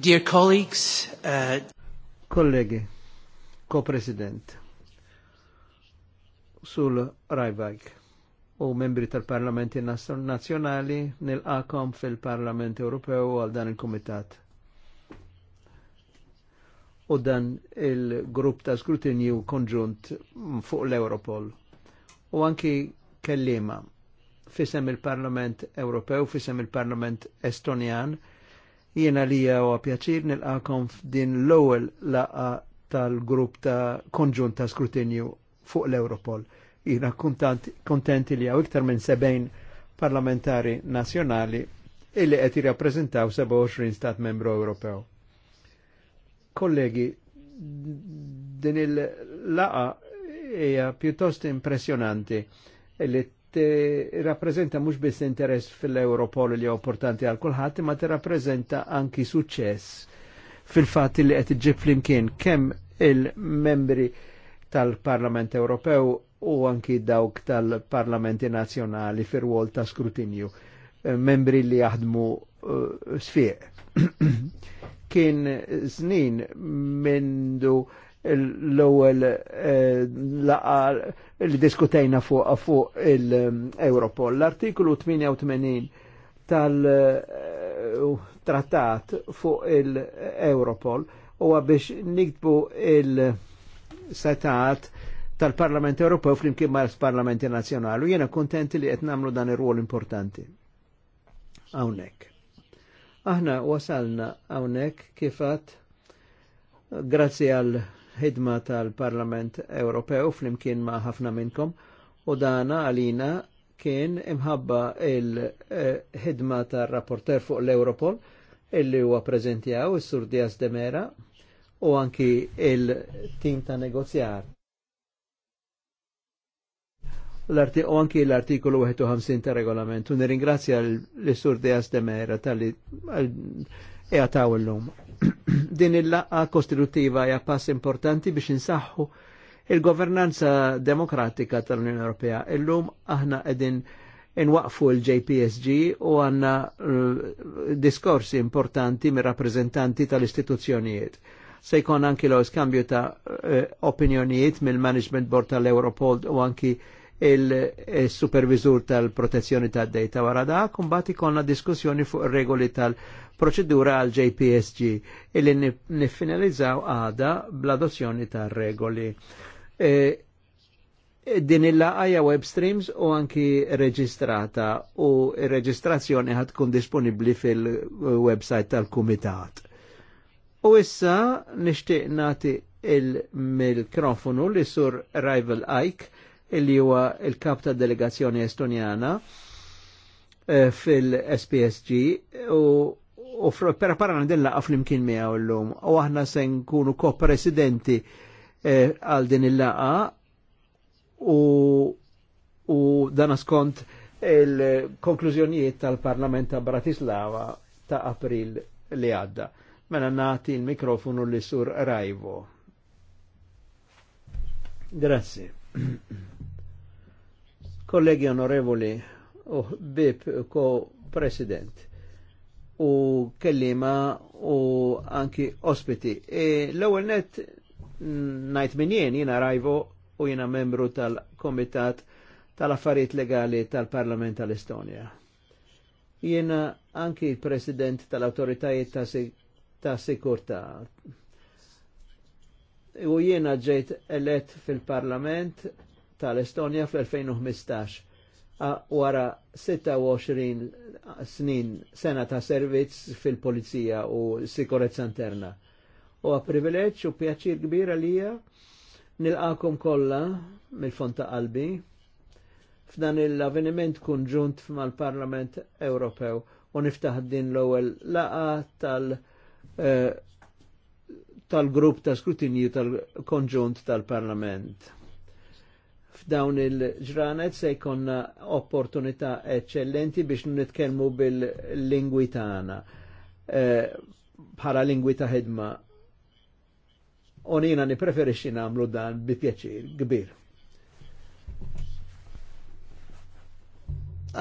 Dear colleagues, uh... Co president sul Rajbajk u membri tal-Parlamenti Nazzjonali nil-AKOM fil-Parlament Ewropew għal dan il-Komitat. U dan il-grupp ta' skrutinju konġunt fuq l-Europol. U anki kellima fisem il-Parlament Ewropew, fisem il-Parlament Estonjan, Jiena li huwa pjaċir nil-għakom f'din l-ewwel laqa tal-grupp ta' konġunt ta' skrutinju fuq l-Europol. Jiena kontent li hawn iktar minn 70 parlamentari nazzjonali illi qed jirrappreżentaw 27 stat membru Ewropew. Kollegi, din il-laqa hija pjuttost impressjonanti illi rappresenta mhux biss interess fil-Europol li importanti għal kulħadd, ma tirrappreżenta anki suċċess fil-fatt li qed iġib flimkien kemm il-membri tal-Parlament Ewropew u anki dawk tal-Parlamenti Nazzjonali fir-rwol ta' skrutinju, eh, membri li jaħdmu uh, eh, sfieq. Kien snin mindu l-ewwel eh, laqar li diskutejna fuq fuq il-Europol. L-artiklu 88 tal-trattat eh, fuq il-Europol huwa biex niktbu il-setat tal-Parlament Ewropew flimkien mal parlamenti Nazzjonali. Jiena kontenti li qed nagħmlu dan ir-rwol importanti. Hawnhekk. Aħna wasalna hawnhekk kifat grazzi għal ħidma tal-Parlament Ewropew flimkien ma' ħafna minnkom u dana għalina kien imħabba il-ħidma tal-rapporter fuq l-Europol illi huwa preżentjaw is-Sur Diaz de Mera u anki il-tim ta' negozjar. U anki l-artikolu 51 ta' regolamentu. U nirringrazzja l-Sur Diaz de Mera tal-li għataw l-lum. Din il-laqqa kostitutiva hija pass importanti biex insaħħu il-governanza demokratika tal-Unjoni Ewropea. Illum aħna qegħdin inwaqfu l-JPSG u għanna eh, diskorsi importanti mir rappresentanti tal-istituzzjonijiet. Se jkun anki l skambju ta' eh, opinjonijiet mill-Management Board tal-Europol u anki il-supervisur eh, tal-protezzjoni tad data wara da, kumbati konna diskussjoni fuq regoli tal proċedura għal JPSG illi nifinalizzaw għada bl-adozzjoni ta' regoli. E, e din il-laqaja web streams u anki reġistrata u reġistrazzjoni tkun disponibli fil-website tal-Kumitat. U issa nishtiq nati il-mikrofonu li sur Rival Ike illi huwa il-kap ta' delegazzjoni estonjana e, fil-SPSG u u pera parana din laqa fl-imkien l-lum, u aħna sen kunu ko-presidenti eh, għal din il-laqa u dan skont il-konklużjonijiet tal-Parlament ta' Bratislava ta' April li għadda. Mela nati il-mikrofonu li sur Rajvo. Grazie. Kollegi onorevoli, u bib ko president u kellima u anki ospiti. E, L-ewwel net ngħid minn jien jiena rajvo u jiena membru tal-Komitat tal-Affarijiet Legali tal-Parlament tal-Estonja. Jiena anki president tal-Awtoritajiet ta', si Sikurta. U jiena ġejt elett fil-Parlament tal-Estonja fl-2015 wara 26 snin sena ta' servizz fil-polizija u sikurezza interna. U privileġġ u pjaċir kbira għalija nilqakom kollha mill-fond ta' qalbi f'dan l-avveniment kunġunt mal-Parlament Ewropew u niftaħ din l-ewwel laqa tal- eh, tal-grupp ta' skrutinju tal-konġunt tal-Parlament f'dawn il-ġranet se jkonna opportunità eccellenti biex nitkellmu bil-lingwi tagħna eh, bħala lingwi ta' ħidma. Onina nipreferixxi nagħmlu dan bi pjaċir kbir.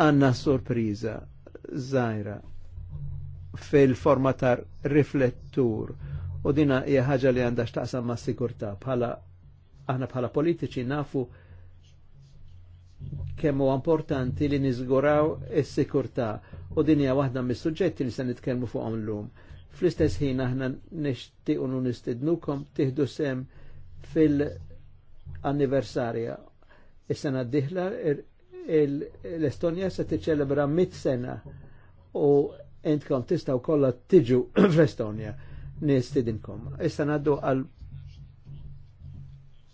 Għanna sorpriża żgħira fil-forma riflettur u dina hija ħaġa li għandha x'taqsam ma' sigurtà bħala aħna bħala politiċi nafu kemm huwa importanti li niżguraw is-sikurtà u dinja wahda waħda mis-suġġetti li se nitkellmu fuqhom llum. Fl-istess ħin aħna nixtiequ nu nistidnukom tieħdu sem fil-anniversarja. Is-sena d dihla l-Estonja se tiċċelebra mit sena u entkom tistaw kollha tiġu fl-Estonja nistidinkom. Issa ngħaddu għal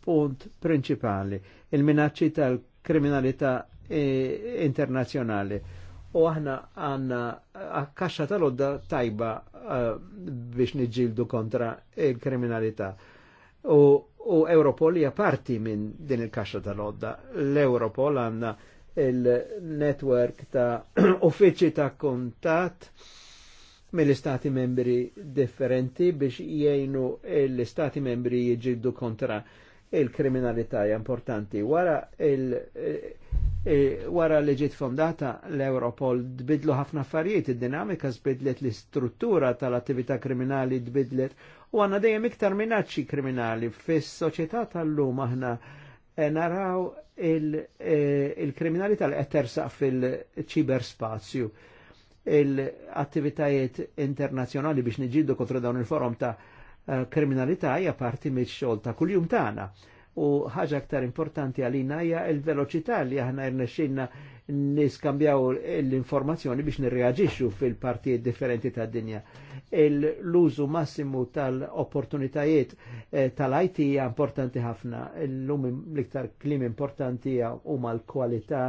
punt prinċipali, il minacċi tal- kriminalità eh, internazzjonali. U aħna għanna kaxxa tal-odda tajba eh, biex nġildu kontra il-kriminalità. U, u Europol hija parti minn din il-kaxxa tal-odda. L-Europol għanna il-network ta' uffiċi ta' kontat mill-istati membri differenti biex jgħinu l-istati membri jġildu kontra il-kriminalità hija importanti. Wara il- eh, eh, wara li ġiet fondata l-Europol tbidlu ħafna affarijiet, id-dinamika tbidlet l-istruttura tal-attività kriminali tbidlet u għanna dejjem iktar minacċi kriminali fis-soċjetà tal-lum aħna eh, naraw il-kriminalità li qed tersaq fil-ċiberspazju il-attivitajiet internazzjonali biex niġiddu kontra dawn il-forum ta' Eh, kriminalità hija parti mill-xogħol ta' kuljum tagħna. U ħaġa aktar importanti għalina hija l-veloċità li aħna rnexxinna niskambjaw l-informazzjoni biex nirreaġixxu fil-partijiet differenti tad dinja L-użu massimu tal-opportunitajiet eh, tal-IT hija importanti ħafna. L-lum l-iktar klim importanti huma l-kwalità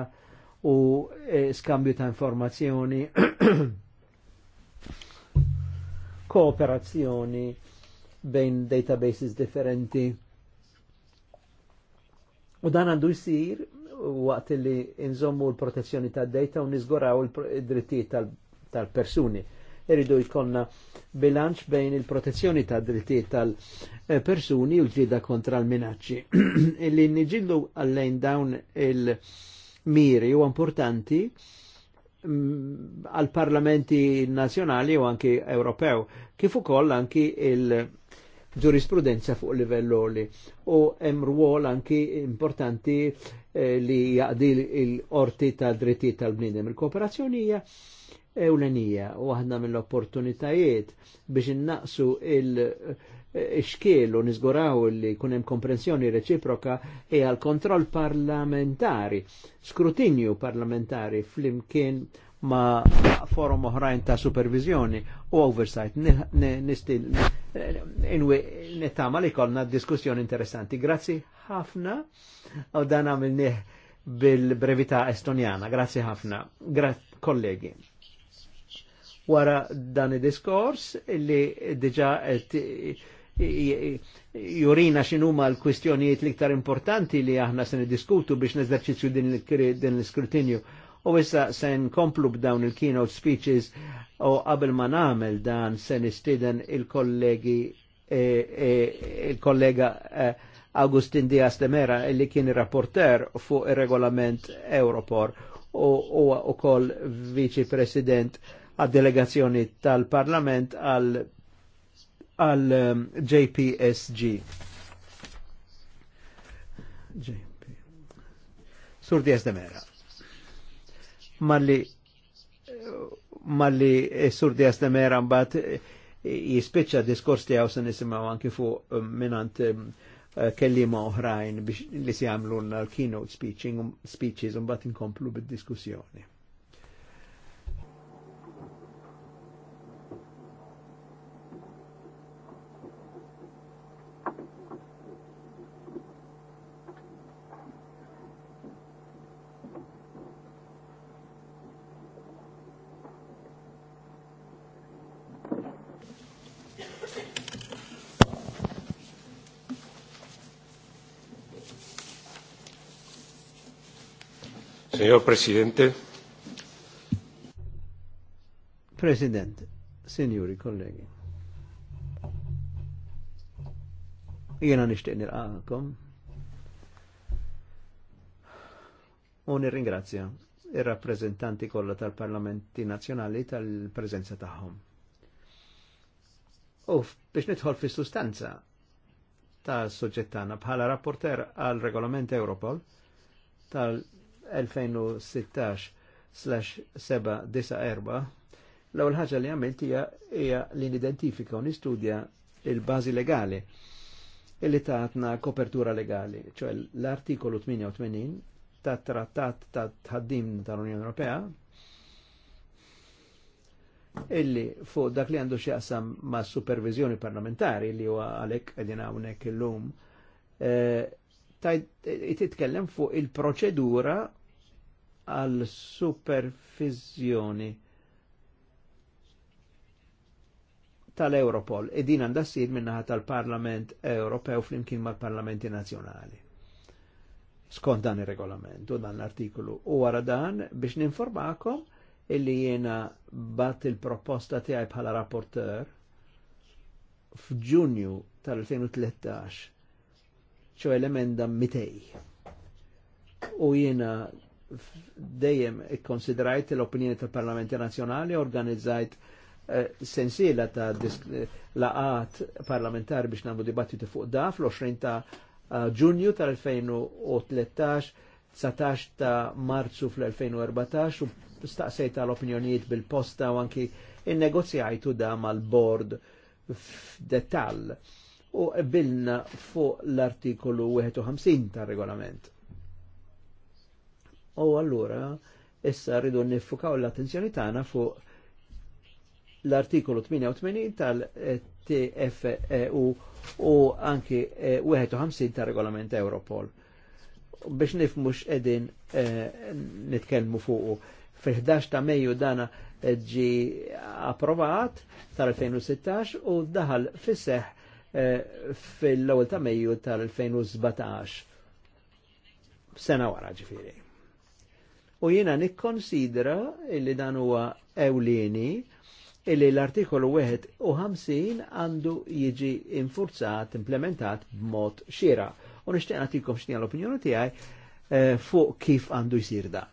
u eh, skambju ta' informazzjoni, kooperazzjoni bejn databases differenti. U dan għandu jisir waqt li nżommu l-protezzjoni ta' data u nizgoraw l drittijiet tal-persuni. Tal Eridu jkonna bilanċ bejn il-protezzjoni ta' drittijiet tal-persuni u l-ġida kontra l-minacċi. Illi nġillu għallejn dawn il-miri u importanti mm, għal parlamenti nazjonali u anki Ewropew, kif ukoll anki il- ġurisprudenza fuq livell li u hemm rwol anki importanti eh, li jaqdi l-orti ta' dritti tal bnidem Il-kooperazzjoni hija ewlenija u aħna mill-opportunitajiet biex innaqsu il-xkiel u nizguraw li kunem komprensjoni reċiproka e għal kontroll parlamentari, skrutinju parlamentari fl-imkien ma forum oħrajn ta' supervizjoni u oversight. Nistil, inwi nittama li kolna diskussjoni interessanti. Grazzi ħafna u dan għamilnieh bil-brevità estonjana. Grazzi ħafna. Grazzi kollegi. Wara dan il-diskors li diġa jurina xinuma l-kwistjonijiet l-iktar importanti li aħna se diskutu biex n neżerċizzju din l-iskrutinju. U issa se komplu b'dawn il-keynote speeches u qabel ma namel dan se istiden il-kollegi e, e, il-kollega e, Agustin Diaz de Mera illi kien rapporter fuq il-regolament Europor u huwa ukoll viċi president għad-delegazzjoni tal-Parlament għal għal um, JPSG. Sur Diaz de Mera malli malli surdi eh, sur Dias de Mera mbagħad eh, jispiċċa diskors tiegħu se nisimgħu anki fuq eh, minant kellima oħrajn biex li si għamlu l-keynote speeches u mbagħad inkomplu bid-diskussjoni. Signor Presidente. Presidente, signori colleghi. Jena nishtiq nilqakom. U nirringrazzja ir-rappreżentanti kollha tal-Parlamenti Nazzjonali tal-preżenza tagħhom. U biex nidħol fis-sustanza ta' soġġettana bħala rapporter għal regolament Europol tal 2016-794 l-ewwel ħaġa li għamilt hija li nidentifika u nistudja il-bażi legali illi tatna kopertura legali, ċoħe l-artikolu 88 tat trattat ta' tħaddim tal-Unjoni Ewropea illi fuq dak li għandu xieqsam ma' supervizjoni parlamentari li huwa għalek għunek hawnhekk illum eh, titkellem fuq il-proċedura għal supervizjoni tal-Europol e din għandha ssir minnaħa tal-Parlament Ewropew flimkien mal-Parlamenti Nazzjonali. Skont dan ir-regolament u dan l artiklu U għara dan biex ninformakom illi jiena bat il-proposta tiegħi bħala rapporteur f'Ġunju tal-2013 ċo l-emenda mitej. U jiena dejjem ikkonsidrajt l-opinjoni tal-Parlamenti Nazzjonali organizzajt eh, sensiela ta' laqat parlamentari biex nagħmlu dibattiti fuq da fl-20 ta' eh, Ġunju tal-2013, 19 ta' Marzu fl-2014 u staqsejt tal-opinjonijiet bil-posta u anki in-negozjajtu da mal-bord f'detall u qbilna fuq l-artikolu 51 tar-regolament. U allura issa rridu nifukaw l-attenzjoni tagħna fuq l-artikolu 88 tal-TFEU u anki 51 eh, tar-regolament Europol biex nifmux edin eh, nitkelmu fuqu. Fil-11 ta' Mejju dana eh, ġi approvat tal-2016 u daħal fisseħ Eh, fil-ewwel ta' Mejju tal-2017. Sena wara ġifieri. U jiena nikkonsidra li dan huwa ewlieni illi l-artikolu 51 għandu jiġi infurzat, implementat b'mod xira. U nishtiq nagħtikom x'nija l-opinjoni tiegħi eh, fuq kif għandu jsir dan.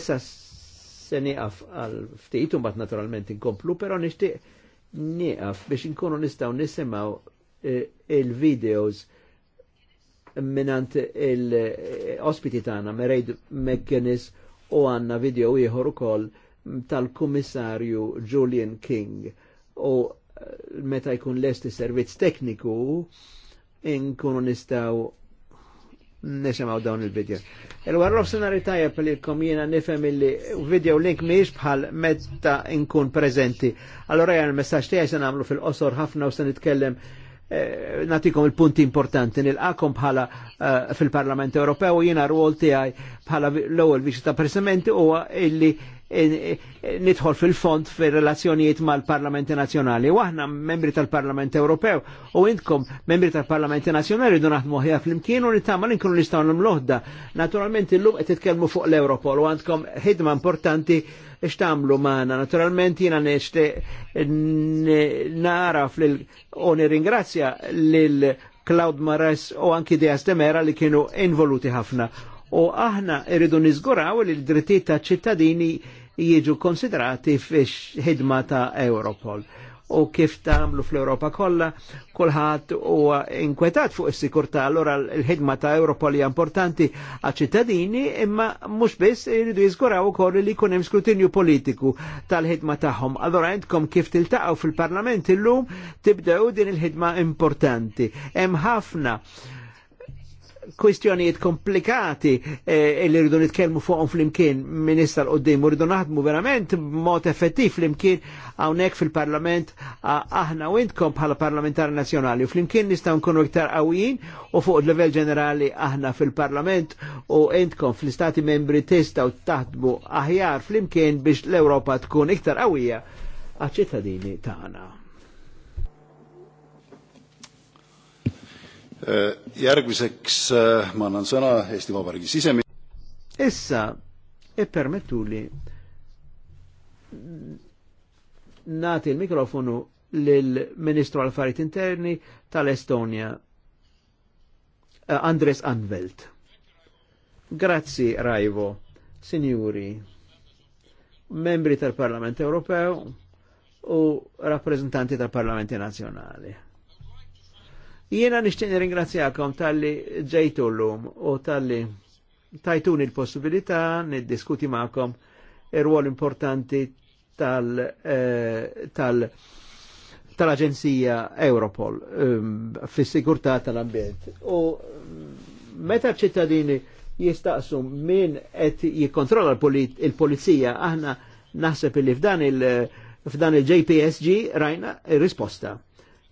Issa se nieqaf għal ftit u mbagħad naturalment inkomplu, però nixtieq nieqaf biex inkunu nistgħu nisimgħu eh, il-videos minant il-ospiti tagħna Mereid McGuinness u għanna video ieħor ukoll tal-kummissarju Julian King u eh, meta jkun lesti servizz tekniku inkunu nistaw nisimaw dawn il-video. Il-warrof senari tajab li jena nifem illi video link miex bħal metta inkun prezenti. Allora jgħan il-messaċ tijaj sen għamlu fil-qosor ħafna u sen nitkellem eh, natikom il-punti importanti nil-għakom bħala eh, fil-Parlament Ewropew jina rwol tijaj bħala l-ewel viċi ta' presementi u illi nidħol fil-fond fil-relazzjonijiet mal-Parlamenti Nazjonali. Waħna membri tal-Parlament Ewropew u intkom membri tal-Parlamenti Nazjonali dun naħdmu ħja fl-imkien u nittama l-inkunu nistaw l-mloħda. Naturalment l qed titkellmu fuq l-Europol u għandkom ħidma importanti ixtamlu maħna. Naturalment jina nara fil- u nirringrazzja lil Cloud Mares u anki Dias Demera li kienu involuti ħafna u aħna irridu nizguraw li l-drittijiet ta' ċittadini jiġu konsiderati fix ħidma ta' Europol u kif tamlu fl-Europa kollha, kulħadd huwa inkwetat fuq is-sikurtà, allura l-ħidma ta' Europol hija importanti għal ċittadini imma mhux biss iridu jiżguraw ukoll li jkun hemm skrutinju politiku tal-ħidma tagħhom. Allura għandkom kif tiltaqgħu fil-Parlament illum tibdew din il-ħidma importanti. Hemm ħafna kwistjonijiet komplikati eh, li rridu nitkellmu fuqhom flimkien Minista l qoddim u rridu naħdmu verament mod effettiv flimkien hawnhekk fil-Parlament aħna u intkom bħala parlamentari nazzjonali u flimkien nistgħu nkunu iktar qawwin u fuq il-livell ġenerali aħna fil-Parlament u intkom fl-Istati membri tistgħu taħdmu aħjar flimkien biex l-Ewropa tkun iktar qawwija għaċ-ċittadini tagħna. Äh, järgmiseks äh, ma annan sõna Eesti Vabariigi sisemi-. Essa e permettuli nati l-mikrofonu lil ministru għal-Affarijiet Interni tal estonia äh, Andres Anvelt. Grazzi, Raivo, signori, membri tal-Parlament Ewropew u rappresentanti tal-Parlamenti Nazjonali Jiena nixtieq ringrazzjakom tal-li ġejtu llum u tal-li tajtuni l-possibilità niddiskuti magħkom ir ruol importanti eh, tal-Aġenzija tal, tal, Europol Europol ehm, fis-sigurtà tal-ambjent. U mm, meta ċittadini jistaqsu min qed jikkontrolla l-polizija aħna naħseb li f'dan il- f'dan il-JPSG rajna risposta.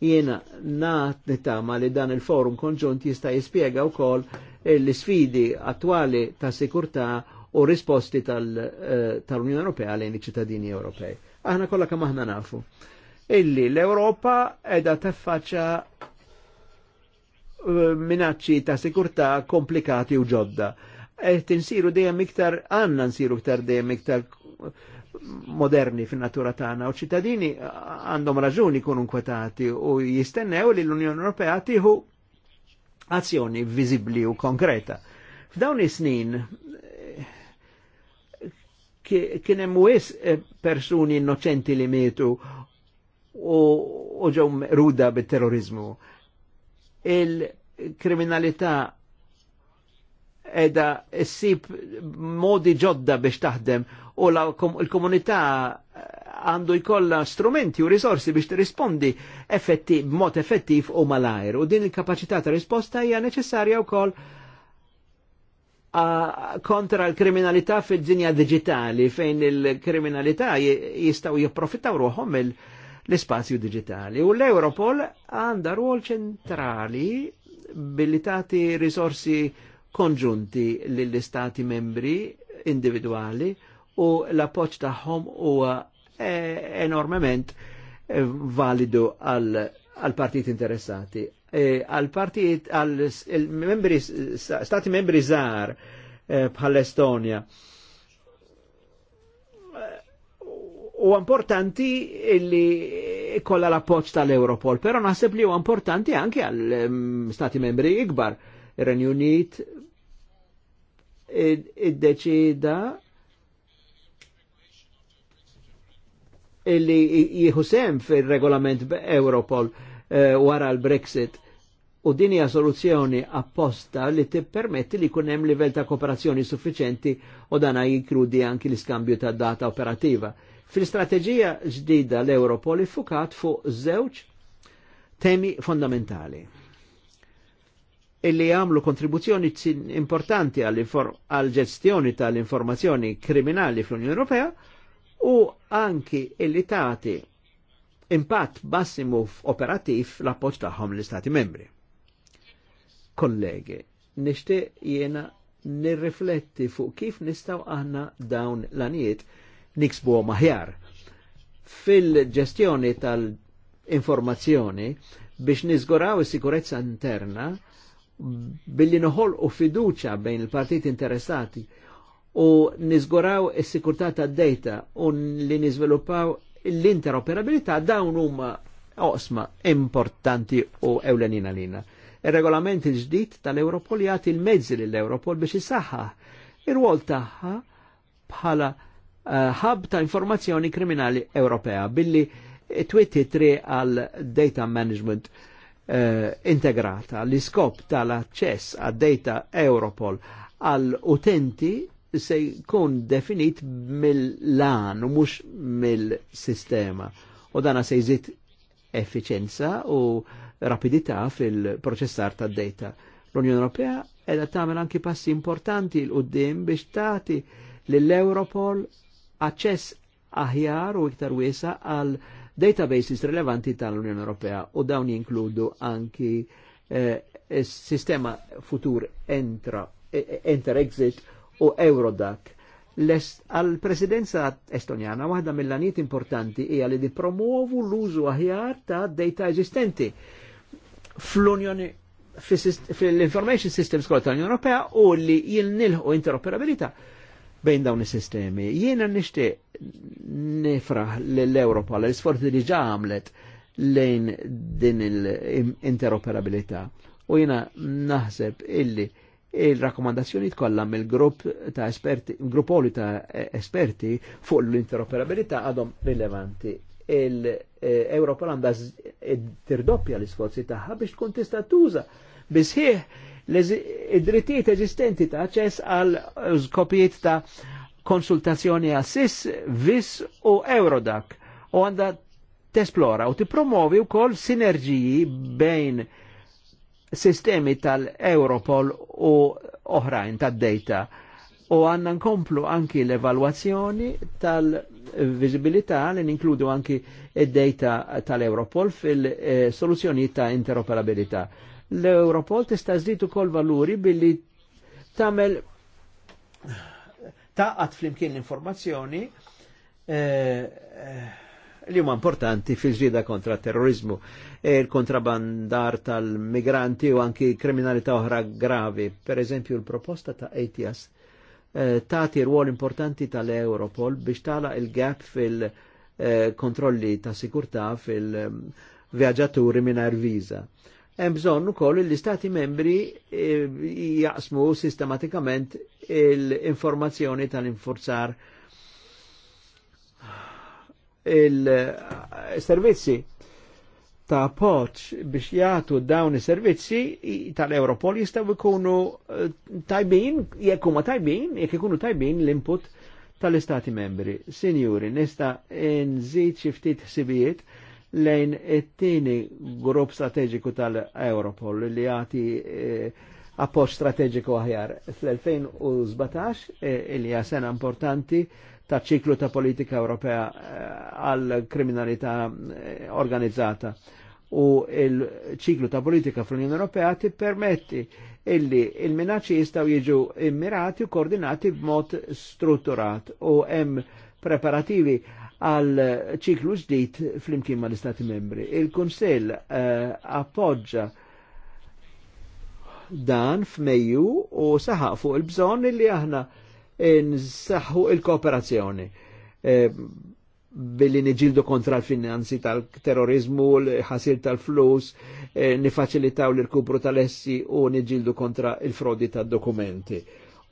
Jiena naħt nittama li dan il-forum konġunt jista jispiega u kol eh, l-sfidi attuali ta' sikurta u risposti eh, tal-Unjoni tal Ewropea lejn iċ-ċittadini Ewropej. Aħna kollha kemm aħna nafu. Illi l-Ewropa edha teffaċċa eh, minacċi ta' sikurta komplikati u ġodda. Qed insiru dejjem iktar għandna nsiru iktar dejjem iktar moderni fin natura tagħna u ċittadini għandhom raġuni jkunu nkwetati u jistennew li l-Unjoni Ewropea tieħu azzjoni viżibbli u konkreta. F'dawn is-snin kien hemm wis eh, persuni innoċenti li mietu u ġew ruda bit-terrorizmu. Il-kriminalità edha ssib modi ġodda biex taħdem u l-komunità eh, għandu jkolla strumenti u risorsi biex tirrispondi effettiv, mod effettiv u malajr. U din il-kapacità ta' risposta hija neċessarja wkoll kontra l-kriminalità fil-dinja digitali fejn il-kriminalità jistaw jipprofittaw ruħom l spazju digitali. U l-Europol għanda ruol ċentrali billi tagħti risorsi konġunti l istati membri individuali u l-appoċ taħħom u eh, enormement eh, validu għal partit interessati. Eh, għal partit għal membri stati membri żgħar bħall estonia U importanti illi kolla l-appoċ tal-Europol, pero naħseb li u importanti anke għal stati membri ikbar. Renju Unit id-deċida illi jieħu sem fil-regolament Europol eh, wara l-Brexit u dinja soluzzjoni apposta li tippermetti li jkun hemm livell ta' kooperazzjoni suffiċenti u dana jinkludi anki l-iskambju ta' data operativa. fil strategija ġdida l-Europol fukat fuq żewġ temi fondamentali illi għamlu kontribuzzjoni importanti għal-ġestjoni tal-informazzjoni kriminali fl-Unjoni Ewropea u anki illi tagħti impatt bassimu operattiv l-appoġġ tagħhom l-Istati membri. Kollegi, nixtieq jiena nirrifletti fuq kif nistaw aħna dawn l-anijiet niksbu maħjar. Fil-ġestjoni tal-informazzjoni biex nizguraw is-sikurezza interna billi noħolqu fiduċa bejn il-partiti interessati u nizguraw is-sikurtà ta' data u li niżviluppaw l-interoperabilità dawn huma osma importanti u ewlenina lina. Il-regolament il-ġdid tal-Europol jagħti il-mezzi lill-Europol biex isaħħaħ ir-wol tagħha bħala ħab eh, ta' informazzjoni kriminali Ewropea billi twitti tri għal data management uh, integrata l iskop tal-aċċess għad data Europol għal utenti se jkun definit mill-lan u mux mill-sistema. U dana se jżid effiċenza u rapidità fil-proċessar ta' data. L-Unjoni Ewropea edha tagħmel anki passi importanti l qudiem biex tagħti lill-Europol aċċess aħjar u iktar wiesa għal databases rilevanti tal-Unjoni Ewropea u dawn jinkludu anki eh, sistema futur entra eh, eh, enter exit u Eurodac. Għal-presidenza estonjana waħda mill-għaniet importanti hija li dipromuovu l-użu aħjar ta' data eżistenti fl-Unjoni fil-information systems kol tal-Unjoni Ewropea u li jilnilħu interoperabilità bejn dawn is-sistemi. Jiena nixtieq nifraħ l-Europa l-isforzi li ġa għamlet lejn din l-interoperabilità u jiena naħseb illi il-rakkomandazzjoni kollha mill-grupp ta' esperti, gruppoli ta' esperti fuq l-interoperabilità għadhom rilevanti. Il-Europa għandha tirdoppja l-isforzi tagħha biex tkun tista' tuża bisħieħ id-drittijiet eżistenti ta' aċċess għal skopijiet ta' konsultazzjoni SIS, vis u Eurodac u għanda tesplora u tipromovi u kol sinerġiji bejn sistemi tal-Europol u oħrajn tad-data. U għanna nkomplu anki l-evalwazzjoni tal-viżibilità li ninkludu anki id-data tal-Europol fil-soluzzjoni ta' interoperabilità. L-Europol tista' żdid ukoll valuri billi tamel taqqat flimkien l-informazzjoni eh, eh, li huma importanti fil-ġida kontra terrorizmu. terrorizmu il-kontrabandar tal-migranti u anki kriminalità oħra gravi. Per eżempju, il-proposta ta' ETIAS eh, tati ruol importanti tal-Europol biex tala il-gap fil-kontrolli eh, ta' sikurtà fil-vjaġġaturi eh, minar viza. Hemm bżonn ukoll li stati membri jaqsmu sistematikament l-informazzjoni tal-infurzar il-servizzi ta' poċ biex jgħatu dawn is-servizzi tal-Europol jistaw ikunu eh, tajbin, jekk huma tajbin, jekk ikunu tajbin l-input tal-Istati membri. Sinjuri, nista' nżid xi ftit ħsibijiet lejn it-tieni grupp strateġiku tal-Europol li jagħti eh, appoġġ strateġiku aħjar fl-2017 eh, li sena importanti ta' ċiklu ta' politika Ewropea eh, għal kriminalità eh, organizzata. U il-ċiklu ta' politika fl-Unjoni Ewropea permetti illi il-minaċi jistaw jiġu immirati u koordinati b'mod strutturat u hemm preparativi għal ċiklu ġdid fl-imkien ma l-Istati membri. Il-Kunsell uh, eh, appoġġa dan f'Mejju u saħaq fuq il-bżonn li aħna nsaħħu il-kooperazzjoni e, billi niġildu kontra l-finanzi tal-terrorizmu, l-ħasil tal-flus, e, nifacilitaw l-irkubru tal-essi u niġildu kontra il-frodi tal-dokumenti.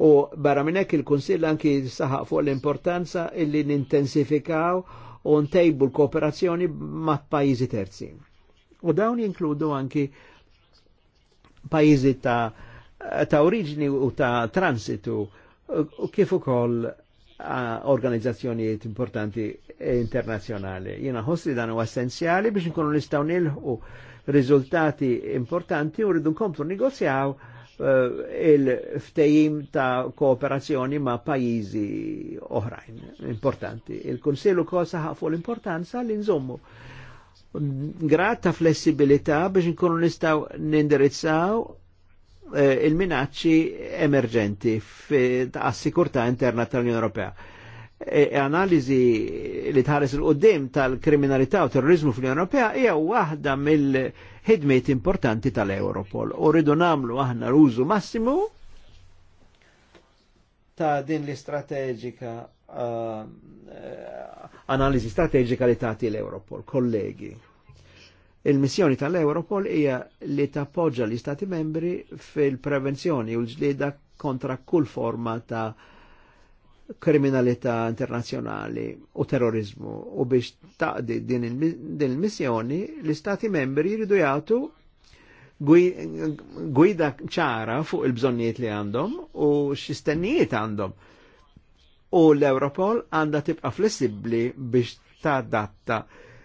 U barra minnek il-Konsill anki saħaq fuq l-importanza illi nintensifikaw u ntejbu l-kooperazzjoni ma' pajizi terzi. U dawn jinkludu anki pajizi ta' ta' oriġini u ta' transitu u kif ukoll organizzazzjonijiet importanti internazzjonali. Jiena ħossi dan huwa essenzjali biex nkunu nistgħu nilħu riżultati importanti u rridu nkomplu negozjaw il-ftejim ta' kooperazzjoni ma' pajizi oħrajn importanti. il kunsill ukoll kosa fuq l-importanza li nżommu Grat ta' flessibilità biex nkunu nistgħu nindirizzaw Eh, il-minacċi emerġenti ta' sikurta interna tal-Unjoni Ewropea. E, e analizi li tħares il-qoddim tal-kriminalità u terrorizmu fl-Unjoni Ewropea hija waħda mill-ħidmiet importanti tal-Europol. U rridu nagħmlu aħna l-użu massimu ta' din l-istrateġika uh, analizi strateġika li tagħti l-Europol, kollegi. Il-missjoni tal-Europol hija li tappoġġa l-Istati membri fil-prevenzjoni u l-ġlieda kontra kull forma ta' kriminalità internazjonali u terrorizmu u biex taqdi din il-missjoni l-Istati membri jridu jagħtu gwida ċara fuq il-bżonnijiet li għandhom u x-istennijiet għandhom. U l-Europol għandha tibqa flessibli biex tadatta datta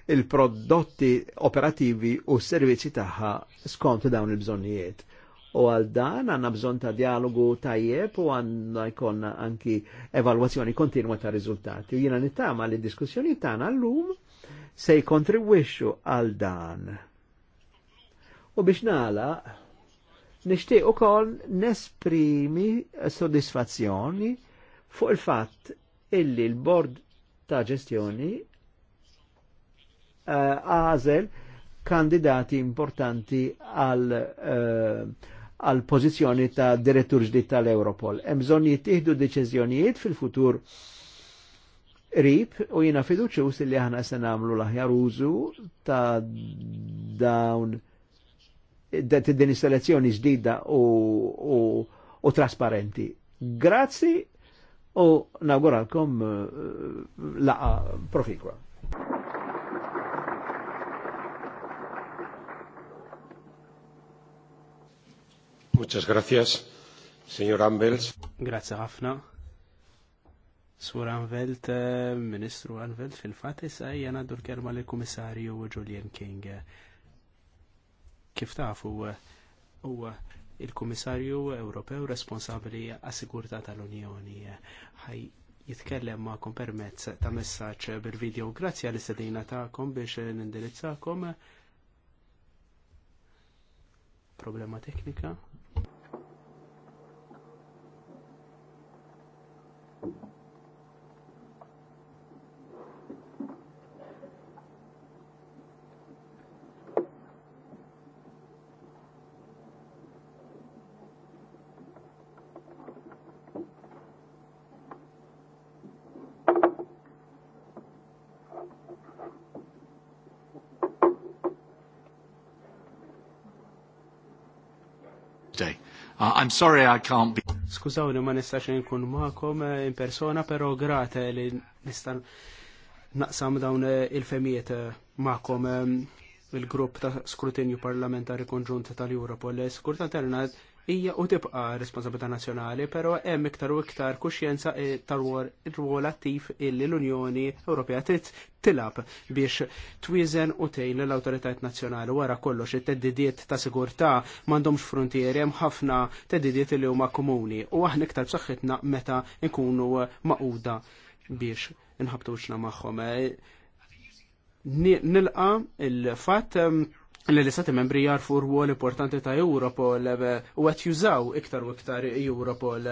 il-prodotti operativi u s-servizzi tagħha skont dawn il-bżonnijiet. U għal dan għanna bżon ta' dialogu tajjeb u għanna jkollna anki evalwazzjoni kontinua ta' riżultati. U jiena nittama li diskussjoni tagħna llum se jkontribwixxu għal dan. U biex nala, nishtiq u kol nesprimi soddisfazzjoni fuq il-fatt illi l-bord ta' ġestjoni għażel kandidati importanti għal eh, għal pożizzjoni ta' direttur ġdid tal-Europol. Hemm bżonn jittieħdu deċiżjonijiet fil-futur rib u jiena fiduċus li aħna se nagħmlu l-aħjar użu ta' dawn din installazzjoni ġdida u, u, u trasparenti. Grazzi u nauguralkom eh, laqa profikwa. Muchas gracias, señor Anvels. Grazie ħafna. Sur Anvelt, eh, Ministru Anvelt, fil-fat issa jena dur kelma l kummissarju Julian King. Kif tafu, eh, u il-Kummissarju Ewropew responsabli għas-sigurtà tal-Unjoni. Ħaj jitkellem ma'kom permezz ta' messaġġ bil-video. Grazzi għall istedina ta'kom biex nindirizzakom problema teknika. Uh, I'm sorry I can't be. Skużawni ma nistax nkun ma'kom eh, in persona, pero grata li nista' naqsam dawn eh, il-femijiet eh, ma'kom il-grupp ta' skrutinju parlamentari Konġunt tal-Europol. Skur hija u tibqa' responsabilità nazzjonali, però hemm iktar u iktar kuxjenza eh, tar rwol attiv illi l-Unjoni Ewropea trid tilab biex twizen u tgħin l awtoritajiet nazzjonali wara kollox it-teddidiet ta' sigurtà m'għandhomx frontieri hemm ħafna teddidiet li huma komuni u aħna iktar b'saħħitna meta nkunu maquda biex inħabtuxna magħhom. Eh, nilqa' il-fatt l-istati membri jarfu r-ruol importanti ta' Europol eh, u għet jużaw iktar u iktar Europol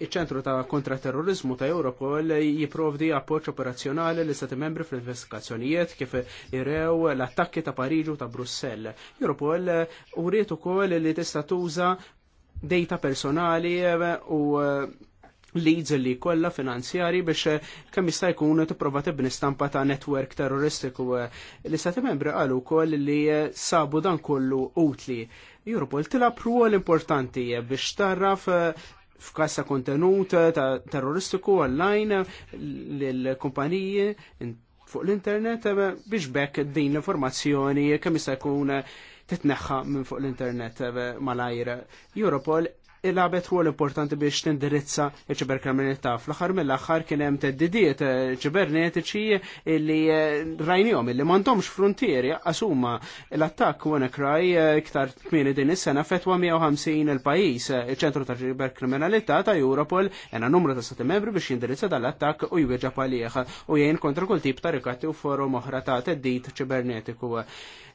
Iċ-ċentru ta' kontraterrorizmu ta' Europol jiprovdi appoġġ operazzjonali l istati membri fl-investigazzjonijiet kif irew l-attakki ta' Parigi u ta' Brussell. Europol uriet ukoll li tista' tuża data personali eh, u eh, leads li kollha finanzjari biex eh, kemm jista' jkun tipprova tibni stampa ta' netwerk terroristiku. Eh, l-istati membri qalu wkoll li eh, sabu dan kollu utli. Europol tilab rwol importanti biex tarraf f'kas ta' kontenut ta' terroristiku online l-kumpaniji fuq l-internet biex bekk din l-informazzjoni kemm jista' jkun titneħħa minn fuq l-internet malajr. Europol il labet huwa l-importanti biex tindirizza il-ċiberkriminalità. Fl-axar mill-axar kien hemm teddidiet eh, ċibernetiċi li eh, rajnijom li m'għandhomx frontieri għasuma l-attakk WannaCry eh, iktar kmieni din is-sena fetwa 150 il-pajjiż. Il-ċentru ta' ċiberkriminalità ta' Europol jena numru ta' stati membri biex jindirizza dal-attakk u jweġa palieħ u jgħin kontra kull tip ta' rikatti u forum oħra ta' teddid ċibernetiku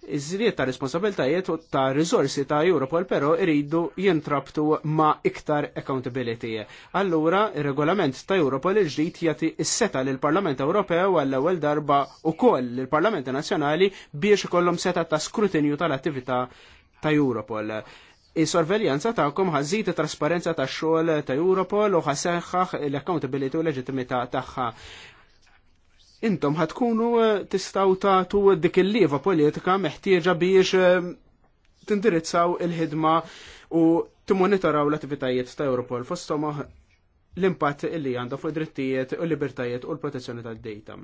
iż-żriet ta' responsabiltajiet u ta' rizorsi ta' Europol però iridu jintrabtu ma' iktar accountability. Allura, il-regolament ta' Europol il-ġdid jati s-seta l parlament Ewropew għall ewwel darba u koll l-Parlament Nazjonali biex ikollhom seta ta' skrutinju tal-attività ta' Europol. Is-sorveljanza tagħkom ħażid trasparenza tax xogħol ta' Europol u ħaseħħaħ l-accountability u l-leġittimità tagħha intom ħatkunu eh, tistaw tagħtu dik il-lieva politika meħtieġa biex eh, tindirizzaw il-ħidma u timonitoraw l-attivitajiet ta' Europol fostom l-impatt li għandha fuq id-drittijiet u l-libertajiet u l-protezzjoni tad-dejta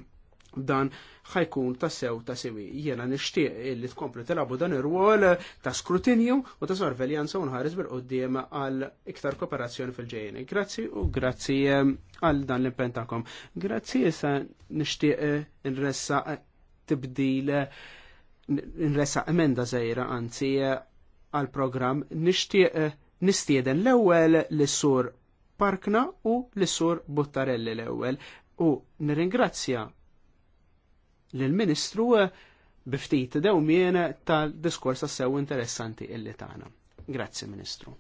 dan ħajkun ta' sew ta' sewi. Jena nishtiq li tkompli telabu dan ir-rwol ta' skrutinju u ta' sorveljanza u nħares bil-qoddim għal iktar kooperazzjoni fil-ġejjeni. Grazzi u grazzi eh, għal dan l impentakom Grazzi issa nishtiq eh, nressa eh, tibdil n-ressa emenda zaħira anzi għal program nishtiq nistieden l-ewel l-sur Parkna u l-sur Buttarelli l-ewel u nirringrazzja lil ministru eh, biftit dewmien tal-diskors sew interessanti illi tagħna. Grazzi Ministru.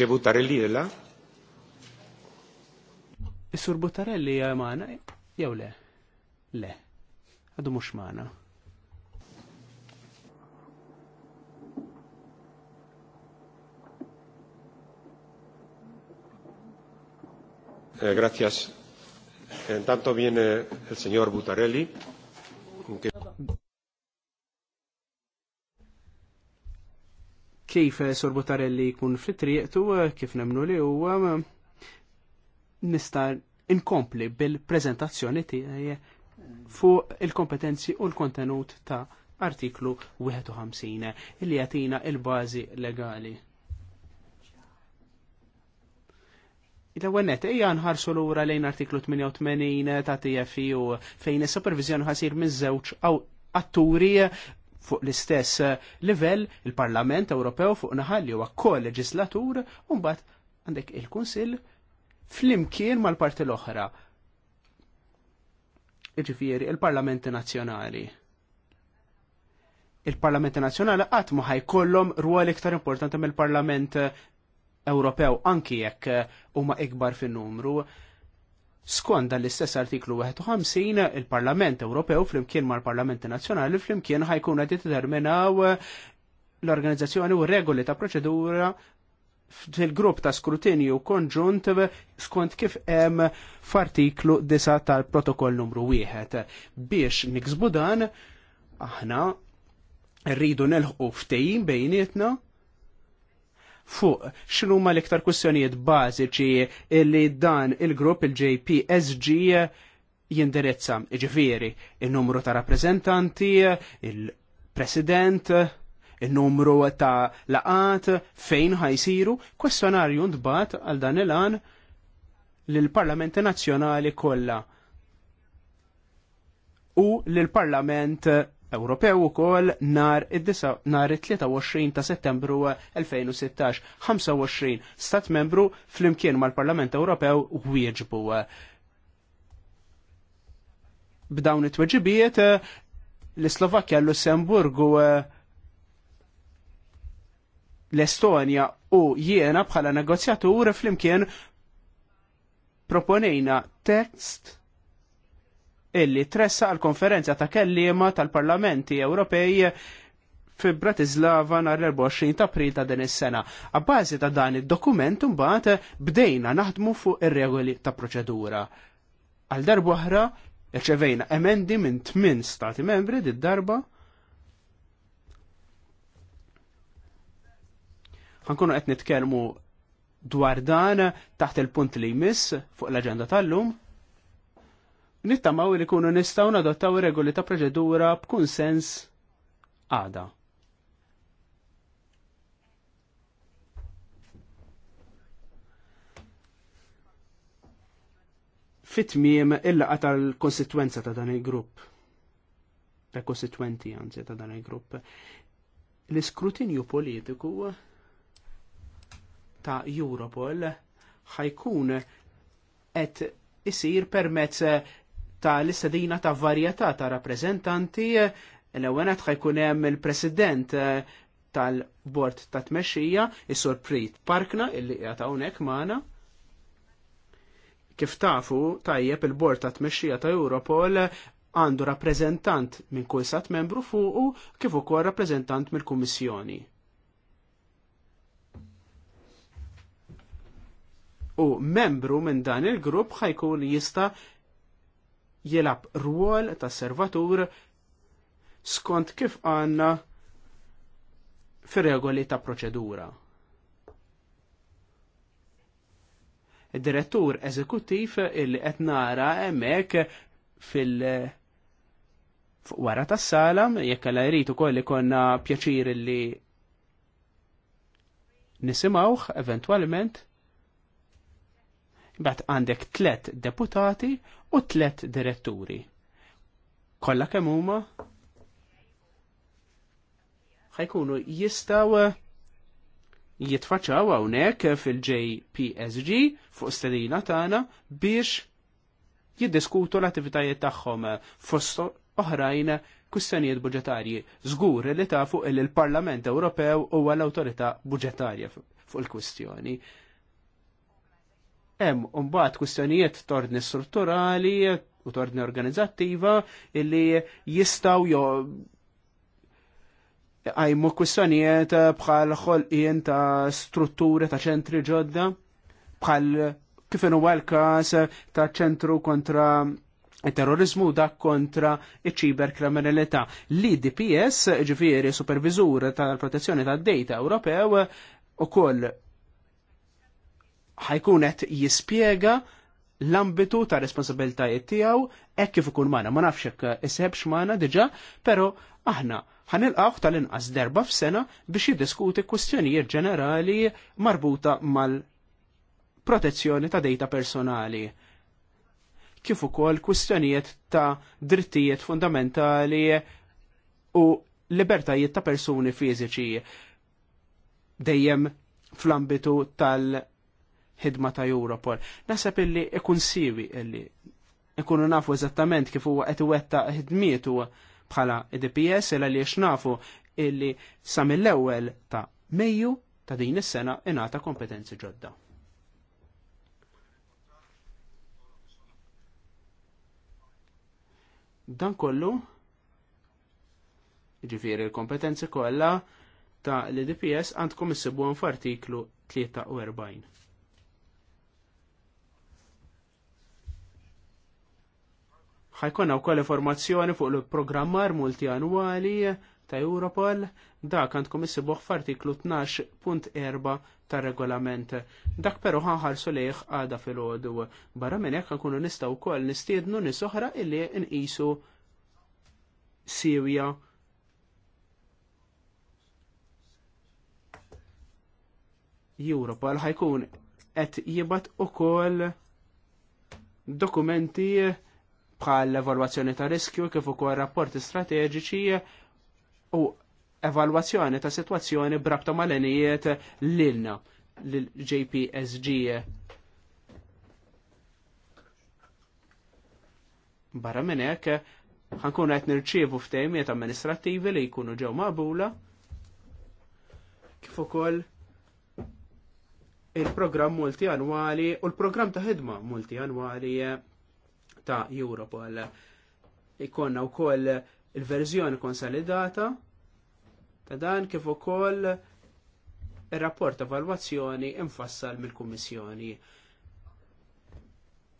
si Butarelli della? Is-sur Butarelli hija magħna jew le? Le. Għadu mhux magħna. Eh, gracias. Intanto viene il signor Butarelli. kif eh, Sorbotarelli jkun fit-triqtu eh, kif nemnu li u nista' inkompli bil-preżentazzjoni tiegħi fuq il-kompetenzi u l-kontenut ta' artiklu 51 illi eh, jagħtina il-bażi legali. Il-għennet, ija nħarsu l-ura lejn artiklu 88 ta' TFU fejn il-supervizjon ħasir minn żewġ għaw atturi fuq l-istess eh, livell il-Parlament Ewropew fuq naħalli huwa ko-leġislatur u mbagħad għandek il-Kunsill flimkien mal-parti l-oħra. Iġifieri il parlament Nazzjonali. il parlament Nazzjonali qatt ma ħajkollhom rwol iktar importanti mill-Parlament Ewropew anki jekk eh, huma ikbar fin-numru. Skont dan l-istess artiklu 51, il-Parlament Ewropew flimkien mal-Parlamenti Nazzjonali flimkien ħajkun qed determinaw l-organizzazzjoni u regoli ta' proċedura fil-grupp ta' skrutinju konġunt skont kif hemm f'artiklu 9 tal-protokoll numru 1. Biex niksbu dan, aħna rridu nelħu ftejjin bejnietna fuq xinu ma l-iktar kwistjonijiet bażiċi illi dan il-grupp il-JPSG jindirizza ġifiri il-numru ta' rappresentanti, il-president, il-numru ta' laqat, fejn ħajsiru, kwestjonarju ndbat għal dan il-għan l-Parlamenti Nazzjonali kollha u l-Parlament Ewropew kol nar id-23 ta' settembru 2016 25 stat membru flimkien mal-Parlament Ewropew wieġbu. B'dawn it-tweġibiet eh, l-Slovakkja, l-Lussemburgu, eh, l-Estonja u jiena bħala negozjatur flimkien proponejna tekst illi tressa għal konferenza ta' kellima tal-Parlamenti Ewropej fi Bratislava nar 24 ta' april ta' din is-sena. Abbażi ta' dan id-dokument mbagħad bdejna naħdmu fuq ir-regoli ta' proċedura. Għal darba oħra rċevejna emendi minn tmien stati membri did-darba ħankunu qed nitkellmu dwar dan taħt il-punt li jmiss fuq l-aġenda tal-lum nittamaw li kunu nistaw nadottaw regoli ta' proċedura sens għada. fit illa il-laqa tal-konsekwenza ta' dan il-grupp. Ta' konsekwenzi għanzi ta' dan il-grupp. L-iskrutinju politiku ta' Europol ħajkun qed isir permezz ta' l-istadina ta' varjetà ta' rappreżentanti l-ewenet ħajkun hemm il-president eh, tal-bord ta' tmexxija, is-sur Prit Parkna, illi qiegħed hawnhekk magħna. Kif tafu tajjeb il-bord ta' tmexxija ta' Europol għandu rappreżentant minn kull sat membru fuqu kif ukoll rappreżentant mill-Kummissjoni. U membru minn dan il-grupp ħajkun jista' jilab ruol ta' servatur skont kif għanna fir-regoli ta' proċedura. Id-direttur eżekuttiv illi qed nara hemmhekk fil- wara tas-sala jekk għal jrid ukoll konna pjaċir li nisimgħuh eventwalment Bat għandek tlet deputati u tlet diretturi. Kolla kemm huma? ħajkunu jistaw eh, jitfaċaw hawnhekk fil-JPSG fuq stedina tagħna biex jiddiskutu l-attivitajiet tagħhom fost oħrajn kustenijiet budġetarji. Żgur li tafu il-Parlament Ewropew huwa l-awtorità budġetarja fuq il-kwistjoni. Hemm mbagħad kwistjonijiet torni strutturali u torni organizzattiva illi jistaw jo għajmu kwistjonijiet bħal ħolqien ta' strutturi ta' ċentri ġodda bħal kif huwa l-każ ta' ċentru kontra terrorizmu da kontra iċ-ċiberkriminalità. L-IDPS, ġifiri supervizur tal-protezzjoni tad-data Ewropew, ukoll ħajkunet qed jispjega l-ambitu ta' responsabiltajiet tiegħu hekk kif ikun magħna. Ma nafx hekk isebx magħna diġà, pero aħna ħanilqgħu tal-inqas derba f'sena biex jiddiskuti kwistjonijiet ġenerali marbuta mal-protezzjoni ta' dejta personali kif ukoll kwistjonijiet ta' drittijiet fundamentali u libertajiet ta' persuni fiżiċi dejjem fl-ambitu tal- ħidma ta' Europol. Nasab illi ikun siwi illi ikunu nafu eżattament kif huwa qed iwetta ħidmietu bħala bħala e DPS illa li nafu illi sa mill-ewwel ta' Mejju ta' din is-sena ingħata kompetenzi ġodda. Dan kollu ġifiri l-kompetenzi kollha ta' l-DPS e għandkom issibuhom f'artiklu 43. ħajkonna u koll informazzjoni fuq il-programmar multianwali ta' Europol, dak għandkom issibuħ f'artiklu 12.4 tar regolament. Dak pero ħanħar lejh għada fil-ħodu. Barra minn hekk nkunu nistgħu wkoll nistiednu nisoħra illi nqisu Sirja Europol ħajkun qed jibgħat ukoll dokumenti bħal evalwazzjoni ta' riskju kif ukoll rapporti strateġiċi u evalwazzjoni ta' sitwazzjoni brabta mal-enijiet lilna l-JPSG. Barra minn hekk, ħankun qed nirċievu ftehimiet amministrattivi li jkunu ġew maqbula kif ukoll il-programm multianwali u l-programm ta' ħidma annwali ta' Europol. Ikonna wkoll il-verżjoni konsolidata ta' dan kif ukoll ir-rapport ta' infassal mill-Kummissjoni.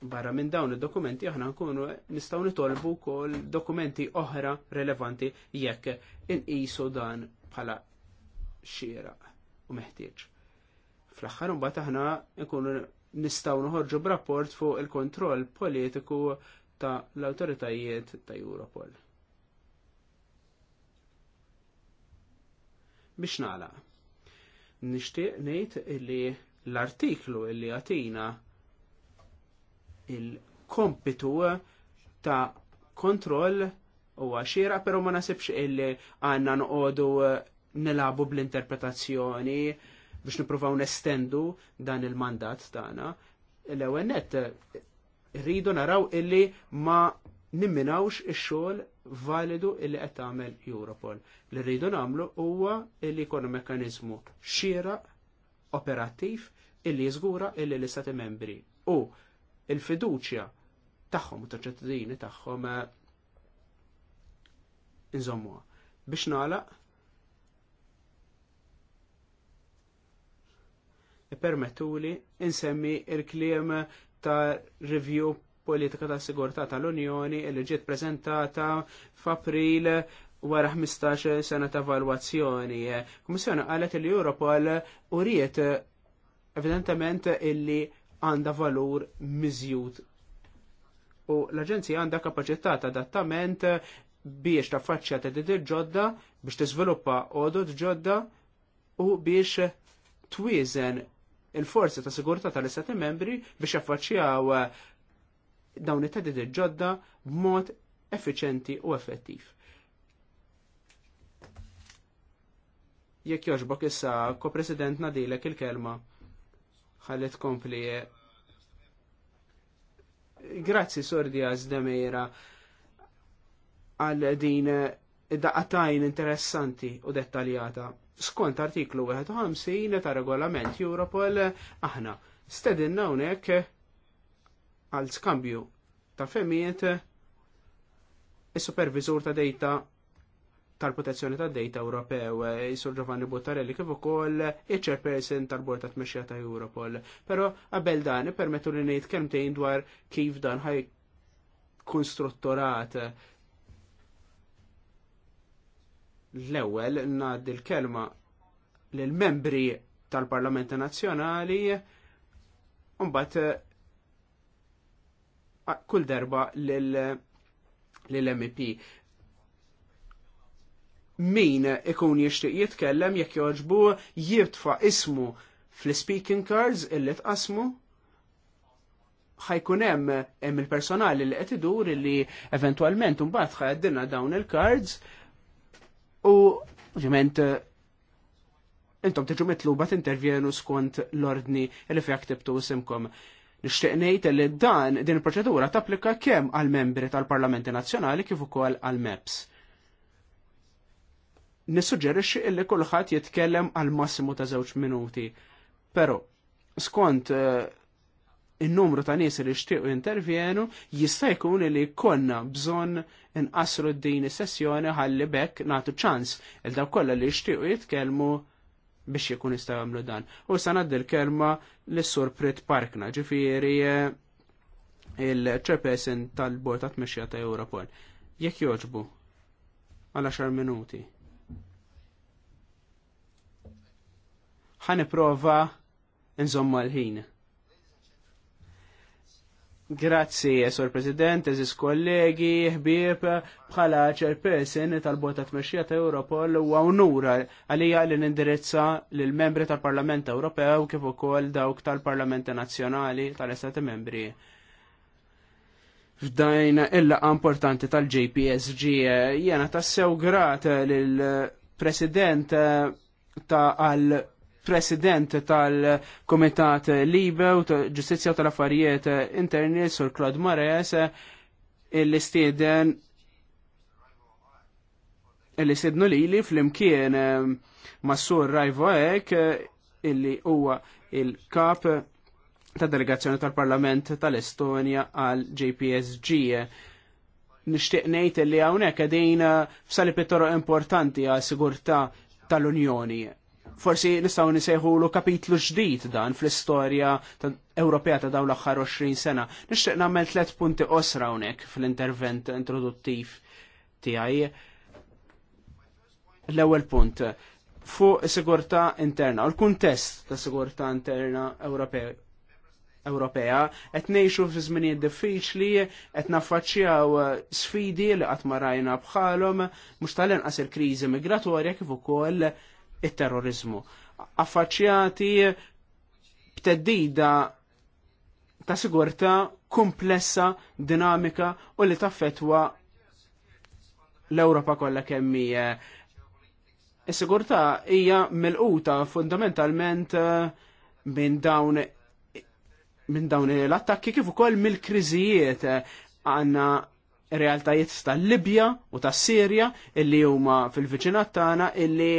Barra minn dawn id-dokumenti aħna nkunu nistgħu nitolbu wkoll dokumenti oħra relevanti jekk inqisu dan bħala xieraq u meħtieġ. Fl-aħħar imbagħad aħna nkunu nistaw noħorġu b'rapport fuq il-kontroll politiku ta' l-autoritajiet ta' Europol. Biex nala, nishtiq nejt illi l-artiklu illi għatina il-kompitu ta' kontroll u għaxira, pero ma nasibx illi għanna nqodu nilabu bl-interpretazzjoni biex nippruvaw nestendu dan il-mandat tagħna. L-ewwel nett rridu naraw illi ma nimminawx ix-xogħol validu illi qed tagħmel Europol. Li rridu nagħmlu huwa illi jkollu mekkaniżmu xieraq operattiv illi jiżgura illi l-istati membri u il-fiduċja tagħhom u taċ-ċittadini tagħhom eh, inżommuha. Biex nagħlaq permettuli insemmi il-kliem ta' review politika ta' sigurtà tal-Unjoni li ġiet prezentata f'April wara 15 sena ta' valwazzjoni. Kummissjoni qalet li Europol uriet evidentement illi għandha valur miżjud. U l-Aġenzija għandha kapaċità ta' adattament biex faċċja ta' ġodda, biex tiżviluppa għodod ġodda u biex twizen il-forzi ta' sigurtà tal-istati membri biex jaffaċċjaw eh, dawn it-tedid ġodda b'mod effiċenti u effettiv. Jekk joġbok issa ko-president nadilek il-kelma ħallet kompli. Eh. Grazzi Sordja Zdemira għal din id-daqatajn eh, interessanti u dettaljata skont artiklu 51 ta' regolament Europol aħna stedinna hawnhekk għal skambju ta' femijiet is-supervisur ta' data tal-protezzjoni ta' data Ewropew, Sur Giovanni Buttarelli kif ukoll il-chairperson tal-Bord ta' Tmexxija ta' Europol. Però qabel dan permettu li ngħid kemm dwar kif dan ħaj kun l-ewwel nad il kelma lill membri tal-Parlamenti Nazzjonali mbagħad kull darba lill mp Min ikun jixtieq jitkellem jekk jogħġbu jitfa' ismu fl-speaking cards illi tqasmu ħajkun hemm hemm il-personali li qed idur li eventwalment imbagħad ħajdilna dawn il-cards U ovvjament intom tiġu mitluba tintervjenu skont l-ordni li fi ktibtu isimkom. Nixtieq ngħid li dan din il-proċedura tapplika kemm għal membri tal-Parlamenti Nazzjonali kif ukoll għal MEPS. Nissuġġerixxi illi kulħadd jitkellem għal massimu ta' żewġ minuti. Però skont uh, il-numru ta' nies li xtiqu intervjenu jista' jkun li konna bżonn inqasru din is-sessjoni ħalli bekk nagħtu ċans il daw kollha li xtiqu jitkellmu biex jkun jista' jagħmlu dan. U sa ngħaddi l-kelma lis-Sur Prit Parkna, ġifieri eh, il-chairperson tal-Bord ta' Tmexxija ta' Europol. Jekk joġbu għal 10 minuti. Ħaniprova nżomma l-ħin. Grazzi, Sor President, eżis kollegi, ħbieb, bħala ċerpesin tal-bota t-mexxija ta' Europol u għawnura għalija li nindirizza l-membri tal-Parlament Ewropew kif ukoll dawk tal-Parlament Nazzjonali tal-Estati Membri. F'dajn illa importanti tal-JPSG, jena tassew grat l president ta' għal president tal-Komitat Libe u tal-Ġustizja tal-Affarijiet Interni, Sur Claude Mares, il-istiden illi sednu li li fl-imkien ehm, mas-sur Rajvo Ek illi huwa il-kap ta' delegazzjoni tal-Parlament tal-Estonja għal JPSG. Nishtiq ngħid li hawnhekk qegħdin f'sali pittoro importanti għal sigurtà tal-Unjoni forsi nistgħu l kapitlu ġdid dan fl-istorja Ewropea ta' dawn l-aħħar 20 sena. Nixtieq nagħmel tliet punti qosra hawnhekk fl-intervent introduttiv tiegħi. L-ewwel punt fuq sigurtà interna, u l-kuntest ta' sigurtà interna Ewropea. Ewropea, qed ngħixu fi żminijiet diffiċli, qed naffaċċjaw sfidi li qatt ma rajna bħalhom, mhux tal-inqas il-kriżi migratorja kif ukoll il-terrorizmu. Affaċjati b'teddida ta' sigurta komplessa, dinamika u li taffetwa l-Ewropa kollha kemm hija. Is-sigurtà hija melquta fundamentalment eh, minn dawn minn dawn l-attakki kif ukoll mill-kriżijiet għandna realtajiet tal-Libja u tas-Sirja illi huma fil-viċinat tagħna illi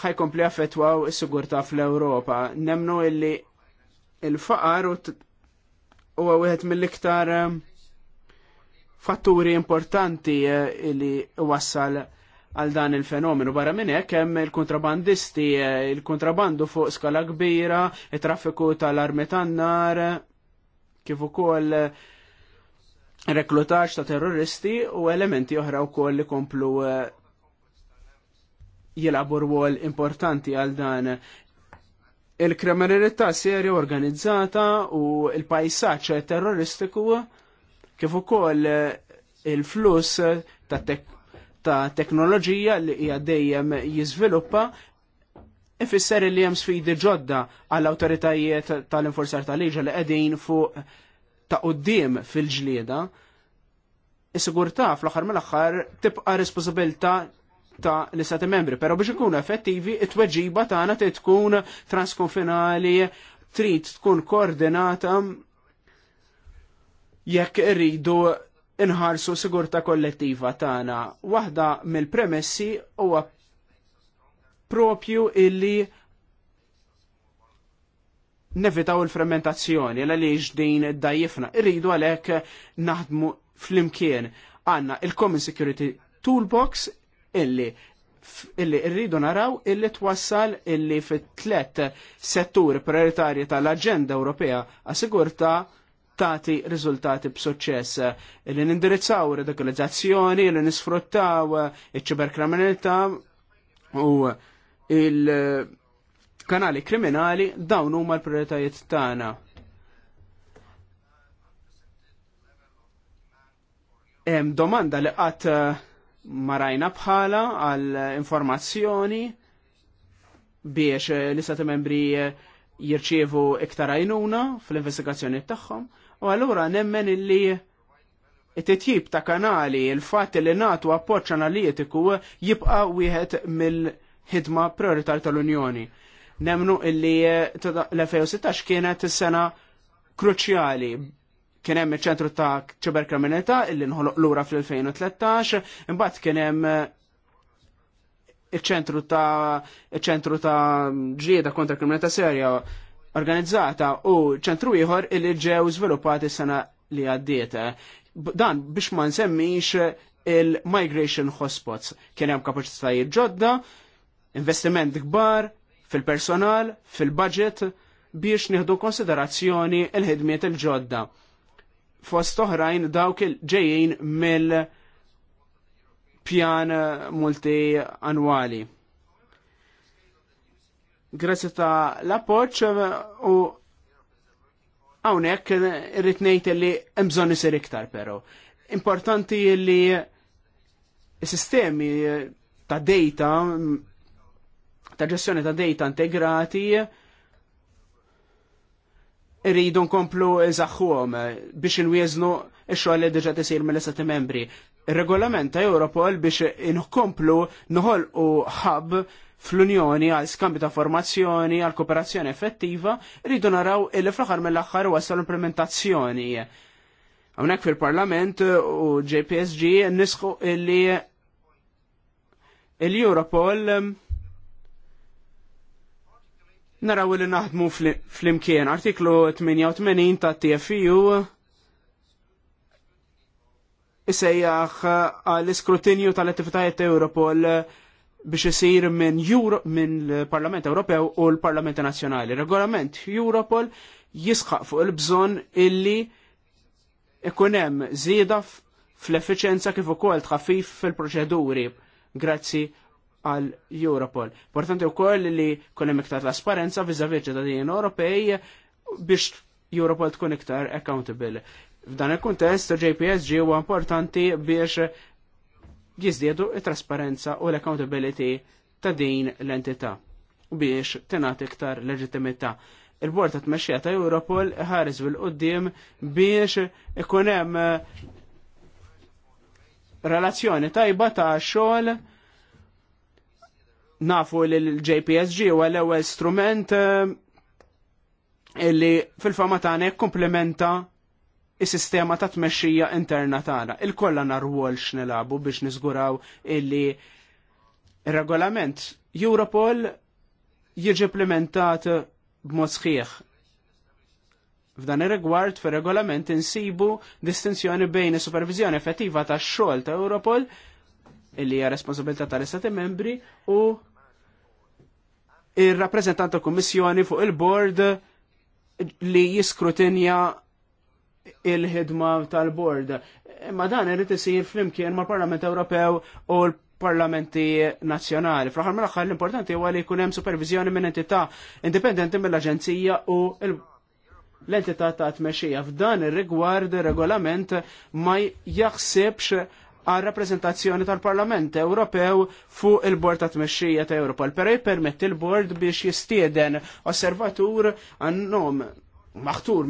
ħajkompli affettwaw is-sigurtà fl-Ewropa. Nemnu illi il-faqar huwa wieħed mill-iktar ehm, fatturi importanti eh, li wassal għal dan il-fenomenu. Barra minn hekk hemm il-kontrabandisti, eh, il-kontrabandu fuq skala kbira, it-traffiku tal-armi tan-nar, kif ukoll eh, reklutaġġ ta' terroristi u elementi oħra wkoll li komplu jilabu rwol importanti għal dan il-kriminalità serja organizzata u il-pajsaċ terroristiku kif ukoll il flus ta' tek ta' teknoloġija li hija dejjem jiżviluppa ifisser li hemm sfidi ġodda għall awtoritajiet tal-infurzar tal-liġa li qegħdin fuq ta' qudiem fil-ġlieda. Is-sigurtà fl-aħħar mill-aħħar tibqa' responsabilità ta' l-istati membri. Pero biex ikunu effettivi, it-tweġiba tagħna trid tkun transkonfinali, trid tkun koordinata jekk irridu inħarsu sigurta kollettiva tagħna. Waħda mill-premessi huwa propju illi nevitaw il-fermentazzjoni l għaliex din dajjifna. Irridu għalhekk naħdmu fl-imkien għanna il-Common Security Toolbox illi illi rridu naraw illi twassal illi fit-tlet setturi prioritarji tal-Aġenda Ewropea għas-sigurtà tati riżultati b'suċċess illi nindirizzaw radikalizzazzjoni, illi nisfruttaw iċ-ċiberkriminalità u il-kanali kriminali dawn huma l-prioritajiet tagħna. Domanda li qatt marajna bħala għal informazzjoni biex eh, l-istati membri eh, jirċievu iktar għajnuna fl-investigazzjoni tagħhom u allura nemmen illi it-tip ta' kanali il fat li natu appoċ analitiku eh, jibqa wieħed mill-ħidma prioritar tal-Unjoni. Nemnu illi l-2016 kienet is-sena kruċjali kien hemm iċ-ċentru ta' ċiberkriminalità illi nħoloq lura fl-2013, imbagħad kien hemm eh, iċ-ċentru ta' iċ-ċentru ta' ġrieda kontra kriminalità serja organizzata u ċentru ieħor illi ġew żviluppati sena li għaddiet. Dan biex ma nsemmix il-migration hotspots. Kien hemm kapaċitajiet ġodda, investiment kbar fil-personal, fil-budget biex nieħdu konsiderazzjoni il-ħidmiet il-ġodda. il ħidmiet il ġodda fost oħrajn dawk il-ġejjin mill-pjan multi annwali. Grazzi ta' l-appoċ u għawnek rritnejt li mżon isir iktar pero. Importanti li sistemi ta' data, ta' ġestjoni ta' data integrati, rridu nkomplu zaħħuhom biex inwieżnu x-xogħol li diġà tisir mill-istati membri. Regolament ta' Europol biex inkomplu u hub fl-Unjoni għal skambju ta' formazzjoni, għal kooperazzjoni effettiva, rridu naraw il fl-aħħar mill-aħħar wasal implementazzjoni. Hawnhekk fil-Parlament u JPSG nisħu illi l-Europol naraw li naħdmu fl-imkien. Artiklu 88 ta' TFU isejjaħ għall-iskrutinju tal-attivitajiet Europol biex isir minn min l-Parlament Ewropew u l-Parlament Nazzjonali. Regolament Europol jisħaq fuq il-bżon illi ikunem zida fl-efficienza kif ukoll tħaffif fil-proċeduri grazzi għal Europol. Importanti u koll li kollim iktar trasparenza vizavi ċittadini Ewropej biex Europol tkun iktar accountable. F'dan il-kuntest, JPSG huwa importanti biex jizdiedu il-trasparenza u l-accountability ta' din l-entità u biex tenat iktar leġittimità. Il-Bord ta' Tmexxija ta' Europol ħares bil-qoddim biex ikun hemm eh, relazzjoni tajba ta' xogħol nafu li l-JPSG huwa l-ewwel strument eh, illi fil-fama tagħna komplementa s sistema ta' tmexxija interna tagħna. Il-kollha nar wol x'nilabu biex niżguraw illi regolament Europol jiġi implementat b'mod sħiħ. F'dan ir-rigward fir-regolament insibu distinzjoni bejn is-supervizjoni effettiva tax-xogħol ta' Europol illi hija responsabilità tal-Istati membri u il-rappresentant tal kummissjoni fuq il-board li jiskrutinja il-ħidma tal-board. Ma dan irrid isir flimkien mal-Parlament Ewropew u l parlamenti nazzjonali. Fraħal mill aħħar l-importanti huwa li jkun hemm supervizjoni minn entità indipendenti mill-Aġenzija u l-entità ta' tmexxija. F'dan ir-rigward ir-regolament ma jaħsibx għal rappresentazzjoni tal-Parlament Ewropew fuq il-Bord ta' Tmexxija ta' Europol. Perej permetti il-Bord biex jistieden osservatur għannom maħtur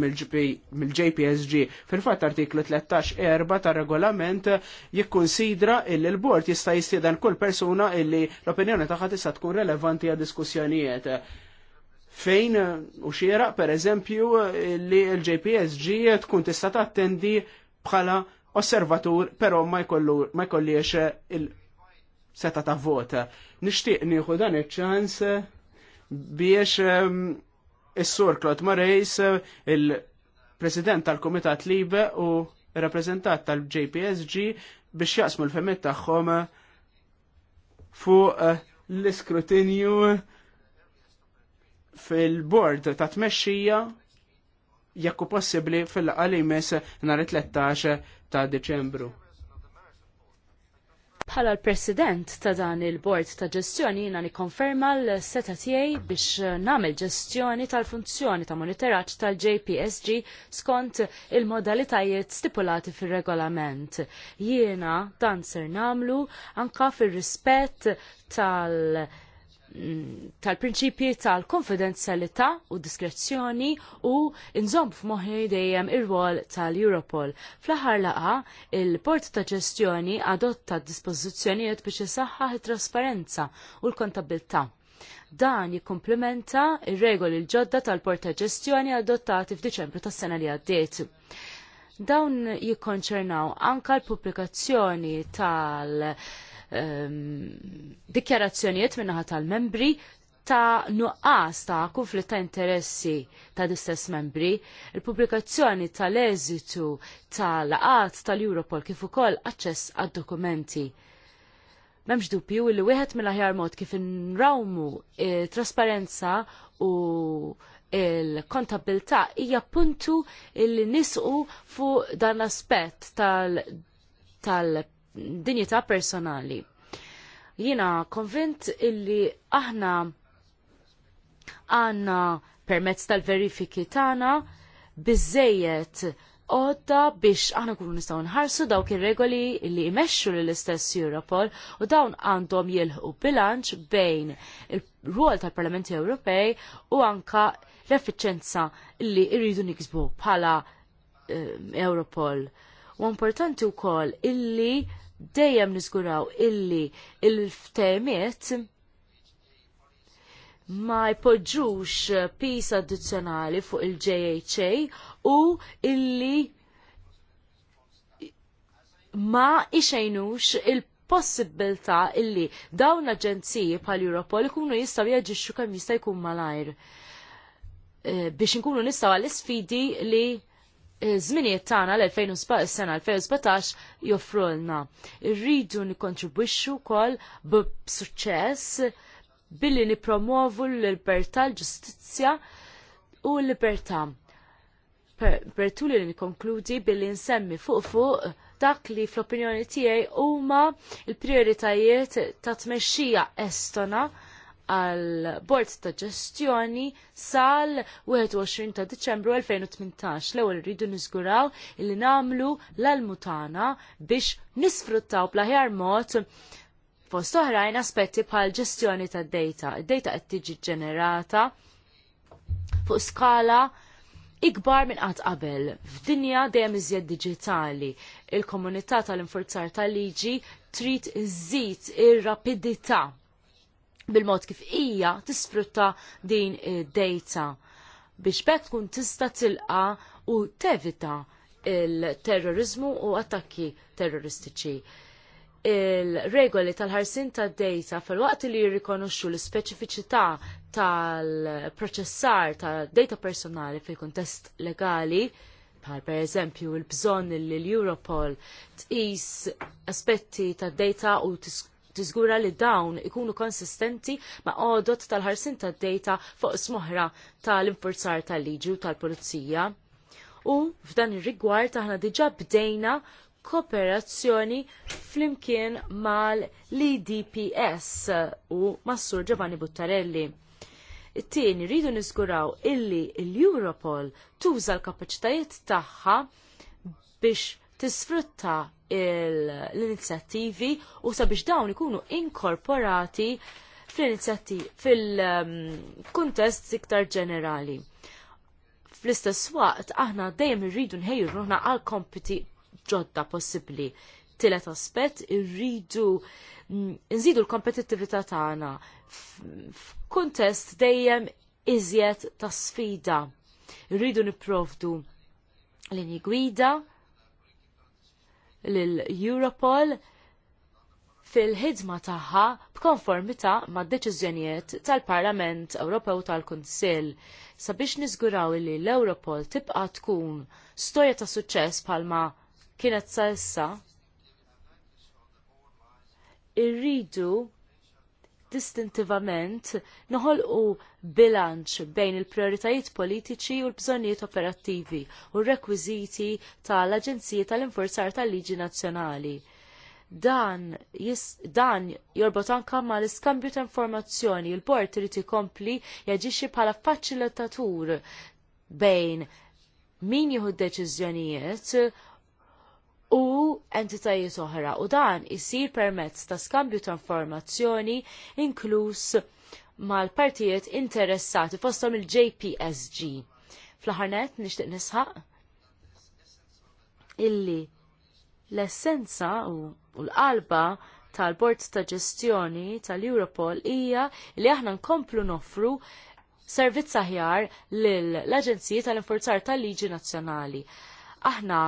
mill-JPSG. Fil-fatt artiklu 13.4 ta' regolament jikkonsidra illi l-bord jista' jistieden kull persuna illi l-opinjoni tagħha tista' tkun relevanti għad diskussjonijiet. Fejn u xiera, per eżempju, li l-JPSG tkun tista' tattendi bħala osservatur, però ma jkolliex il-seta ta' vota. Nixtieq nieħu dan il ċans biex ehm, is-sur Claude Marejs, il-President tal-Kumitat Libe u rappresentant tal-JPSG biex jaqsmu l-femmet tagħhom fuq eh, l-iskrutinju fil-bord ta' tmexxija jekk possibbli fil-qalimis nhar 13 ta' Deċembru. Bħala l-President ta' dan il-Bord ta' ġestjoni jina nikonferma l-seta tiegħi biex nagħmel ġestjoni tal-funzjoni ta' monitoraġġ tal-JPSG skont il-modalitajiet stipulati fir-regolament. Jiena dan ser namlu anka fir-rispett tal- tal-prinċipji tal-konfidenzjalità u diskrezzjoni u nżomm f'moħħi dejjem ir-rwol tal-Europol. Fl-aħħar laqa, il-Port ta' Ġestjoni adotta dispożizzjonijiet biex isaħħaħ it-trasparenza u l-kontabilità. Dan jikkomplementa ir-regoli l-ġodda tal-Port ta' Ġestjoni adottati f'Diċembru tas-sena li għaddiet. Dawn jikkonċernaw anka l-pubblikazzjoni tal- Ehm, dikjarazzjonijiet minnaħa tal-membri ta' nuqqas ta' konflitt ta' interessi ta' distess membri, il-pubblikazzjoni tal-eżitu tal-laqat tal-Europol kif ukoll aċċess għad dokumenti. Memx dubju li wieħed mill-aħjar mod kif nrawmu trasparenza u il-kontabilta hija puntu il nisqu fuq dan l-aspett tal-, tal dinjità personali. Jiena konvint illi aħna għanna permezz tal-verifiki tagħna biżejjed għodda biex aħna kunu nistgħu nħarsu dawk ir-regoli li jmexxu lill-istess Europol u dawn għandhom jilħu bilanċ bejn il-rwol tal-Parlamenti Ewropej u anka l-effiċenza li rridu niksbu bħala eh, Europol. U importanti wkoll illi dejjem niżguraw illi il-ftemiet ma jpoġġux pis addizzjonali fuq il-JHA u illi ma ixejnux il-possibilta illi dawn l-aġenziji pal Europol ikunu jistaw jaġixxu kemm jista' jkun malajr. Eh, biex nkunu nistaw għall-sfidi li Zminiet tagħna l-2017 sena 2017 joffrulna. Irridu nikkontribwixxu wkoll b'suċċess billi nipromovu l-libertà, l-ġustizzja u l-libertà. Pertuli li nikonkludi billi nsemmi fuq fuq dak li fl-opinjoni tiegħi huma l-prioritajiet ta' tmexxija estona għal bord ta' ġestjoni sal-21 ta' Diċembru 2018. L-ewwel rridu niżguraw li namlu l-almutana biex nisfruttaw bl-aħjar mod Fost oħrajn aspetti bħal ġestjoni ta' data. Id-data qed tiġi ġenerata fuq skala ikbar minn qatt qabel. F'dinja dejjem iżjed diġitali. Il-komunità tal-infurzar tal-liġi trid iżid ir-rapidità bil-mod kif hija tisfrutta din id dejta biex bekk tkun tista tilqa u tevita il-terrorizmu u attakki terroristiċi. Il-regoli tal-ħarsin tad dejta fil-waqt li jirrikonoxxu l-speċifiċità tal-proċessar tal-data personali fil-kontest legali bħal per eżempju il-bżonn li l-Europol tqis aspetti tad data u tiżgura li dawn ikunu konsistenti ma' għodot tal-ħarsin tad-data fuq smoħra tal impurzar tal-liġi u tal-pulizija. U f'dan ir-rigward aħna diġà bdejna kooperazzjoni flimkien mal-LDPS u mas-Sur Giovanni Buttarelli. It-tieni rridu niżguraw illi l-Europol tuża l-kapaċitajiet tagħha biex tisfrutta l-inizjattivi u sabiex dawn ikunu inkorporati fil-kuntest um, iktar ġenerali. Fl-istess waqt aħna dejjem irridu nħejju ruħna għal kompiti ġodda possibbli. Tilet aspett irridu mm, nżidu l-kompetittività tagħna f'kuntest dejjem iżjed ta' sfida. Irridu nipprovdu lini gwida l-Europol fil-ħidma tagħha b'konformità mad-deċiżjonijiet tal-Parlament Ewropew tal-Kunsill sabiex niżguraw li l-Europol tibqa' tkun storja ta' suċċess bħalma kienet sa issa irridu distintivament noħolqu bilanċ bejn il-prioritajiet politiċi u l-bżonnijiet operattivi u r-rekwiżiti tal-Aġenziji tal-Infurzar tal-Liġi Nazzjonali. Dan, jis, dan jorbot anka ma l-iskambju ta' informazzjoni, il-bord irid ikompli jaġixxi bħala faċilitatur bejn min jieħu d deċiżjonijiet u entitajiet oħra u dan isir permezz ta' skambju ta' informazzjoni inkluż mal-partijiet interessati fosthom il-JPSG. Fl-ħarnet nixtieq nisħaq illi l-essenza u l-qalba tal-Bord ta' Ġestjoni tal-Europol hija li aħna nkomplu noffru servizz aħjar lill aġenziji tal-Infurzar tal-Liġi Nazzjonali. Aħna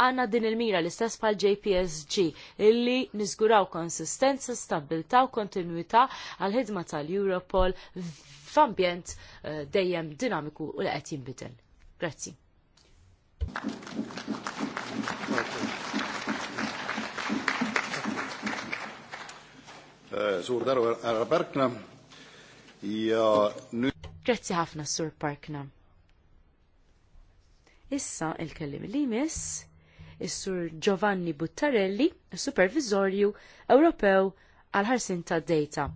għanna din il-mira l-istess pal JPSG illi nizguraw konsistenza, stabilta u kontinuità għal ħidma tal-Europol f'ambjent eh, dejjem dinamiku u li qed jinbidel. Grazzi. Eh, Sur daru għara Parkna. Grazzi ħafna, Sur Parkna. Issa il-kellim li miss is-Sur Giovanni Buttarelli, Supervisorju Ewropew għal ħarsin tad data.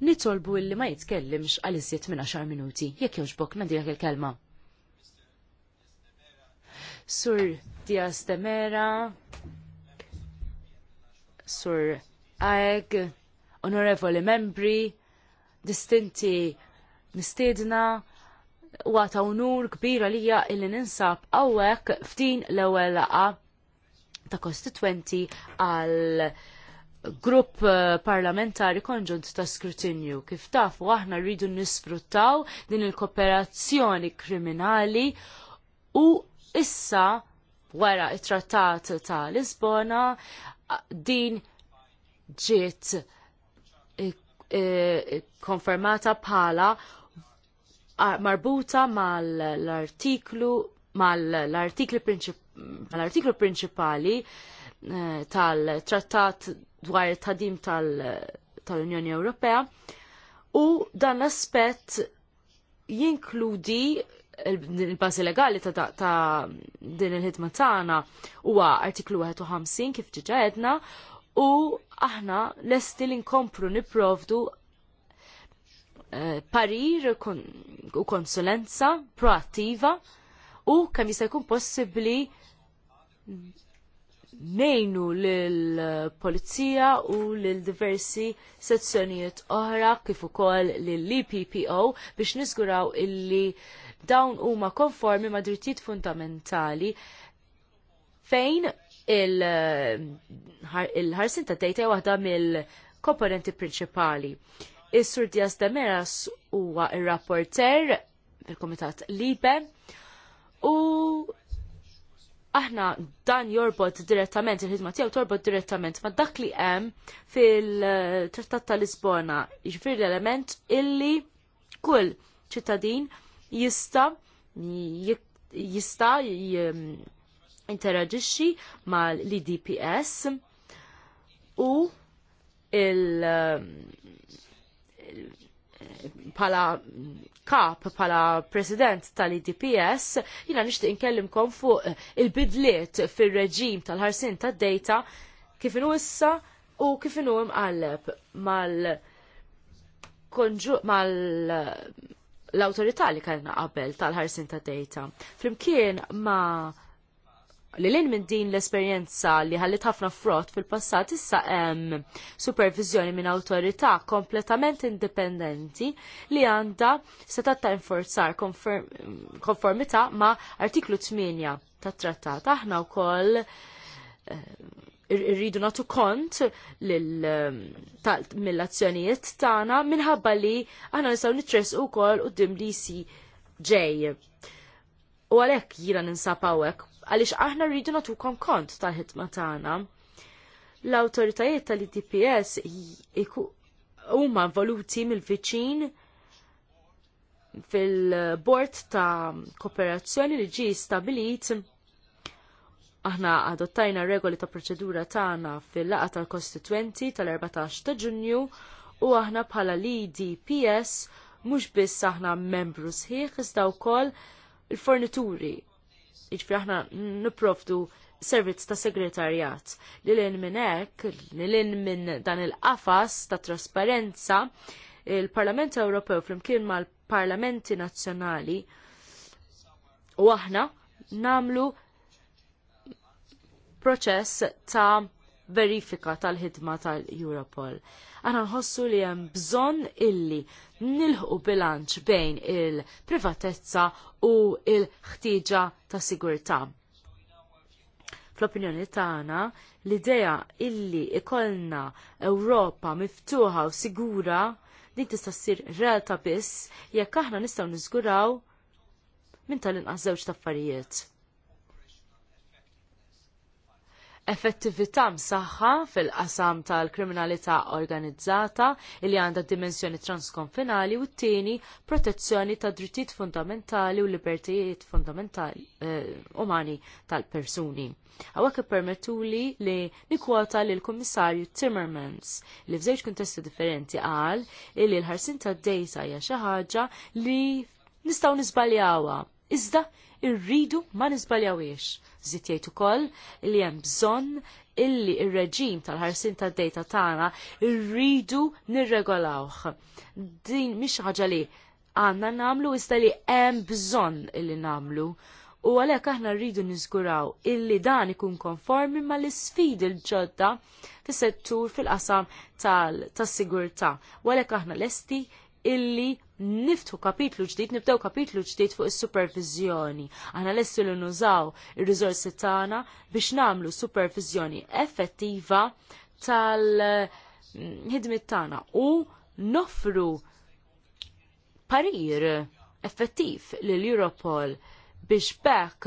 Nitolbu illi ma jitkellimx għal iżjed minn 10 minuti, jekk jogħġbok nadilek il-kelma. Sur Dias de Mera, Sur Aeg, Onorevoli Membri, Distinti Mistedna, Wata unur kbira lija illi ninsab għawek ftin l ewwel laqa ta' kostituenti għal grupp eh, parlamentari konġunt ta' skrutinju. Kif taf, aħna rridu nisfruttaw din il-kooperazzjoni kriminali u issa wara it-trattat ta' Lisbona din ġiet eh, eh, konfermata bħala marbuta mal-artiklu mal-artiklu mal-artiklu prinċipali eh, tal-trattat dwar tadim tal-Unjoni Ewropea u dan l-aspett jinkludi il-bazi legali ta', din il-ħidma tagħna huwa artiklu 51 kif ġiġa u aħna lesti li nkomplu nipprovdu Eh, parir u konsulenza proattiva u kemm jista' jkun possibbli nejnu l-polizija u l-diversi sezzjonijiet oħra kif ukoll l-EPPO biex niżguraw illi dawn huma konformi ma' drittijiet fundamentali fejn il-ħarsin il ta' dejta waħda mill-komponenti prinċipali. Is-Sur Dias de Meras huwa ir-rapporter fil-Kumitat Libe u aħna dan jorbot direttament, il-ħidma tiegħu torbot direttament ma' dak li hemm fil-Trattat ta' Lisbona, jiġifieri l-element illi kull ċittadin jista' jista' interaġixxi mal-IDPS u il- pala kap, pala president tal-IDPS, jina nishtiq inkellimkom fuq il-bidliet fil-reġim tal-ħarsin tad-data kif inu issa u kif inu imqalleb mal mal l-autorità li kellna qabel tal-ħarsin tad-data. Flimkien ma' li lejn minn din l-esperjenza li ħallit ħafna frott fil-passat issa hemm supervizjoni minn awtorità kompletament indipendenti li għandha setat ta' inforzar konformità ma' artiklu 8 tat trattat. Aħna wkoll eh, irridu natu kont eh, mill-azzjonijiet tagħna minħabba li aħna nistgħu nitress ukoll quddiem DC ġej. U għalhekk jiena ninsab hawnhekk għaliex aħna rridu nagħtukom kont tal ħitma tagħna. L-awtoritajiet tal-ITPS huma involuti mill-viċin fil-bord ta' kooperazzjoni li ġie stabilit aħna adottajna regoli ta' proċedura tagħna fil-laqa tal-Kostituenti tal-14 ta' Ġunju u aħna bħala l-IDPS mhux biss aħna membru sħiħ iżda wkoll il-fornituri Iġifri aħna niprofdu servizz ta' segretarjat. Lilin minn hekk, lilin minn dan il-qafas ta' trasparenza, il-Parlament Ewropew flimkien mal-Parlamenti Nazzjonali u aħna namlu proċess ta' verifika tal-ħidma tal-Europol. Għana nħossu li hemm bżonn illi nilħu bilanċ bejn il-privatezza u il ħtieġa ta' sigurtà. Fl-opinjoni tagħna, l-idea illi ikollna Ewropa miftuħa u sigura din tista' ssir realtà biss jekk aħna nistgħu niżguraw minn tal-inqas żewġ taffarijiet effettività msaħħa fil-qasam tal-kriminalità organizzata li għandha dimensjoni transkonfinali u t-tieni protezzjoni ta' drittijiet fundamentali u libertijiet fundamentali eh, umani tal-persuni. Għawak permettu li nikwota li l-Komissarju Timmermans li f'żewġ kuntesti differenti għal li l-ħarsin ta' dejta hija xi ħaġa li nistgħu nisbaljawha iżda irridu ma nisbaljawiex Zit jgħid ukoll li hemm bżonn illi ir-reġim tal-ħarsin tad-dejta tagħna rridu nirregolawh. Din mhix ħaġa li għandna nagħmlu iżda li hemm bżonn illi nagħmlu. U għalhekk aħna rridu niżguraw illi dan ikun konformi mal isfidi l-ġodda fis-settur fil-qasam tas-sigurtà. U għalhekk aħna lesti illi niftu kapitlu ġdid, nibdew kapitlu ġdid fuq is-supervizjoni. Aħna lessu li nużaw ir-riżorsi tagħna biex nagħmlu supervizjoni effettiva tal-ħidmit tagħna u noffru parir effettiv lil Europol biex bekk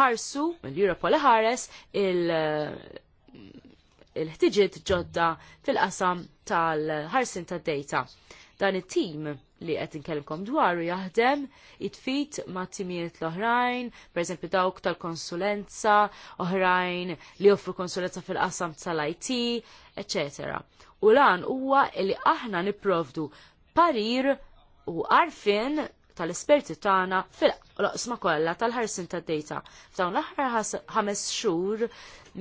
ħarsu l-Europol ħares il- il-ħtiġiet ġodda fil-qasam tal-ħarsin tad data Dan it-tim li qed inkellimkom dwaru jaħdem it-fit ma' timijiet l-oħrajn, pereżempju dawk tal-konsulenza, oħrajn li joffru konsulenza fil-qasam tal-IT, etc. U lan huwa li aħna nipprovdu parir u arfin tal-esperti tagħna fil-qosma kollha tal-ħarsin tad-data. F'dawn l-aħħar ħames xhur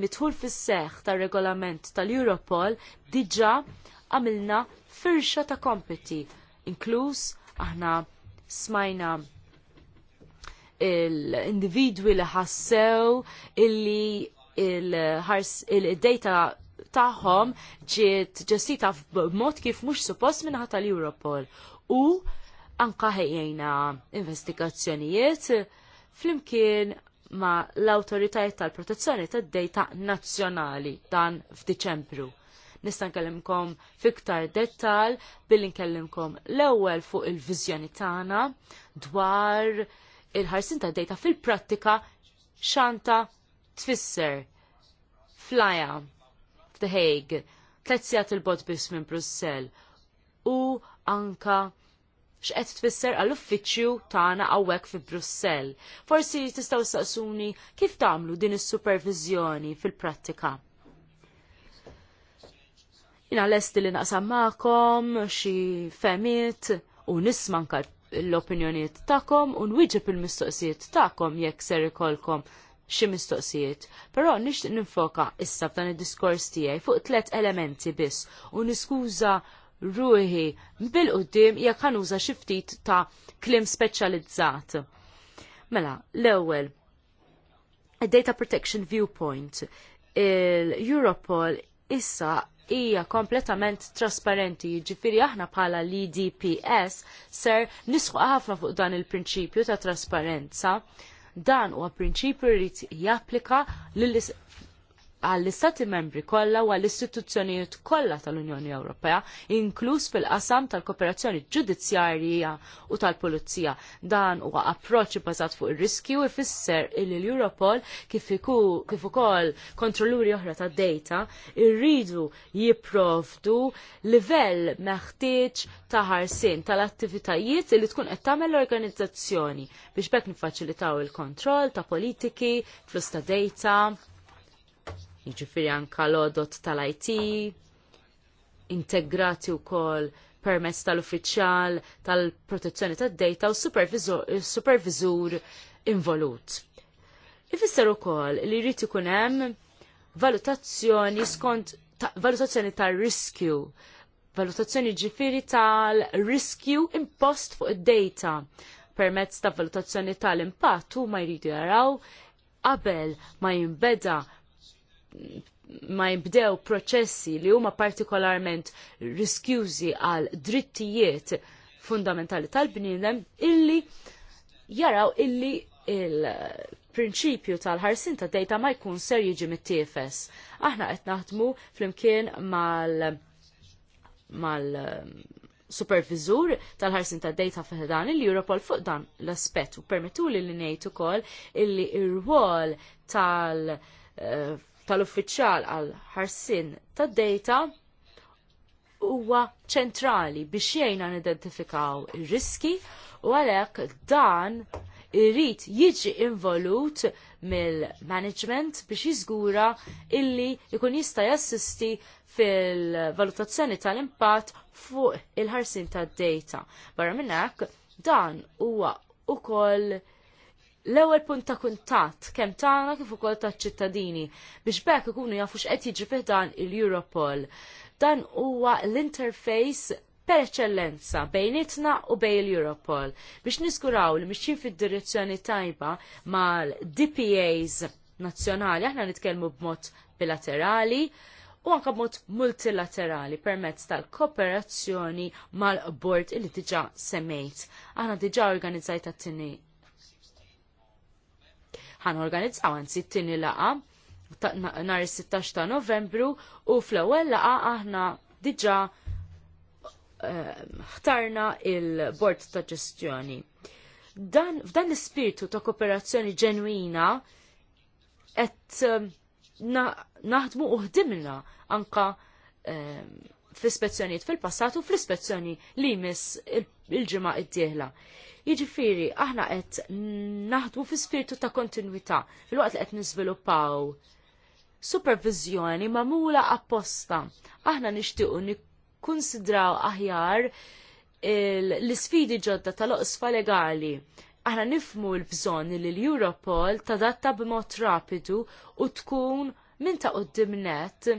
mitħul fis-seħħ tar-regolament tal-Europol diġà għamilna firxa ta' kompeti inkluż aħna smajna l-individwi li ħassew illi il-data tagħhom ġiet ġessita b'mod kif mhux suppost ħata tal-Europol. U anka ħejjejna investigazzjonijiet flimkien ma l-autoritajiet tal-protezzjoni tad-data nazzjonali dan f'Diċembru nista' nkellimkom fiktar dettal billi nkellimkom l-ewwel fuq il-viżjoni tagħna dwar il-ħarsin ta' data fil-prattika xanta tfisser flaja f'The Hague tletzjat il-bot bis minn Brussell u anka x'qed tfisser għall-uffiċċju tagħna hawnhekk fi Brussell. Forsi tistgħu saqsuni kif tagħmlu din is-supervizjoni fil-prattika. Jina lesti li naqsam maqom, xi femit, u nismanka l-opinjoniet ta'kom, u nwiġib il-mistoqsijiet ta'kom jekk ser ikolkom xi mistoqsijiet, però nixtieq ninfoka issa f'dan id-diskors tiegħi fuq tliet elementi biss u niskuża ruħi bil qoddim jekk għanuża xi ftit ta' klim speċjalizzat. Mela, l-ewwel Data Protection Viewpoint. Il-Europol issa hija kompletament trasparenti, jiġifieri aħna bħala l-IDPS ser nisħu ħafna fuq dan il-prinċipju ta' trasparenza. Dan huwa prinċipju li japplika għall-istati membri kollha u għall-istituzzjonijiet kollha tal-Unjoni Ewropea, inkluż fil-qasam tal-kooperazzjoni ġudizzjarja u tal-pulizija. Dan huwa approċċ bbażat fuq ir-riskju u jfisser il l-Europol kif ukoll kontrolluri oħra ta' data irridu jipprovdu livell meħtieġ ta' ħarsien tal-attivitajiet li tkun qed tagħmel l-organizzazzjoni biex bekk nifaċilitaw il-kontroll ta' politiki, flus ta' data, jiġifieri anke l-odot tal-IT integrati wkoll permezz tal-uffiċjal tal-protezzjoni tad-data u superviżur involut. Ifisser ukoll li jrid ikun hemm valutazzjoni skont ta, valutazzjoni tar riskju valutazzjoni ġifiri tal-riskju impost fuq id-data permezz ta' valutazzjoni tal-impatt u ma jridu jaraw qabel ma jinbeda ma jibdew proċessi li huma partikolarment riskjużi għal drittijiet fundamentali tal-bniedem illi jaraw illi il-prinċipju tal-ħarsin ta' dejta ma jkun ser jiġi mit-tiefes. Aħna qed naħdmu flimkien mal mal um, supervizur tal-ħarsin ta' data fiħdan il Europol fuq dan l aspett u permettu li li nejt ukoll illi ir-rwol tal uh, tal-uffiċjal għal ħarsin tad-data huwa ċentrali biex jgħinna nidentifikaw ir-riski u għalhekk dan irrid jiġi involut mill-management biex jiżgura illi jkun jista' jassisti fil-valutazzjoni tal-impatt fuq il-ħarsin tad-data. Barra minn hekk dan huwa ukoll l-ewwel punt ta' kuntatt kemm tagħna kif ukoll taċ-ċittadini biex bekk ikunu jafu x'qed jiġri fih dan il-Europol. Dan huwa l-interface per eccellenza itna u bejn l-Europol biex niskuraw li mixin fid-direzzjoni tajba mal-DPAs nazzjonali aħna nitkellmu b'mod bilaterali u anka b'mod multilaterali permezz tal-kooperazzjoni mal-bord li diġa semmejt. Aħna diġà organizzajt tini ħan organizzaw għanzi t-tini laqa nar 16 ta' novembru u fl-ewwel laqa aħna diġa ehm, ħtarna il-bord ta' ġestjoni. Dan f'dan l-ispirtu ta' kooperazzjoni ġenwina qed ehm, naħdmu u ħdimna anka ehm, fl-ispezzjonijiet fil-passat u fl-ispezzjoni li jmiss il-ġimgħa id dieħla Jiġifieri aħna qed naħdu fi spiritu ta' kontinwità fil-waqt li qed niżviluppaw supervizjoni mamula apposta. Aħna nixtiequ nikkunsidraw aħjar l-isfidi ġodda tal-oqsfa legali aħna nifmu l-bżon li l-Europol tadatta b'mod rapidu u tkun minn ta' qoddim net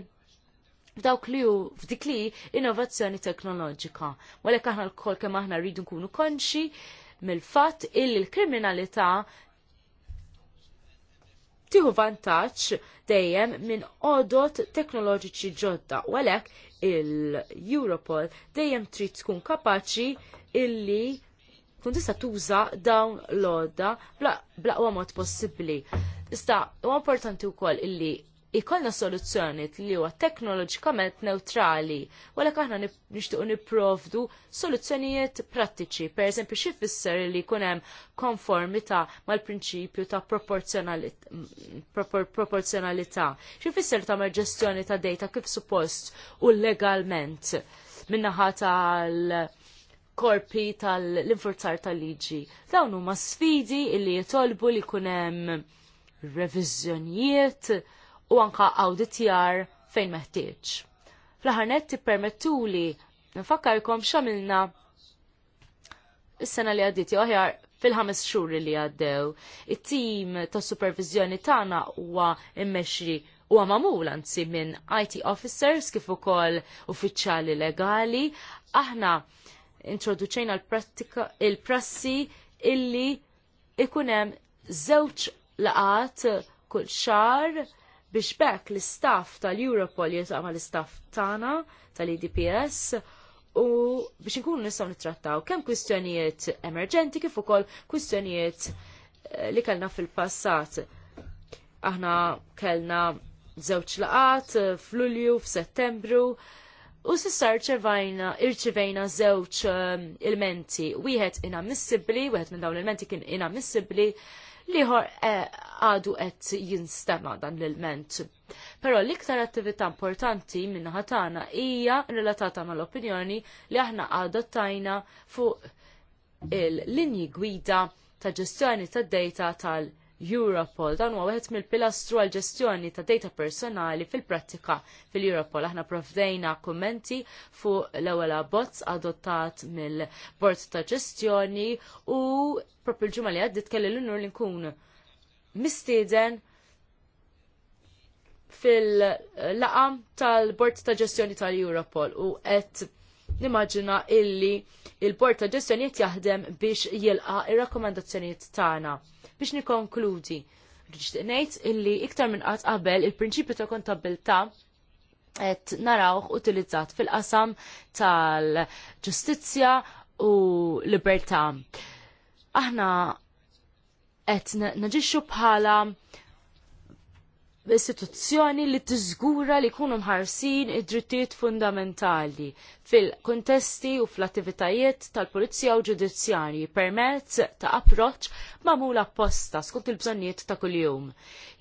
f'dawk li hu f'dik li innovazzjoni teknoloġika. Walek aħna l-kol kemm aħna rridu nkunu konxi mill-fatt illi l-kriminalità tiħu vantaġġ dejjem minn odot teknoloġiċi ġodda. Walek il-Europol dejjem trid tkun kapaċi illi kun tista' tuża dawn l-odda blaqwa bla mod possibbli. Ista' huwa importanti wkoll illi ikollna soluzzjoni li huwa teknoloġikament neutrali, u kaħna aħna nixtiequ nipprovdu soluzzjonijiet prattiċi, pereżempju xi xifisser li jkun hemm mal-prinċipju ta' proporzjonalità. Xifisser ta' tagħmel ġestjoni ta' data kif suppost u legalment min-naħa tal korpi tal-infurzar tal-liġi. Dawn huma sfidi li jitolbu li jkun hemm reviżjonijiet u anka awditjar fejn meħtieġ. Fl-ħarnet tippermettuli nfakkarkom xamilna is-sena li għaddiet aħjar fil-ħames xhur li għaddew. It-tim ta' supervizjoni tagħna huwa immexxi huwa magħmul anzi minn IT officers kif ukoll uffiċjali legali. Aħna introduċejna l prassi illi ikun hemm żewġ laqat kull xar biex bekk l-istaff tal-Europol jitqama l-istaff tagħna tal edps u biex inkunu nistgħu nittrattaw kemm kwistjonijiet emerġenti kif ukoll kwistjonijiet eh, li kellna fil-passat. Aħna kellna żewġ laqat eh, f'Lulju, f'Settembru, U sissa rċevajna, irċevajna zewċ eh, il-menti, wieħed inammissibbli, wieħed minn dawn il-menti kien inammissibbli, liħor eh, għadu qed jinstema dan l-ilment. Però l-iktar attività importanti minna ħatana hija relatata mal-opinjoni li aħna adottajna fuq il-linji gwida ta' ġestjoni tad data tal- Europol. Dan huwa wieħed mill-pilastru għal ġestjoni ta' data personali fil-prattika fil-Europol. Aħna provdejna kummenti fuq l-ewwel bots adottat mill-Bord ta' Ġestjoni u propri l-ġimgħa li għaddit kelli l-unur li nkun mistieden fil-laqam tal-Bord ta' Ġestjoni tal-Europol u qed nimmaġina illi il porta ta' jaħdem biex jilqa' il rakkomandazzjonijiet tagħna. Biex nikkonkludi, nixtieq ngħid illi iktar minn qatt qabel il-prinċipju ta' kontabilità qed narawh utilizzat fil-qasam tal-ġustizzja u libertà. Aħna qed naġixxu bħala istituzzjoni li tiżgura li jkunu mħarsin id-drittijiet fundamentali fil-kontesti u fl-attivitajiet tal-Pulizija u Ġudizzjarji permezz ta' approċċ magħmul apposta skont il-bżonnijiet ta' kuljum.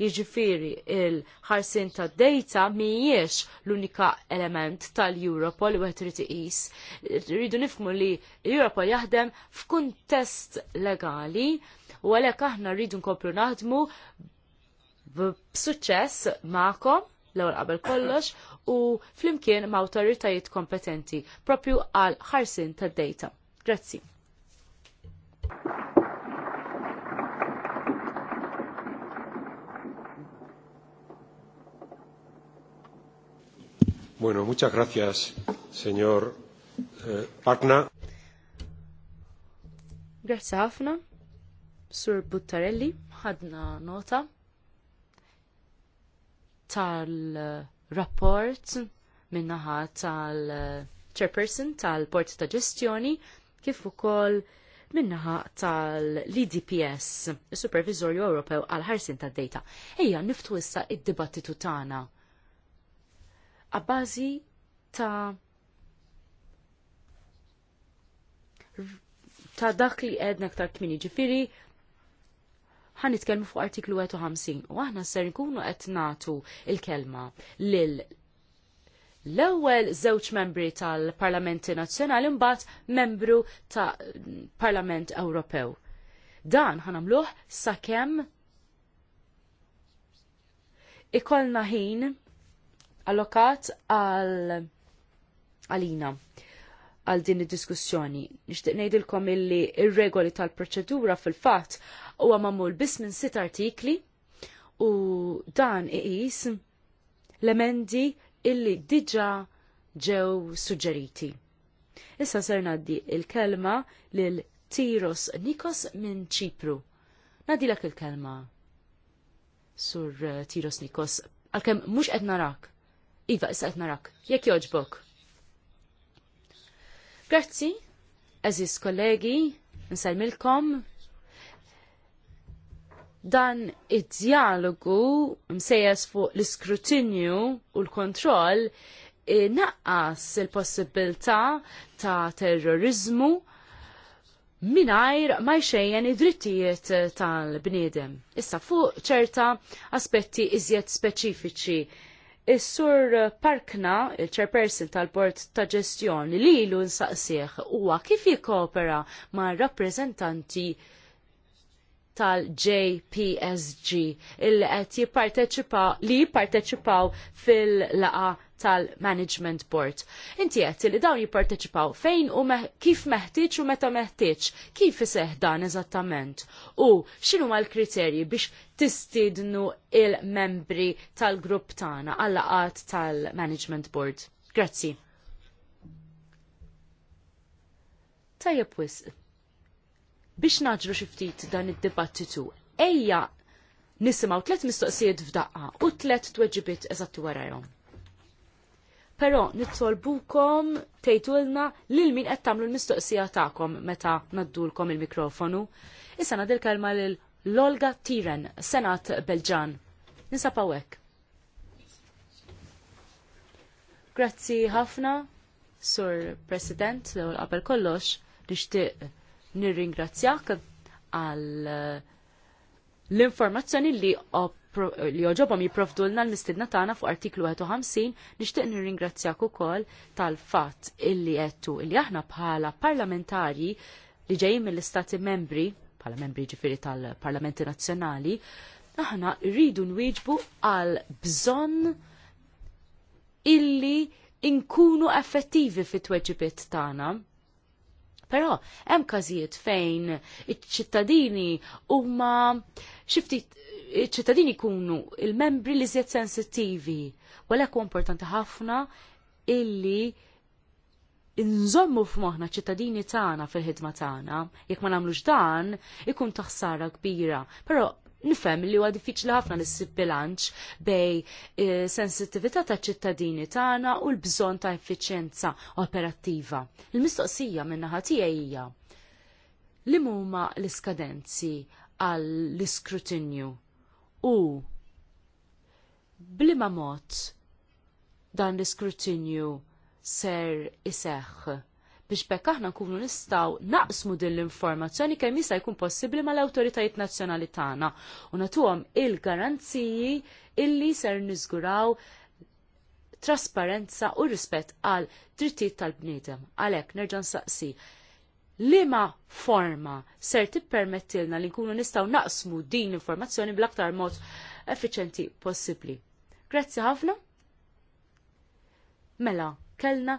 Jiġifieri il-ħarsin ta' data mhijiex l-unika element tal-Europol u għetriti irid iqis. Rridu nifmu li l-Europol jaħdem f'kuntest legali u għalhekk aħna rridu nkomplu naħdmu b'suċċess ma'kom l-ewwel qabel kollox u flimkien ma' awtoritajiet kompetenti propju għal ħarsin tad-data. Grazzi. Bueno, muchas gracias, señor eh, Patna. Grazie ħafna, Sur Buttarelli, ħadna nota tal-rapport minnaħa tal-chairperson tal-port ta' ġestjoni kif ukoll minnaħa tal-LDPS, il-Supervisorju Ewropew għal-ħarsin tad data Ejja, niftu issa id-dibattitu tagħna. Abbażi ta' ta' dak li għedna ktar kmini ġifiri, ħan nitkellmu fuq artiklu 51 u aħna ser nkunu qed nagħtu il-kelma lil l-ewwel żewġ membri tal-Parlamenti Nazzjonali mbagħad membru ta' Parlament Ewropew. Dan nagħmluh sakemm ikolna ħin allokat għal għalina għal din id-diskussjoni. Nixtieq ngħidilkom illi ir-regoli tal-proċedura fil-fatt huwa magħmul biss minn sitt artikli u dan iqis l-emendi illi diġà ġew suġġeriti. Issa ser naddi il-kelma lil Tiros Nikos minn Ċipru. Nadilek il-kelma. Sur eh, Tiros Nikos, għalkemm mhux qed narak. Iva, issa qed narak. Jekk jogħġbok. Grazzi, eżis kollegi, nsalmilkom, dan id-dialogu msejjes fuq l-iskrutinju u l-kontroll eh, naqqas il-possibilità ta' terrorizmu minajr ma xejjen id-drittijiet tal-bniedem. Issa fuq ċerta aspetti iżjed speċifiċi. Is-sur Parkna, il-chairperson tal-Bord ta' ġestjoni, li ilu nsaqsieħ huwa kif jikopera ma' rappreżentanti tal-JPSG il qed jipparteċipaw li jipparteċipaw fil-laqa tal-Management Board. Inti qed li dawn jipparteċipaw fejn u kif meħtieġ u meta meħtieġ, kif iseħħ dan eżattament u x'inhu l-kriterji biex tistidnu il-membri tal-grupp tagħna għal laqat tal-Management Board. Grazzi. Tajjeb wisq biex naġru xiftit dan id-dibattitu, ejja nisimaw tlet mistoqsijiet f'daqqa u tlet tweġibiet eżatti warajhom. Però nittolbukom tgħidulna lil min qed tagħmlu l-mistoqsija tagħkom meta naddulkom il-mikrofonu. Issa nadil kalma lil Lolga Tiren, Senat Belġan. Ninsab hekk. Grazzi ħafna, Sur President, l qabel kollox, nixtieq nirringrazzjak għal eh, l-informazzjoni li li oġobom jiprofdulna l-mistidna tagħna fuq artiklu 51 nixtieq nirringrazzjak ukoll tal-fatt illi għettu illi aħna bħala parlamentari li ġejjin mill-istati membri bħala membri ġifiri tal-parlamenti nazzjonali aħna rridu nwieġbu għal bżonn illi inkunu effettivi fit tweġibiet tagħna Però hemm każijiet fejn iċ-ċittadini huma xifti iċ-ċittadini jkunu il-membri li żjed sensittivi. Walek huwa importanti ħafna illi nżommu f'moħħna ċittadini tagħna fil-ħidma tagħna, jekk ma nagħmlux dan, ikun taħsara kbira. Però nifhem li huwa diffiċli ħafna nissib bilanċ bej e, sensitività ta' ċittadini tagħna u l-bżonn ta' effiċjenza operattiva. Il-mistoqsija min ħatija tiegħi hija li huma l-iskadenzi għall-iskrutinju u blima mod dan l-iskrutinju ser iseħħ biex bekk aħna nkunu nistgħu naqsmu din l-informazzjoni kemm jista' jkun possibbli mal-awtoritajiet nazzjonali tagħna u nagħtuhom il-garanziji illi ser niżguraw trasparenza u rispett għal drittijiet tal-bniedem. Għalhekk nerġa' nsaqsi Lima forma ser tippermettilna li nkunu nistgħu naqsmu din l-informazzjoni bl-aktar mod effiċenti possibbli. Grazzi ħafna. Mela, kellna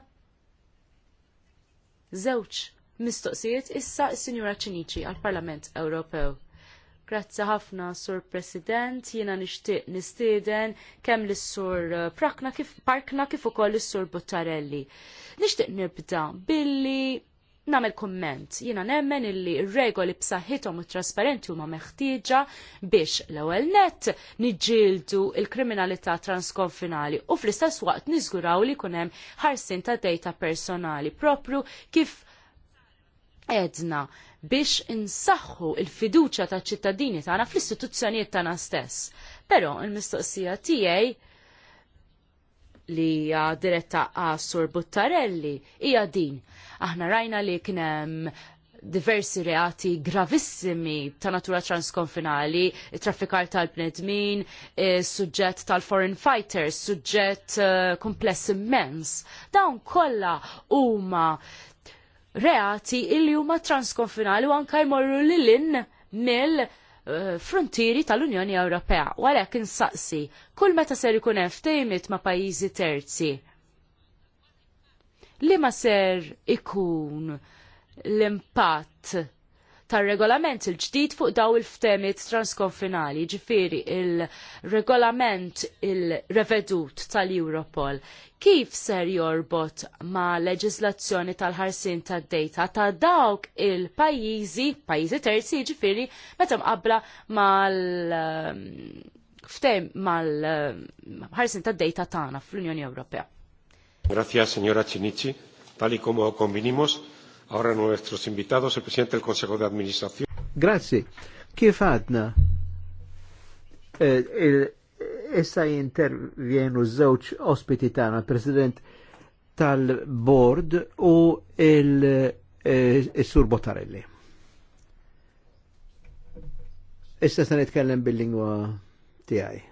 żewġ mistoqsijiet issa s-Sinjura Ċinici għal-Parlament Ewropew. Grazzi ħafna, Sur President, jiena nixtieq nistieden kemm lis sur uh, Prakna kif Parkna kif ukoll is sur Buttarelli. Nixtieq nibda billi namel komment. Jina nemmen illi regoli b'saħħithom u trasparenti huma meħtieġa biex l-ewwel net niġġieldu il-kriminalità transkonfinali u fl-istess waqt niżguraw li jkun hemm ħarsin ta' dejta personali propru kif edna biex insaħħu il-fiduċa ta' ċittadini tagħna fl-istituzzjonijiet tagħna stess. Però l mistoqsija tiegħi li hija diretta għasur sur Buttarelli hija din. Aħna rajna li kien hemm diversi reati gravissimi ta' natura transkonfinali, traffikar tal-bnedmin, e, suġġett tal-foreign fighters, suġġett e, kompless immens. Dawn kollha huma reati illi huma transkonfinali u anka jmorru lilin mill Eh, frontieri tal-Unjoni Ewropea. u għalhekk insaqsi, kull meta ser ikun hemm ftejmit ma' pajjiżi terzi. Li ma ser ikun l-impatt tar-regolament il-ġdid fuq daw il-ftemiet transkonfinali, ġifiri il-regolament il-revedut tal-Europol. Kif ser jorbot ma' leġislazzjoni tal-ħarsin tad data ta' dawk il-pajjiżi, pajjiżi terzi, ġifiri, meta mqabbla mal-ftem mal-ħarsin tad data tagħna fl-Unjoni Ewropea. Grazie, signora Cinici. Tali como convinimos, Ora nuestros invitados, el presidente del Consejo de Administración. Grazie. Kif għadna? Eh, issa e, jintervjenu żewġ ospiti tagħna, president tal-board u eh, il-sur e, Botarelli. Issa se nitkellem bil-lingwa tiegħi.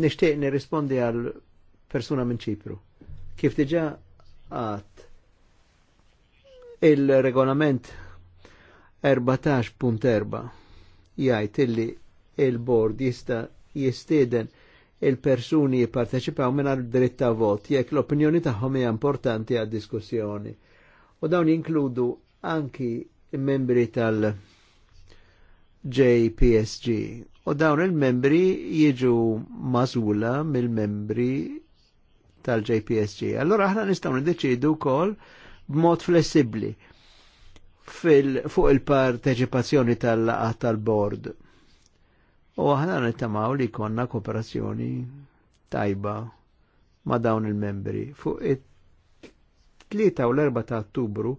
Nishtiq nirrispondi għal persuna minn ċipru. Kif diġa għat il-regolament 14.4 jgħid illi il-bord jista jistieden il-persuni jipparteċipaw minn għal dritt ta' vot jekk l-opinjoni tagħhom hija importanti għad diskussjoni. U dawn jinkludu anki membri tal- JPSG u dawn il-membri jiġu mażula mill-membri tal-JPSG. Allora aħna nistgħu niddeċidu wkoll b'mod flessibbli fuq il-parteċipazzjoni tal-laqgħa tal-bord. U aħna nittamaw li konna kooperazzjoni tajba ma' dawn il-membri fuq it tlieta u l-4 ta' Ottubru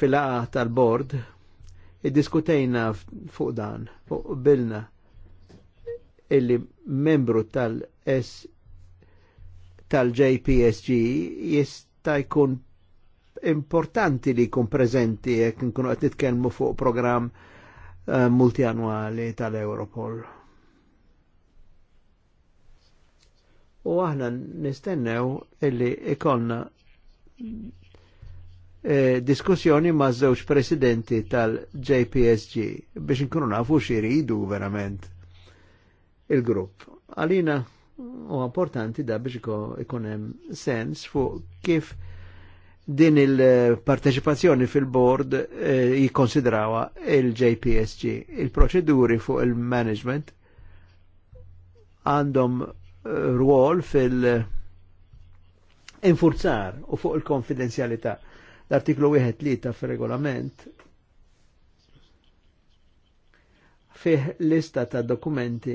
fil-laqgħa tal-bord iddiskutejna fuq dan, fuq bilna illi membru tal-S tal-JPSG jista' jkun importanti li jkun prezenti jekk nkunu qed nitkellmu fuq programm uh, multianwali tal-Europol. U aħna nistennew illi ikonna E, diskussjoni ma' żewġ presidenti tal-JPSG biex nkunu nafu xiridu verament il-grupp. Għalina u importanti da biex ikonem sens fuq kif din il-parteċipazzjoni fil-board e, jikonsidrawa il-JPSG. Il-proċeduri fuq il-management għandhom e, rwol fil- infurzar u fuq il-konfidenzjalità. L-artiklu 1 li ta' regolament fih lista ta' dokumenti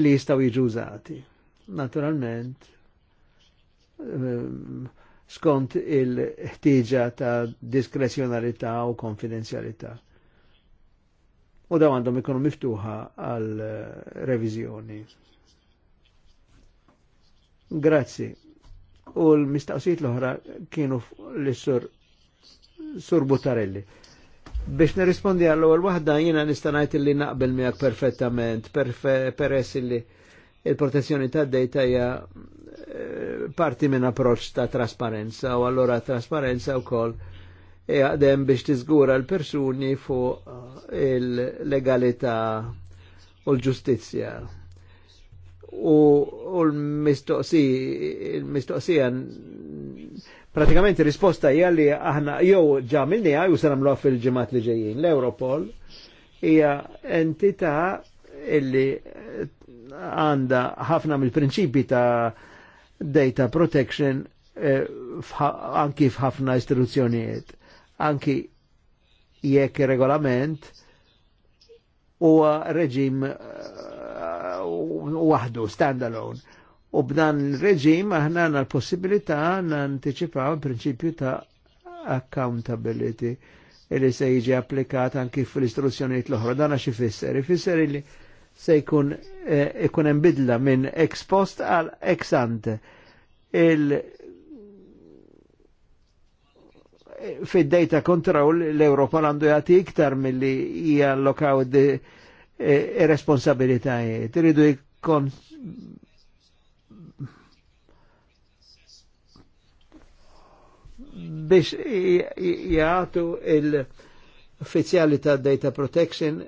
li jistaw iġużati. Naturalment, ehm, skont il-ħtieġa ta' diskrezjonalità u konfidenzjalità. U daw għandhom ikunu miftuħa għal revizjoni Grazzi u l-mistaqsijiet l-oħra kienu l-sur Sur Butarelli. Biex nirrispondi għall ewwel waħda jiena nistanajt li naqbel miegħek perfettament, peress li il-protezzjoni ta' data hija eh, parti minn approċċ ta' trasparenza u allora trasparenza wkoll jaqdem biex tiżgura l-persuni fuq eh, il-legalità u l-ġustizzja u l-mistoqsija pratikament risposta hija li aħna jew għaj u se nagħmluha fil-ġimgħat li ġejjin. L-Europol hija entità illi għanda ħafna mill-prinċipi ta' data protection eh, anki f'ħafna istituzzjonijiet. Anki jekk regolament u reġim eh, waħdu, standalone. U b'dan il-reġim aħna għanna l-possibilità nanticipaw il-prinċipju ta' accountability li se jiġi applikat anki fil-istruzzjonijiet l-oħra. Dan għax fisser, ifisser li se jkun eh, ikun hemm bidla minn ex post għal ex ante. Il fid-data control l-Europa għandu jagħti iktar milli hija allokaw E, e responsabilitajiet. Iridu jkun biex jgħatu il-uffiċjali ta' data protection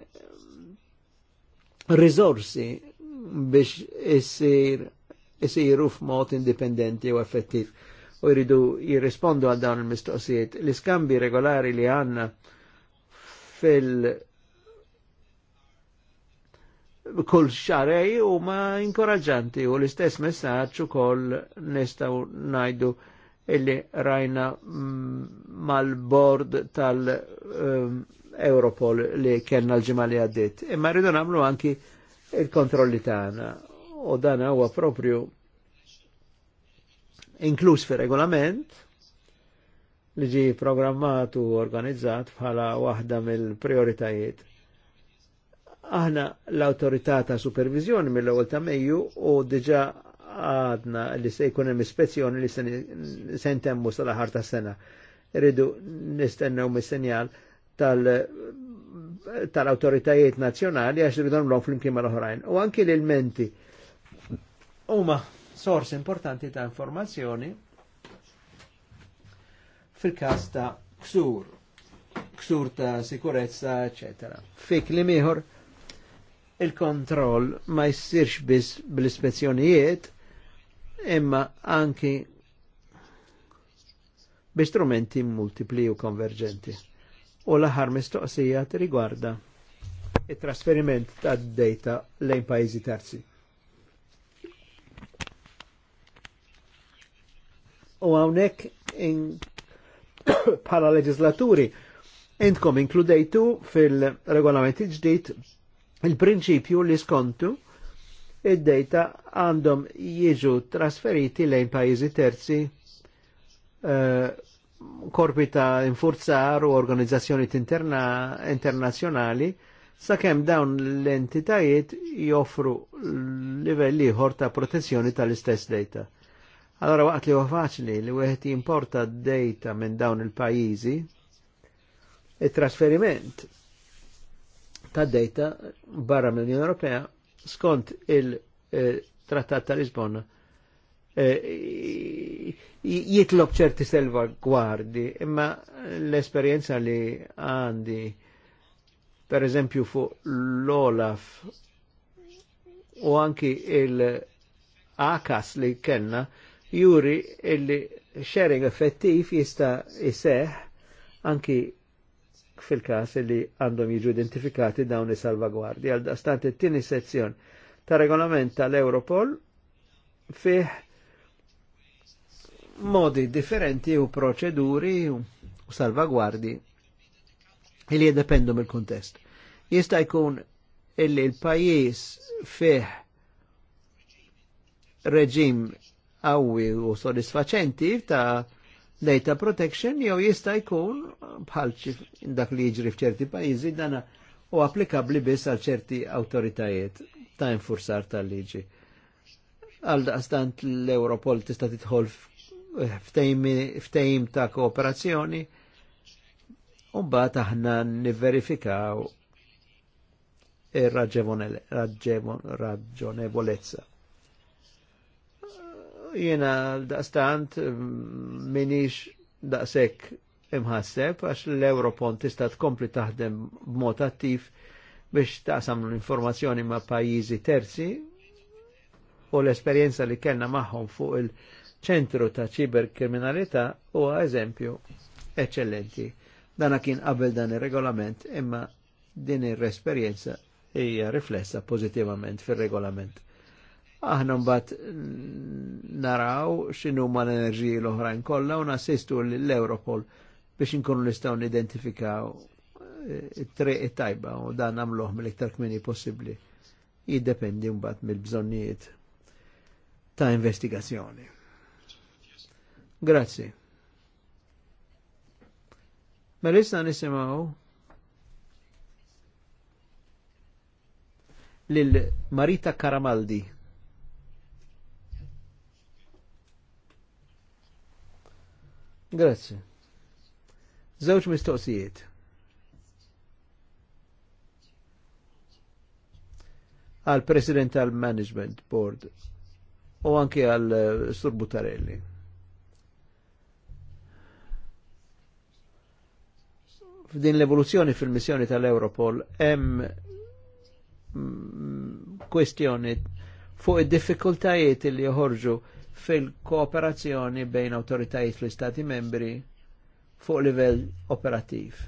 risorsi biex jisir jisiru f'mod indipendenti u effettiv u jridu jirrispondu għal dawn il-mistoqsijiet. L-iskambi regolari li għanna fil- kull xarej u ma inkoraġanti u l-istess messaċu kol koll nistaw najdu illi rajna mm, mal-bord tal-Europol ehm, li kena l-ġimali għaddit. Imma rridu namlu anki il-kontrolli tana u dan huwa propju inkluż fi regolament li ġi programmat u organizzat bħala waħda mill-prioritajiet Aħna l-autorità ta' supervizjoni mill-ewwel ta' Mejju u diġà għadna li se jkun hemm ispezzjoni li se ntemmu sal-aħar ta' sena. Rridu nistennew mis-senjal tal tal-autoritajiet nazzjonali għax rridhom l flimkien mal-oħrajn. U anki l-elementi huma sors importanti ta' informazzjoni fil-kas ta' ksur, ksur ta' sikurezza, eccetera. Fik li miħor il-kontroll ma jsirx biss bl-ispezzjonijiet imma anki b'istrumenti multipli u konverġenti. U l-aħħar mistoqsija rigwarda it-trasferiment ta' data lejn pajjiżi terzi. U hawnhekk bħala pala leġislaturi intkom inkludejtu fil-regolamenti ġdid il-prinċipju li skontu id-dejta għandhom jiġu trasferiti lejn pajjiżi terzi uh, korpi ta' infurzar u organizzazzjoni interna, internazjonali sakemm dawn l-entitajiet joffru livelli ieħor ta' protezzjoni tal-istess data. Allora waqt li huwa faċli li wieħed jimporta data minn dawn il-pajjiżi, it-trasferiment ta' data barra mill-Unjoni Ewropea skont il-Trattat eh, ta' Lisbona eh, jitlob ċerti salvagwardi, imma l-esperienza li għandi, per eżempju fuq l-Olaf u anki il-Akas li kenna, juri il-sharing effettiv jista jiseħ anki fil-kas li għandhom jiġu identifikati dawn is-salvagwardi. Għal dastant it tini sezzjon ta' regolament tal-Europol fih modi differenti u proċeduri u salvagwardi li jedependu mill kontest Jista' jkun illi l-pajis fih reġim għawi u sodisfaċenti ta' data protection jew jista' jkun bħal dak li jiġri f'ċerti pajjiżi dana u applikabli biss għal ċerti awtoritajiet ta' infursar tal-liġi. Għal daqstant l-Europol tista' tidħol f'tejm ta' kooperazzjoni u mbagħad aħna nivverifikaw ir-raġonevolezza. Jena daqstant mm, minix daqsek imħasseb għax l europont tista' tkompli taħdem b'mod attiv biex taqsam l-informazzjoni ma' pajjiżi terzi u l-esperjenza li kellna magħhom fuq il-ċentru ta' ċiberkriminalità huwa eżempju eccellenti. Dana kien qabel dan ir-regolament imma din ir-esperjenza hija riflessa pożittivament fir-regolament aħna mbagħad naraw x'inhu ma l-enerġiji l-oħrajn kollha u nassistu l-Europol biex inkunu nistgħu nidentifikaw eh, it-triq tajba u dan nagħmluh mill-iktar kmini possibbli. Jiddependi mbagħad mill-bżonnijiet ta' investigazzjoni. Grazzi. Melissa nisimgħu lil Marita Karamaldi. Grazzi. Żewġ mistoqsijiet. għal President tal Management Board u anki għal eh, Surbutarelli. F'din l-evoluzzjoni fil-missjoni tal-Europol hemm mm, kwestjoni fuq id-diffikultajiet li joħorġu fil-kooperazzjoni bejn autoritajiet fl-Istati membri fuq livell operativ.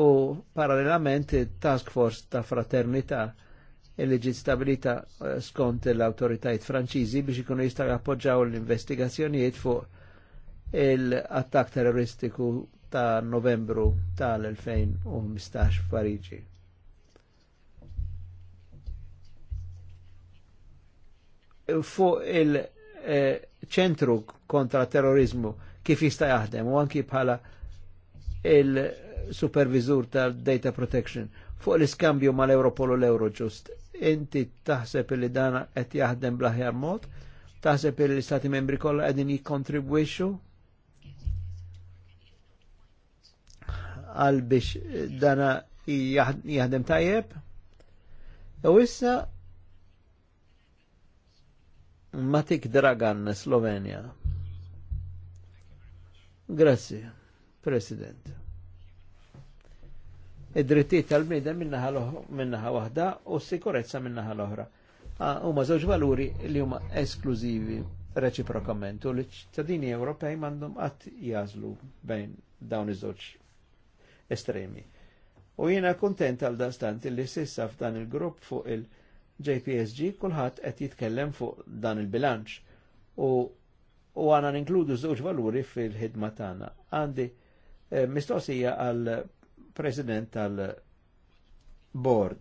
U parallelament il-Task Force ta' Fraternità li ġiet stabilita eh, skont l-autoritajiet franċiżi biex ikunu jistaw jappoġġaw l-investigazzjonijiet fuq il-attak terroristiku ta' novembru tal-2015 f'Pariġi. fuq il-ċentru kontra terrorizmu kif jista' jaħdem u anki bħala il-supervizur tal-data protection fuq l-iskambju mal-Europol u l-Eurojust. Inti taħseb li dana qed jaħdem bl-aħjar mod? Taħseb li l-Istati membri kollha qegħdin jikkontribwixxu? Għal biex dana jaħdem tajjeb? U issa Matik Dragan, Slovenja. Grazzi, President. Id-drittijiet tal-bniedem minnaħa waħda u s-sikurezza minnaħa l-oħra. Ah, huma żewġ valuri li huma esklużivi reċiprokament u li ċittadini Ewropej m'għandhom qatt jażlu bejn dawn iż-żewġ estremi. U jiena kuntent għal stant li sissa f'dan il-grupp fuq il-, -grupp fuq il JPSG kulħadd qed jitkellem fuq dan il-bilanċ u u għana ninkludu żewġ valuri fil-ħidma tagħna. Għandi eh, mistoqsija għal president tal-board.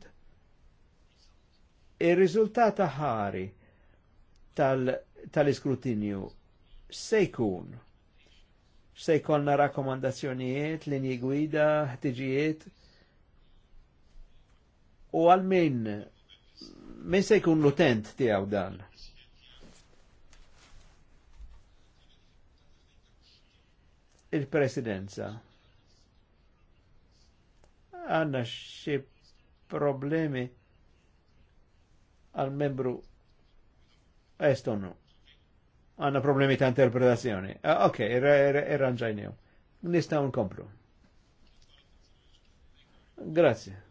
Ir-riżultat ħari tal-iskrutinju tal se jkun se jkollna rakkomandazzjonijiet, linji gwida, ħtiġijiet u għal min min se jkun l-utent tiegħu dan? Il-presidenza. Għanna xie problemi għal-membru estonu. Għanna problemi ta' interpretazzjoni. Ah, ok, irranġajniju. Nistaw nkomplu. Grazie.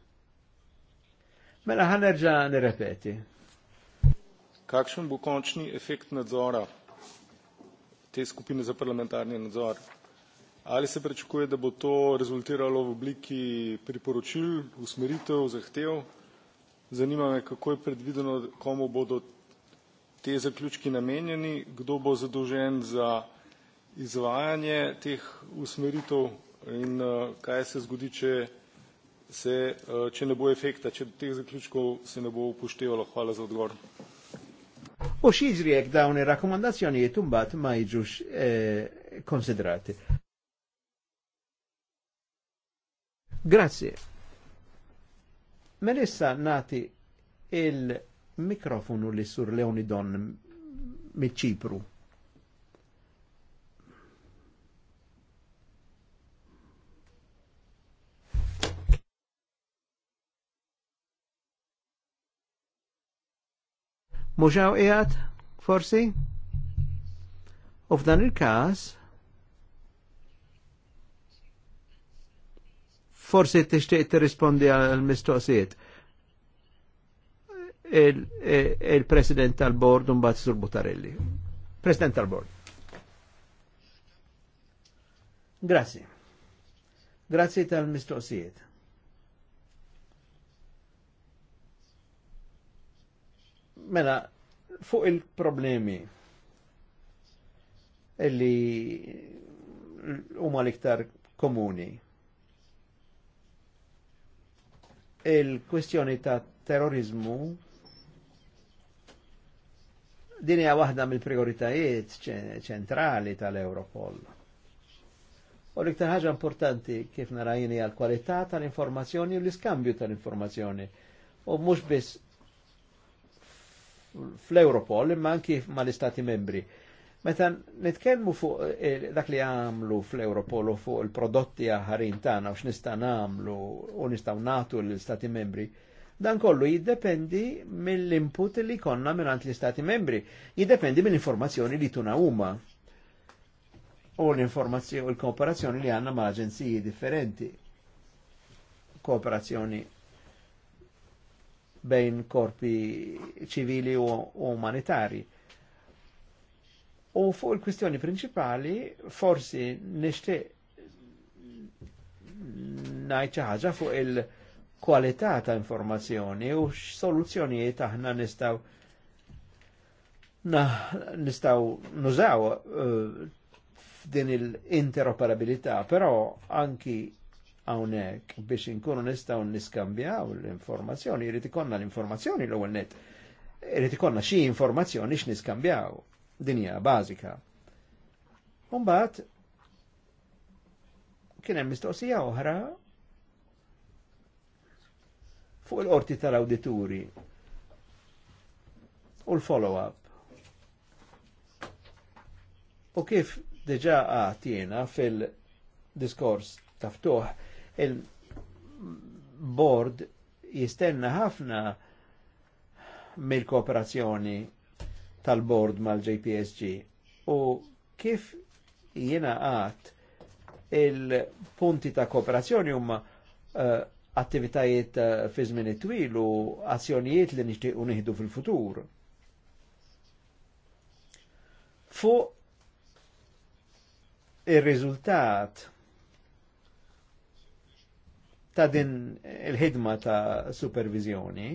Mela ħanerġa nirrepeti. Kakxun bu konċni effekt nadzora te skupine za parlamentarni nadzor. Ali se pričakuje, da bo to rezultiralo v obliki priporočil, usmeritev, zahtev? Zanima me, kako je predvideno, komu bodo te zaključki namenjeni, kdo bo zadolžen za izvajanje teh usmeritev in eh, kaj se zgodi, če se, če ne bo efekta, če teh zaključkov se ne bo upoštevalo. Hvala za odgovor. U xieġri jek dawn ir-rakkomandazzjonijiet imbagħad ma jiġux eh, konsidrati. Grazie. Melissa nati il-mikrofonu li sur Leonidon mit-ċipru. muxaw iħat, forsi? U f'dan il-kas, forsi t-ixtiq t-rispondi għal-mistoqsijiet. Il-president tal-bord un bat sur Butarelli. President tal-bord. Grazie. Grazie tal-mistoqsijiet. Mela, fuq il-problemi illi huma l-iktar komuni. Il-kwestjoni ta' terrorizmu din hija waħda mill-prioritajiet ċentrali tal-Europol. U l-iktar ħaġa importanti kif narajni għal kwalità tal-informazzjoni u l-iskambju tal-informazzjoni. U mhux biss fl-Europol imma anki mal-Istati membri. Meta nitkellmu fuq eh, dak li għamlu fl-Europol u fuq il-prodotti aħarin tagħna u x'nista' nagħmlu u nistgħu nagħtu l-Istati membri, dan kollu jiddependi mill-input li konna mingħand l-Istati membri, jiddependi mill-informazzjoni li tuna huma u l-informazzjoni u l-kooperazzjoni li għandna mal aġenziji differenti. Kooperazzjoni bejn korpi ċivili u umanitari. U fuq il-kwistjoni principali, forsi nishti najċa fuq il-kwalità ta' informazzjoni u x-soluzzjonijiet aħna nistaw nistaw nużaw uh, il-interoperabilità, però anki hawnhekk biex inkunu nistgħu niskambjaw l-informazzjoni, jrid ikollna l-informazzjoni l-ewwel net. Irid ikollna xi informazzjoni x Din hija bażika. Mbagħad kien hemm mistoqsija oħra fuq il-qorti tal-awdituri u l-follow-up. U kif deġa għatjena fil-diskors taftuħ il-board jistenna ħafna mill-kooperazzjoni tal-board mal-JPSG u kif jiena għat il-punti ta' kooperazzjoni huma uh, attivitajiet uh, fi żmien twil u azzjonijiet li nixtiequ nieħdu fil-futur. Fuq ir-riżultat ta' din il-ħidma ta' supervizjoni,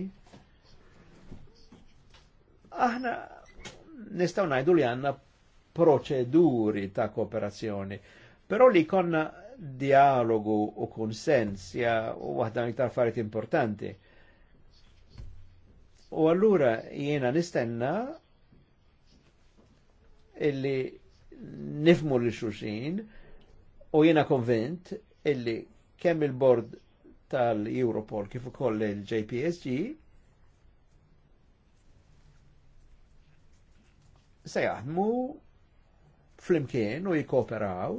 aħna nistaw najdu li għanna proċeduri ta' kooperazzjoni, però li konna dialogu u konsens ja u waħda iktar affarijiet importanti. U allura jiena nistenna illi nifmu li xuxin u jiena konvint illi kemm il-bord tal-Europol kif ukoll il-JPSG se jaħdmu flimkien u jikoperaw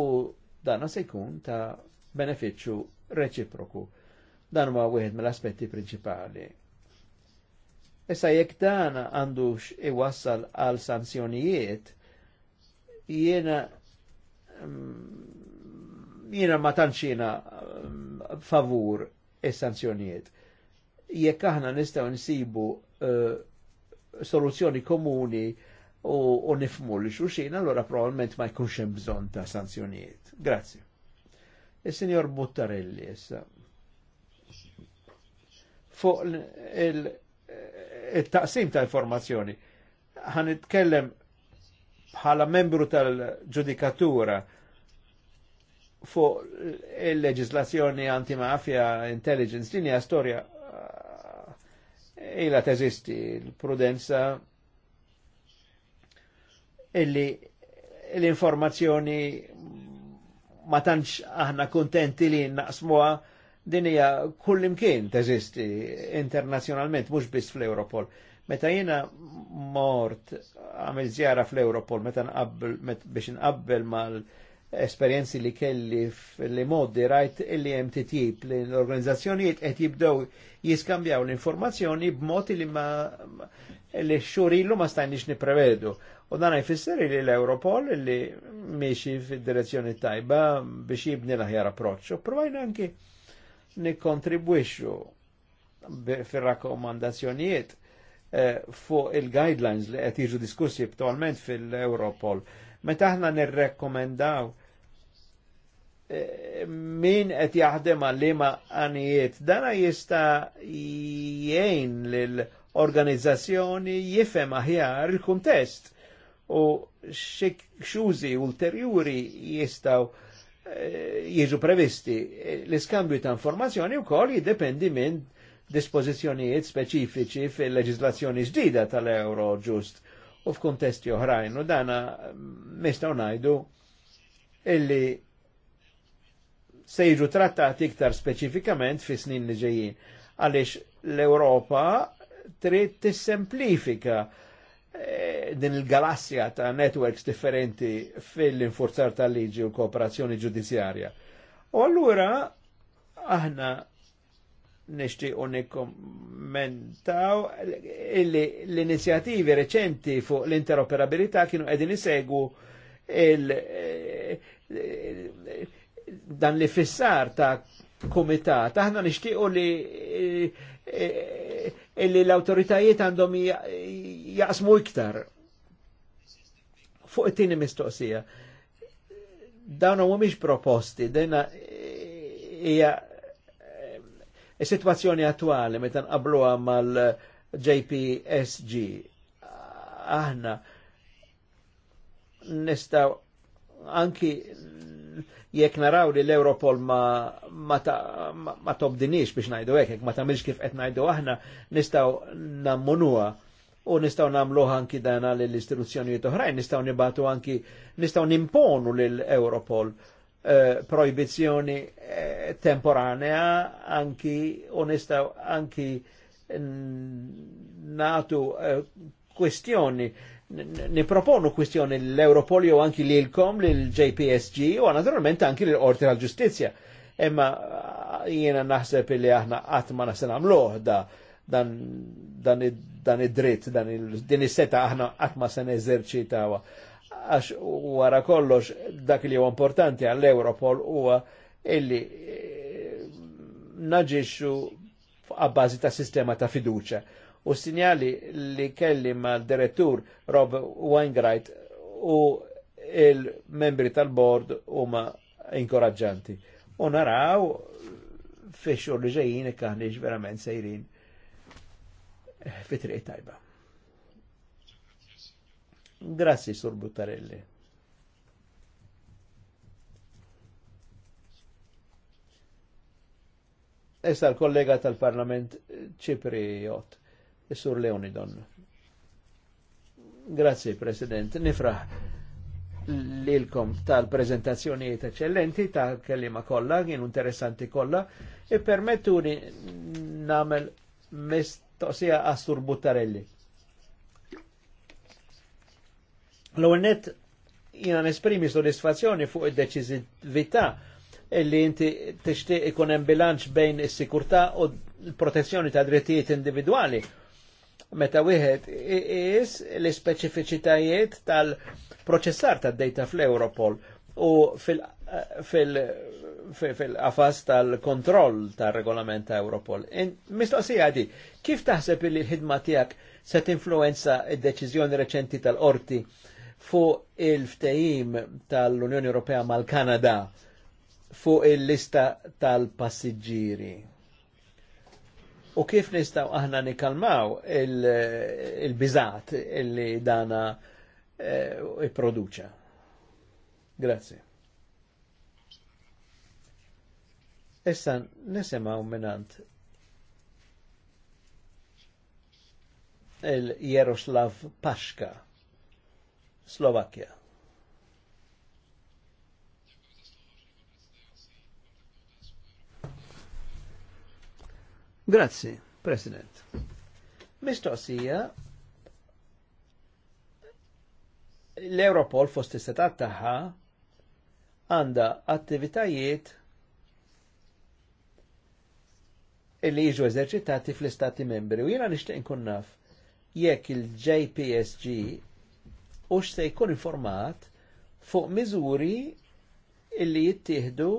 u dana se jkun ta' beneficju reċiproku. Dan huwa wieħed mill-aspetti prinċipali. Issa jekk dan għandux iwassal għal sanzjonijiet, jiena mm, jiena ma tanċina um, favur e sanzjonijiet Jekk aħna nistgħu nsibu uh, soluzzjoni komuni u, u nifmu li xulxin, allora probabbilment ma jkunx hemm bżonn ta' sanzjonijiet. Grazzi. Is-Sinjor Buttarelli issa. Fuq eh, il-taqsim ta' informazzjoni ħanitkellem bħala membru tal-ġudikatura fuq il-leġislazzjoni antimafja intelligence din hija storja eh, ila teżisti l-prudenza illi l-informazzjoni ma tantx aħna kontenti li naqsmuha din hija kullimkien teżisti internazzjonalment mhux biss fl-Europol. Meta jiena mort għamil żjara fl-Europol meta nqabbel biex nqabbel mal- esperienzi li kelli li moddi rajt li MTT li l-organizzazzjonijiet qed jibdew jiskambjaw l-informazzjoni b'mod li ma li xurillu ma stajniex niprevedu. U dan jfisser li l-Europol li miexi fid-direzzjoni tajba biex jibni l-aħjar approċċ. U provajna anki nikkontribwixxu fir-rakkomandazzjonijiet eh, fuq il-guidelines li qed jiġu diskussi attualment fil-Europol meta aħna rekkomendaw Eh, min qed jaħdem għal-lima għanijiet. Dana jista jgħin l-organizzazzjoni jifem aħjar il-kuntest u xużi ulterjuri jistaw eh, jiġu previsti. Eh, l-iskambju ta' informazzjoni u koll jiddependi minn dispożizzjonijiet speċifiċi fil-leġislazzjoni ġdida tal-euro ġust u f'kuntesti oħrajn u dana mistaw mm, najdu illi sejru trattati iktar speċifikament fi snin li ġejjin. Għalix l-Europa trid tissemplifika eh, din il-galassja ta' networks differenti fil-infurzar tal-liġi u kooperazzjoni ġudizjarja. U allura aħna nishti unikommentaw nikkommentaw l-inizjativi reċenti fuq l-interoperabilità kienu qegħdin isegwu il- eh, dan li fissar ta' komitat, aħna nixtiequ li illi eh, eh, l-autoritajiet għandhom jaqsmu iktar. Fuq it tini mistoqsija. Dawn u mhumiex proposti, dejna eh, hija is-sitwazzjoni attwali meta nqabluha mal-JPSG. Aħna nistaw anki jekk naraw li l-Europol ma, ma, ta, ma, ma tobdinix biex najdu għek, ma tagħmilx kif qed najdu aħna, nistaw nammunuha u nistaw nagħmluh anki dana l istituzzjonijiet oħrajn, nistaw nibatu anki nistaw nimponu l Europol eh, proibizjoni eh, temporanea anki u nistaw anki natu eh, kwestjoni niproponu kwistjoni l-Europol jew anki lilkom lil jpsg u naturalment anki l-Qorti tal-Ġustizzja. Imma eh, jiena naħseb li aħna qatt ma nasa nagħmluh da dan dan id-dritt, dan din is-seta aħna qatt ma se neżerċitawha. Għax wara kollox dak li huwa importanti għall-Europol huwa illi eh, naġixxu għabbażi ta' sistema ta' fiduċa U sinjali li kelli ma direttur Rob Weingreit u il-membri tal-bord ma inkoraġġanti. U naraw fiex li ġejjin ikkaħniġ verament sejrin fitri tajba. Grazzi, Sur Buttarelli. Issa l-kollega tal-Parlament Ċipriot. Is-Sur Leonidon. Grazie, President. Nifraħ lilkom tal-prezentazzjonijiet eccellenti, tal-kellima kollha, kienu interessanti kollha, e permettuni namel mistoqsija Astur Buttarelli. L-għonet jina nesprimi soddisfazzjoni fuq id-deċizivita illi inti t ikun hemm bilanċ bejn is-sikurtà u l-protezzjoni ta' drittijiet individwali meta wieħed is l-ispeċifiċitajiet tal-proċessar tad-data fl-Europol u fil-qafas tal-kontroll tal-regolament ta' Europol. Mistoqsija għadi, kif taħseb li l-ħidma tiegħek se tinfluenza id-deċiżjoni reċenti tal-qorti fuq il-ftehim tal-Unjoni Ewropea mal-Kanada fuq il-lista tal-passiġġieri? u kif nistaw aħna nikalmaw il-bizat il illi dana eh, produċa. Grazie. Issa nisimaw minant il jeroslav Paxka, Slovakia. Grazzi, President. Mistoqsija l-Europol fost istatat taħħa għanda attivitajiet illi jiġu eżerċitati fl-istati membri. U jena nishtiq nkun naf jekk il-JPSG ux se jkun informat fuq miżuri illi jittieħdu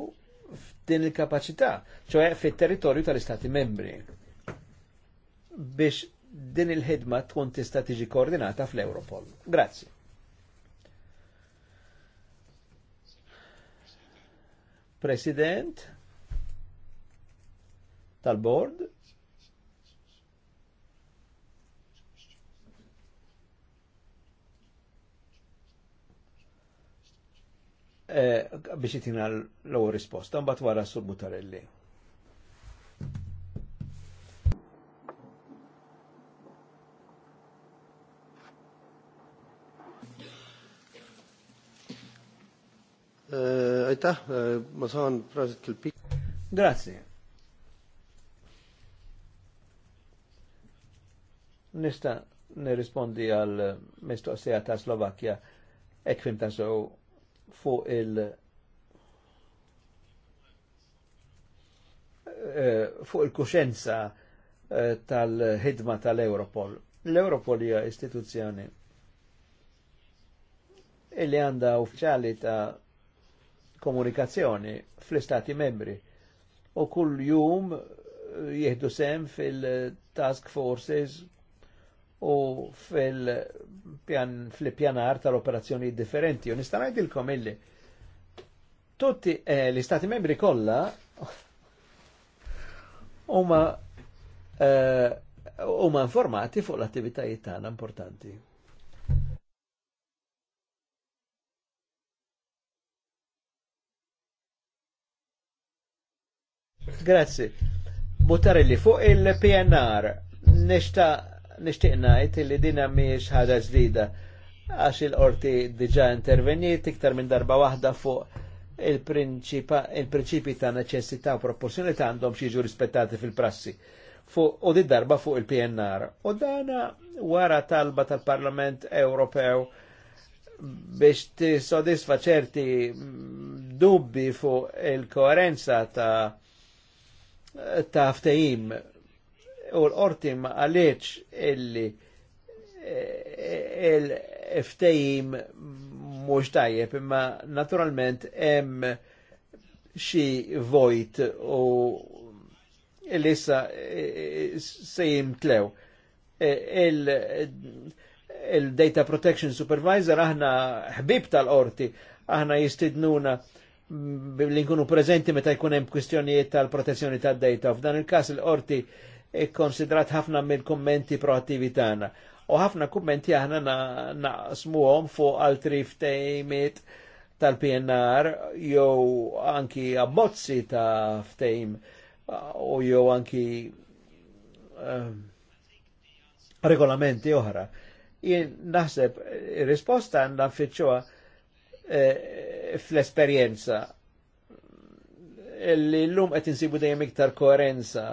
din il-kapacità, ċoħe fit-territorju tal-Istati membri biex din il-ħidma tkun tista' tiġi koordinata fl-Europol. Grazzi. President tal-Bord, Eh, biex jitina l-ewwel risposta, mbagħad wara sur Mutarelli. Eh, Aitäh, eh, ma saan praegu küll pikk. Grazie. Nista nirrispondi għal mistoqsija ta' Slovakkja, ekfim ta' sow fuq il- eh, fuq il-kuxenza eh, tal-ħidma tal-Europol. L-Europol hija istituzzjoni illi għanda uffiċjali ta' komunikazzjoni fl-istati membri u kull jum jieħdu sem fil-task forces u fil-pjanar tal-operazzjoni differenti. U nista' ngħidilkom illi tutti eh, l-Istati membri kollha huma eh, huma informati fuq l-attivitajiet tagħna importanti. Grazzi. Buttarelli, fuq il-PNR, nishta nishtiq ngħid li dina mhijiex ħaġa ġdida għax il-qorti diġà intervenjiet iktar minn darba waħda fuq il-prinċipi il ta' neċessità u ta' għandhom xi rispettati fil-prassi fuq u di darba fuq il-PNR. U dana wara talba tal-Parlament Ewropew biex t-sodisfa ċerti mm, dubbi fuq il-koerenza ta' ta' ftejim u l-qorti ma għalieċ illi eh, il-ftejim mux tajjeb, imma naturalment em xi vojt u l-issa eh, sejim tlew eh, Il-Data Protection Supervisor aħna ħbib tal-qorti, aħna jistidnuna li nkunu prezenti meta jkun hemm kwistjonijiet tal-protezzjoni tad-data. F'dan il-każ il-qorti il qorti konsidrat ħafna mill-kommenti proattivi tagħna. U ħafna kummenti aħna naqsmuhom na fuq altri ftejmiet tal-PNR jew anki abbozzi ta' ftejm u jew anki uh, regolamenti oħra. Jien naħseb risposta għandna nfittxuha eh, fl-esperjenza illi l-lum qed insibu dejjem iktar koerenza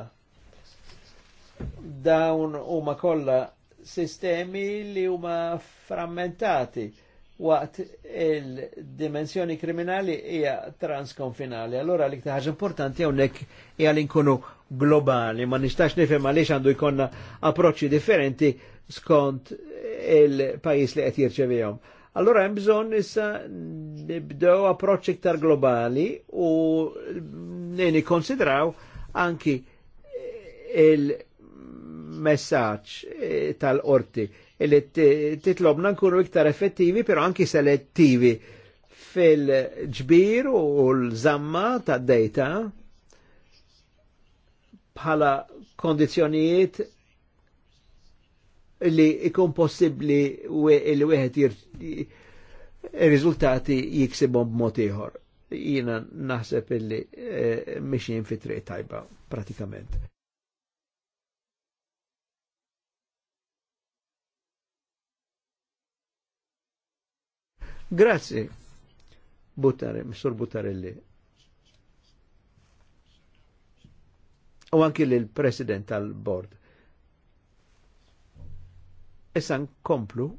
dawn huma kollha sistemi li huma frammentati waqt il-dimensjoni kriminali hija transkonfinali. Allora li ħaġa importanti hawnhekk hija li nkunu globali, ma nistax nifhem għaliex għandu jkollna approċċi differenti skont il-pajjiż li qed jirċevihom. Allora hemm bżonn issa nibdew approċċ iktar globali u nejni konsidraw anki il- messaċ eh, tal-qorti illi titlobna nkunu iktar effettivi pero anki selettivi fil-ġbir u l-zamma ta' data bħala kondizjonijiet li ikun possibli li wieħed ir-riżultati jiksibhom b'mod ieħor. Jiena naħseb illi eh, mixin fi triq tajba pratikament. Grazie Buttare, Mr. Butarelli. U anki l-President tal-Bord. Issa komplu.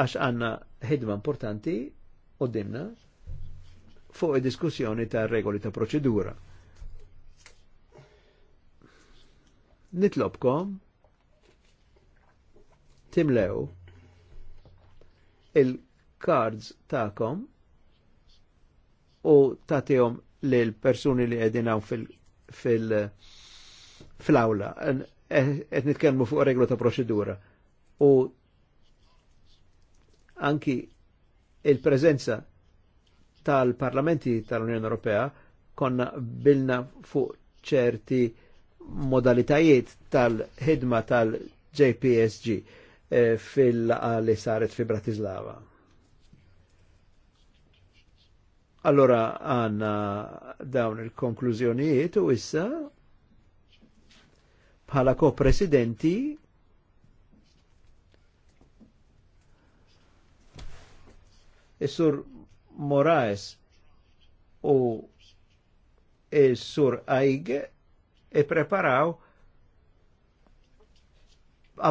għax għanna ħidma importanti u dimna fuq diskussjoni ta' regoli ta' proċedura. Nitlobkom timlew il-cards ta'kom u tatihom l persuni li qegħdin fil fil awla qed eh, nitkellmu fuq reglu ta' proċedura u anki il prezenza tal-parlamenti tal-Unjoni Ewropea konna bilna fuq ċerti modalitajiet tal-ħidma tal-JPSG E, fil-laqa li saret fi Bratislava. Allora għanna dawn il-konklużjonijiet u issa bħala ko-presidenti Is-sur Moraes u is-sur Aige e preparaw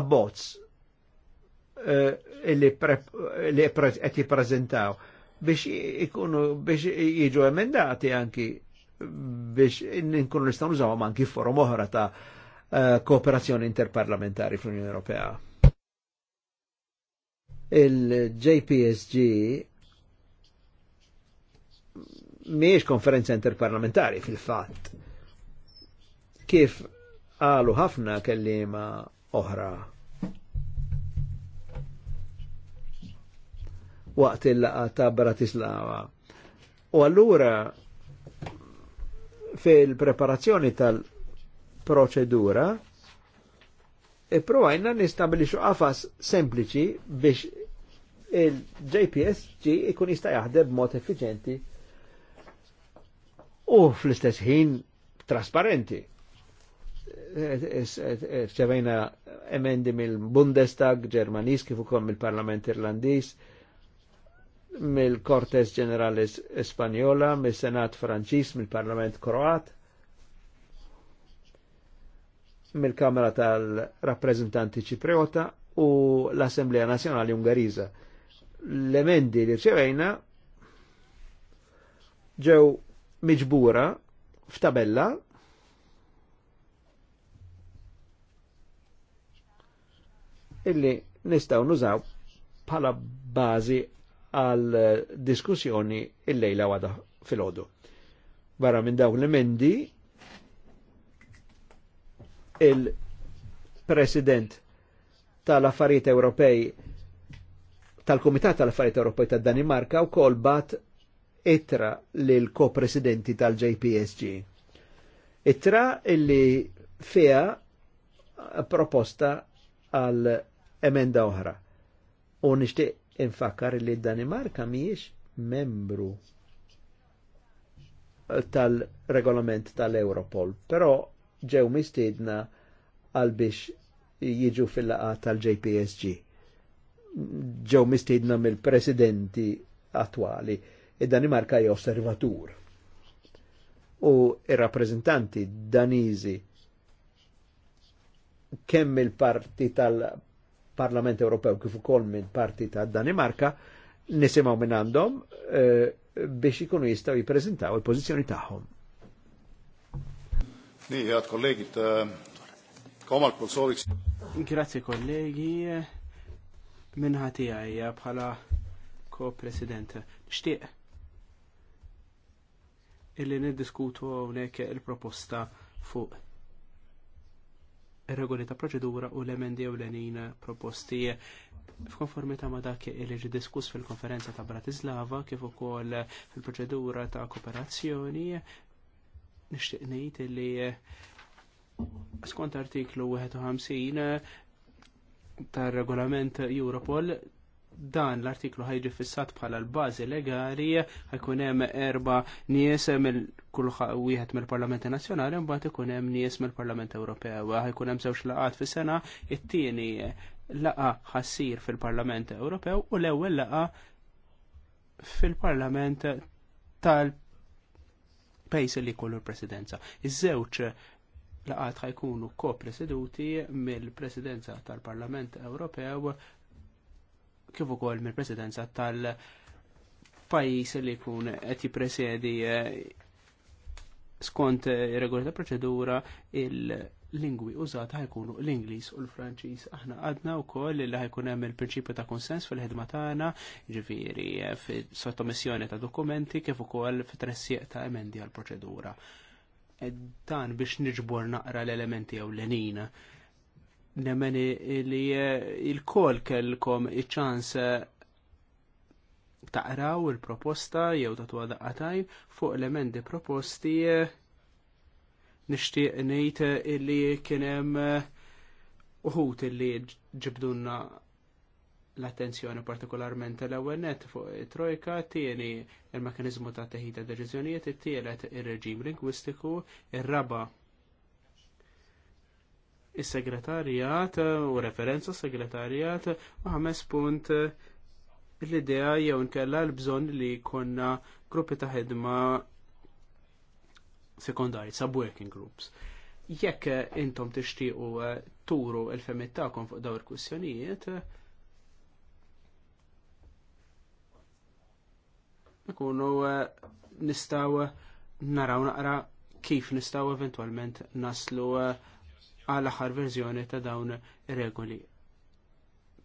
abbozz Eh, li qed jippreżentaw biex ikunu biex jiġu emendati anki biex inkunu nistgħu nużawhom anki forum oħra ta' eh, kooperazzjoni interparlamentari fl-Unjoni Ewropea. Il-JPSG miex konferenza interparlamentari fil-fatt. Kif għalu ħafna kellima oħra waqt il-laqa ta' Bratislava. U allura fil-preparazzjoni tal-proċedura ipprovajna e nistabilixu għafas sempliċi biex il-JPSG ikun jista' jaħdeb mod effiċenti u fl-istess ħin trasparenti. Ċevejna emendi mill-Bundestag Ġermanis kif ukoll mill-Parlament Irlandiż mill-Kortes Ġenerali Espanjola, mill-Senat Franċis, mill-Parlament Kroat, mill-Kamra tal-Rappresentanti Ċipriota u l-Assemblea Nazjonali Ungariża. L-emendi li rċevejna ġew miġbura f'tabella illi nistaw nużaw bħala bazi għal eh, diskussjoni il-lejla għada fil-ħodu. Barra minn dawk l mendi il-President tal-Affarijiet Ewropej tal-Komitat tal-Affarijiet Ewropej tad danimarka u kol bat itra lil ko-presidenti tal-JPSG. Itra illi fija proposta għal emenda oħra. U nishtiq infakkar li Danimarka miex membru tal-regolament tal-Europol, però ġew mistiedna għal biex jiġu fil-laqa tal-JPSG. Ġew mistiedna mill-presidenti attuali, id-Danimarka hija osservatur. U ir-rappreżentanti danizi kemm il-parti tal parlament Ewropew kif ukoll minn parti ta' Danimarka nisimgħu minn għandhom eh, biex ikunu jistgħu jippreżentaw il-pożizzjoni tagħhom. Nii, head eh, komal pulsoriks. Grazzi kollegi, minnħati għajja bħala ko-president. Xtieq, illi niddiskutu hawnhekk il-proposta fuq regoli ta' proċedura u l-emendi u l-enin proposti f'konformità ma' dak li ġi diskuss fil-konferenza ta' Bratislava kif ukoll fil-proċedura ta' kooperazzjoni nixtieq ngħid li skont artiklu 51 tar regolament Europol dan l-artiklu ħajġi fissat bħala l-bazi legali ħajkun hemm erba' nies mill kull wieħed mill-Parlamenti Nazzjonali mbagħad ikun hemm nies mill-Parlament Ewropew. Ħajkun hemm żewġ laqat fis-sena, it-tieni laqa ħassir fil-Parlament Ewropew u l-ewwel laqa fil-Parlament tal-pejs li kollu l-presidenza. Iż-żewġ laqat ħajkunu ko-presiduti mill-presidenza tal-Parlament Ewropew kif ukoll mill-presidenza tal-pajjiż li jkun qed jippresjedi eh, skont eh, ir regoli ta' proċedura il-lingwi użata ħajkunu l-Ingliż u l-Franċiż. Aħna għadna wkoll li ħajkun hemm il-prinċipju ta' konsens fil-ħidma tagħna, ġifieri eh, sottomissjoni ta' dokumenti kif ukoll fit-tressieq ta' emendi għall proċedura Dan biex niġbor naqra l-elementi ewlenin Nemeni li eh, il-kol kellkom iċ-ċans eh, taqraw il-proposta jew ta' tuwa daqqatajn fuq elementi proposti eh, nixtieq ngħid illi kien hemm uħut illi ġibdunna l-attenzjoni partikolarment l-ewwel net fuq it-trojka, tieni il-mekanizmu ta' teħita ta' deċiżjonijiet, it-tielet ir-reġim lingwistiku, ir-raba' is-segretarjat u referenza segretarjat u ħames punt l-idea jew nkella l-bżonn li konna gruppi ta' ħidma sekondari, sub-working groups. Jekk intom tixtiequ eh, turu il-femmet tagħkom fuq dawn il-kwistjonijiet, ikunu eh, nistgħu naraw naqra kif nistgħu eventwalment naslu uh, għal aħħar verżjoni ta' dawn regoli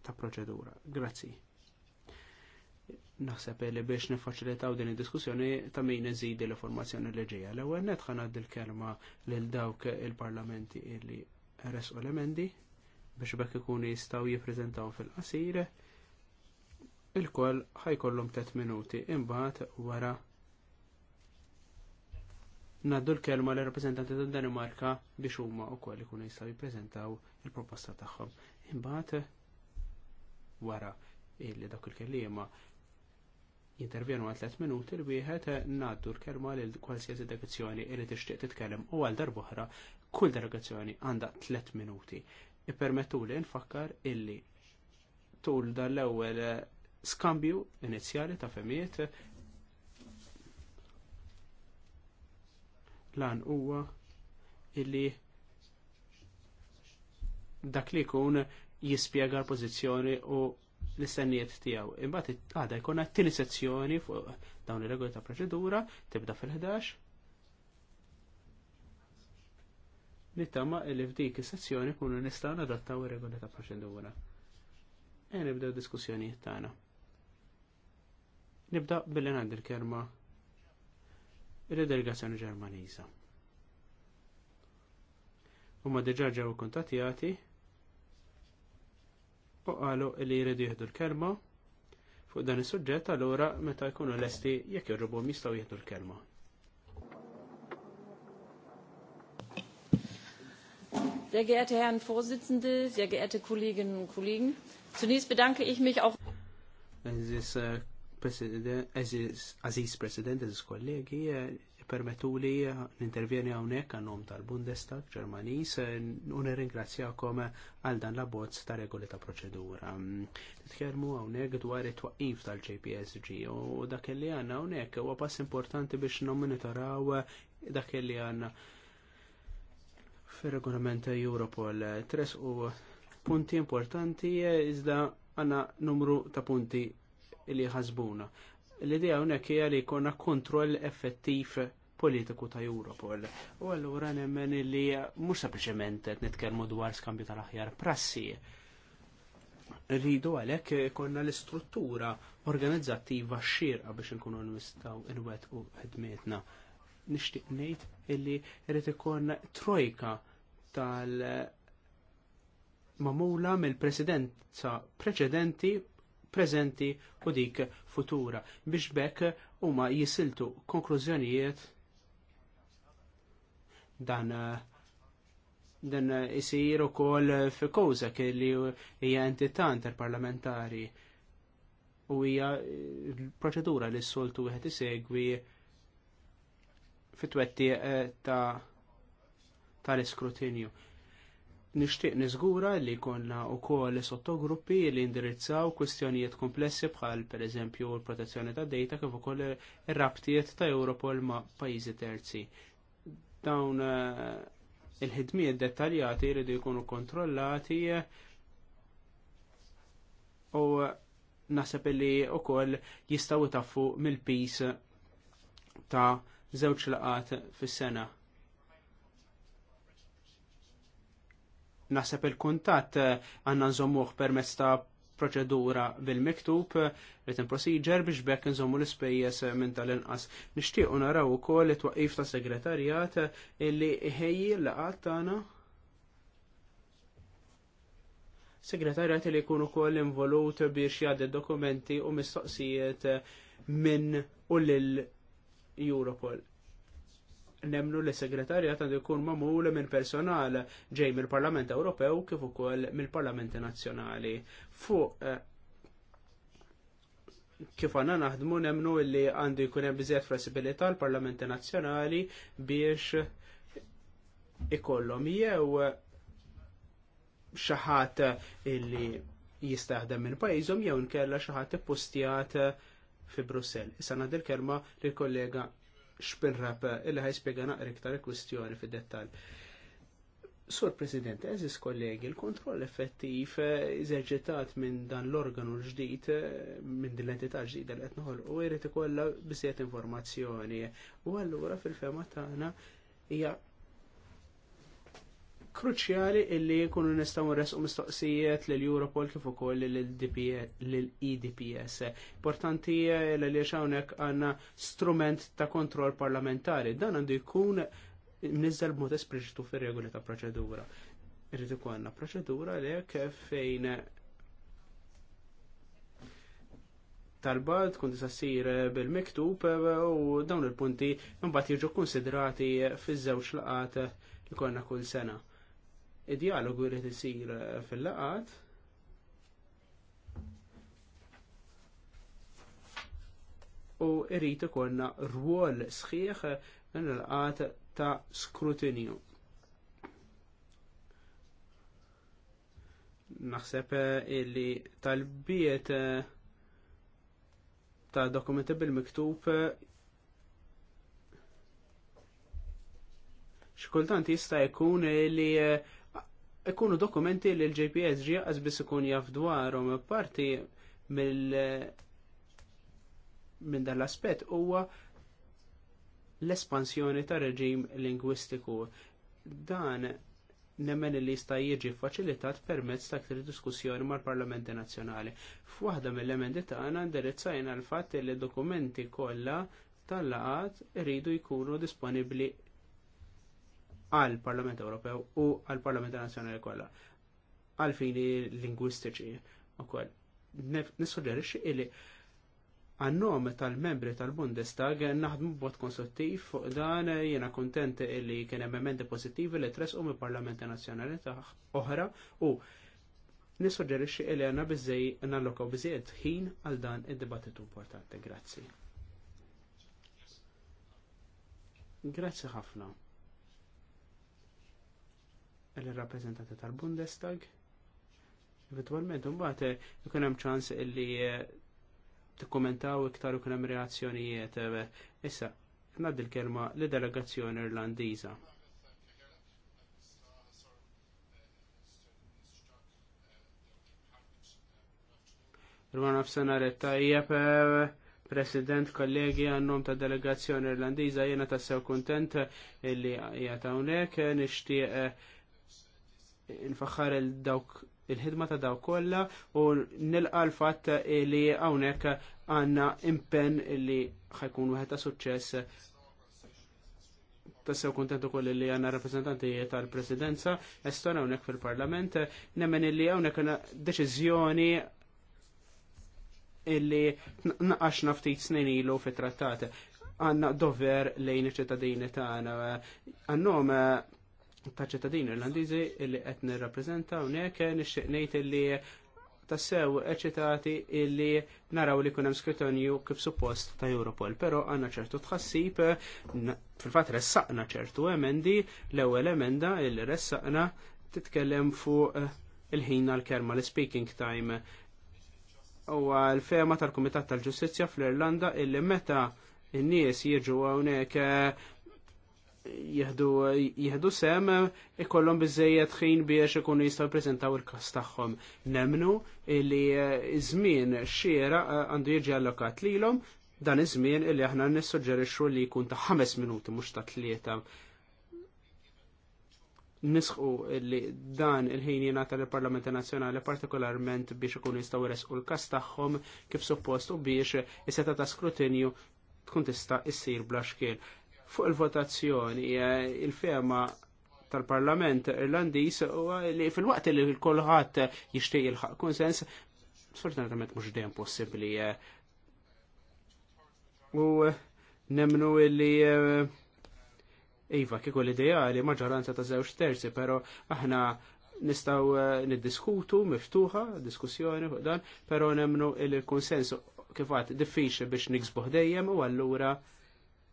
ta' proċedura. Grazzi. Naħseb li biex nifaċilitaw din id-diskussjoni ta' min iżidi l-informazzjoni li ġejja. L-ewwel net ħanad il-kelma lil dawk il-parlamenti illi resqu l-emendi biex bekk ikunu jistgħu jippreżentaw fil-qasir. Il-koll ħajkollhom 3 minuti imbagħad wara Naddu l-kelma l rappresentanti ta' Danimarka biex huma wkoll ikunu jistgħu jippreżentaw il-proposta tagħhom. Imbagħad wara illi dak il-kelliema jintervjenu għal 3 minuti l wieħed naddu l-kelma lil kwalsiasi delegazzjoni li tixtieq titkellem u għal darb'oħra kull delegazzjoni għandha 3 minuti. Ippermettu li nfakkar illi tul dan l-ewwel skambju inizjali ta' femijiet lan huwa illi dak li jkun jispjega l-pożizzjoni u l-istennijiet tiegħu. Imbagħad għadha jkun t-tieni sezzjoni fuq dawn ir-regoli ta' proċedura tibda fil-11. Nittama li f'dik is-sezzjoni kun nistgħu nadattaw ir-regoli ta' proċedura. E nibdew diskussjonijiet tagħna. Nibda billi ngħaddi l-kelma il-delegazzjoni ġermaniża. Huma diġà ġew kuntattjati u qalu li jridu jieħdu l-kelma fuq dan is-suġġett allura meta jkunu lesti jekk irribhom jistgħu jieħdu l-kelma. Sehr geehrte Herren Vorsitzende, sehr geehrte Kolleginnen und Kollegen, zunächst bedanke ich mich auch. Eh, President, Aziz President, Aziz kollegi, eh, permettuli li eh, n-intervjeni għawnek għannom tal-Bundestag Ġermanis eh, u nirringrazzjakom għal dan la bozz ta' regoli ta' proċedura. Titkermu għawnek dwar it-twaqif tal-JPSG u dak li għanna għawnek u pass importanti biex nominitoraw dak li għanna fil-regolament Europol. Tres u punti importanti iżda għanna numru ta' punti li ħasbuna. L-idea hawnhekk hija li jkollna kontroll effettiv politiku ta' Europol. U allura nemmen li mhux sempliċement qed nitkellmu dwar skambju tal-aħjar prassi. Rridu għalhekk konna l-istruttura organizzattiva x-xirqa biex nkunu nistgħu u ħidmietna. Nixtieq ngħid illi rrid ikun trojka tal mamula mill-presidenza preċedenti preżenti u dik futura biex bekk huma jisiltu konklużjonijiet dan dan isir ukoll fi kowza li hija entità interparlamentari u hija proċedura li s-soltu wieħed isegwi fit-twetti eh, ta' tal-iskrutinju. Nixtieq niżgura li jkollna wkoll sottogruppi li indirizzaw kwistjonijiet komplessi bħal pereżempju l-protezzjoni ta' data kif ukoll ir-rabtiet ta' Europol ma' pajjiżi terzi. Dawn eh, il-ħidmijiet dettaljati jridu jkunu kontrollati u eh, naħseb li wkoll jistgħu taffu mill-pis ta' żewġ laqat fis-sena. Naħseb il-kuntatt eh, għandna nżommuħ permezz ta' proċedura bil-miktub eh, written procedure biex bekk nżommu l-ispejjeż eh, minn tal-inqas. Nixtiequ naraw ukoll it-twaqif ta' segretarjat illi ħejji laqat tagħna. Segretarjat illi kunu ukoll involut biex jgħaddi dokumenti u mistoqsijiet minn u lil Europol nemnu li segretarjat għandu jkun mamul minn personal ġej mill-Parlament Ewropew kif ukoll mill-Parlamenti Nazzjonali. Fuq eh, kif għanna naħdmu nemnu li għandu jkun hemm biżjed flessibilità l-Parlamenti Nazzjonali biex ikollhom jew xi ħadd illi jistaħdem minn pajjiżhom jew nkella xi ħadd ippostjat fi Brussell. Issa għandil l-kelma lill kollega xpinrap illi spiega naqra iktar kwistjoni fid-dettall. Sur President, eżis kollegi, il-kontroll effettiv iżerġetat minn dan l-organu l-ġdid, minn din l-entità ġdida li qed noħolqu, jrid ikolla biżejjed informazzjoni. U allura fil-fema tagħna hija kruċjali illi jkunu nistgħu nresqu mistoqsijiet lil Europol kif ukoll lil EDPS. Importanti li hawnhekk għandna strument ta' kontroll parlamentari. Dan għandu jkun nizzel b'mod espliċitu fir-regoli ta' proċedura. Irrid ikun għandna proċedura li fejn tal tkun tista' ssir bil-miktub u dawn il-punti mbagħad jiġu konsidrati fiż-żewġ laqat li konna kull sena id-dialogu li isir eh, fil-laqat. U irrit ikonna rwol sħiħ minn l-qat ta' skrutinju. Naħseb eh, illi tal eh, ta' dokumenti bil-miktub xkultant jista' jkun li ikunu dokumenti li l-JPS ġieqas biss ikun jaf dwarhom parti mill minn dan l-aspett huwa l-espansjoni ta' reġim lingwistiku. Dan nemmen li jista' jiġi faċilitat permezz ta' ktir diskussjoni mal-Parlamenti Nazzjonali. F'waħda mill-emendi tagħna indirizzajna l-fatt li dokumenti kollha tal-laqat iridu jkunu disponibbli għal Parlament Ewropew u għal Parlament Nazzjonali kollha għal fini lingwistiċi ukoll. Nissuġġerixxi illi għannom tal-membri tal-Bundestag naħdmu b'mod konsultiv fuq dan jiena kontent illi kien hemm emendi pożittivi li tresqu mill parlament Nazzjonali taħ oħra u nissuġġerixxi illi għanna biżej nallokaw biżejjed ħin għal dan id-dibattitu importanti. Grazzi. Grazzi ħafna il-rappresentanti tal-Bundestag. Eventualment, mbagħad eh, ikun hemm ċans illi eh, tikkommentaw iktar u kien hemm reazzjonijiet. Eh, issa, ngħaddi l-kelma li delegazzjoni Irlandiża. Rwana retta jieb President, kollegi, għannom ta' delegazzjoni irlandiza, jena ta' sew kontent illi jgħata unek, nishtiq il-faħħar il-dawk il-ħidma ta' daw kollha u nilqa l-fatt li hawnhekk għandna impenn li ħajkun wieħed ta' suċċess tassew kontentu kolli li għanna rappresentanti tal-presidenza estona hawnhekk fil-parlament nemmen li hawnhekk deċiżjoni illi naqax naftit snin ilu fit-trattat għanna dover lejn iċ-ċittadini tagħna. Għannhom ta' ċittadini irlandiżi illi qed nirrappreżenta hawnhekk nixtieq ngħid illi tassew eċitati illi naraw li kunem skritonju kif suppost ta' Europol, pero għanna ċertu tħassib, fil-fat ressaqna ċertu emendi, l ewwel emenda illi ressaqna titkellem fuq eh, il-ħin għal-kerma l-speaking time. U għal-fema tal-Komitat tal-Ġustizja fl-Irlanda illi meta n-nies jiġu għawnek eh, jihdu, jihdu sem ikollhom biżejjed ħin biex ikunu jistgħu jippreżentaw il-każ tagħhom. Nemnu li eh, żmien xiera eh, għandu jiġi allokat lilhom dan iż-żmien illi aħna nissuġġerixxu li jkun ta' ħames minuti mhux ta' tlieta. Nisħu li dan il-ħin jingħata lill parlamenti Nazzjonali partikolarment biex ikunu jistgħu jresqu l-każ tagħhom kif suppost u biex is-seta ta' skrutinju tkun tista' issir bla xkiel. Fuq il-votazzjoni, il-fema tal-Parlament Irlandiż huwa li fil-waqt li kulħadd il jilħaq konsens, sfortunatament mhux dejjem possibbli. Eh. U eh, nemnu li eh, Iva, kieku l-ideali maġġoranza ta' żewġ terzi, pero aħna nistaw niddiskutu, miftuħa, diskussjoni fuq dan, pero nemnu il-konsensu kifat diffiċ biex niksbuħ dejjem u allura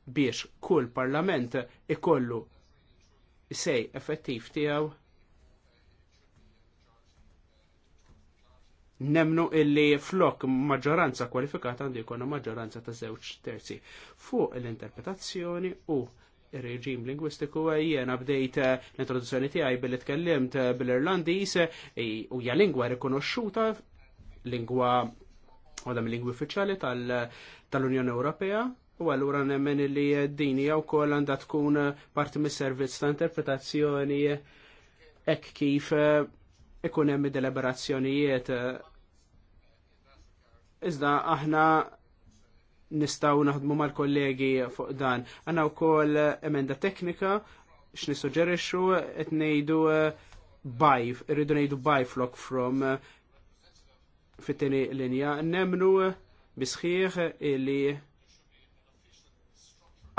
biex kull parlament ikollu sej effettiv tiegħu nemnu illi flok maġġoranza kwalifikata għandu jkollna maġġoranza ta' żewġ terzi fuq l-interpretazzjoni u il reġim lingwistiku jiena bdejt eh, l-introduzzjoni tiegħi billi tkellimt eh, bil-Irlandiż eh, u hija lingwa rikonoxxuta lingwa għadha mill-lingwi uffiċjali tal-Unjoni Ewropea U għallura nemmen li dini għaw kol għandha tkun parti mis-servizz ta' interpretazzjoni hekk kif eh, ikun hemm deliberazzjonijiet. Iżda aħna nistgħu naħdmu mal-kollegi fuq dan. u wkoll emenda teknika x'nissuġġerixxu qed ngħidu eh, buy, rridu ngħidu buy flok from eh, fit-tieni linja. Nemnu bisħieħ li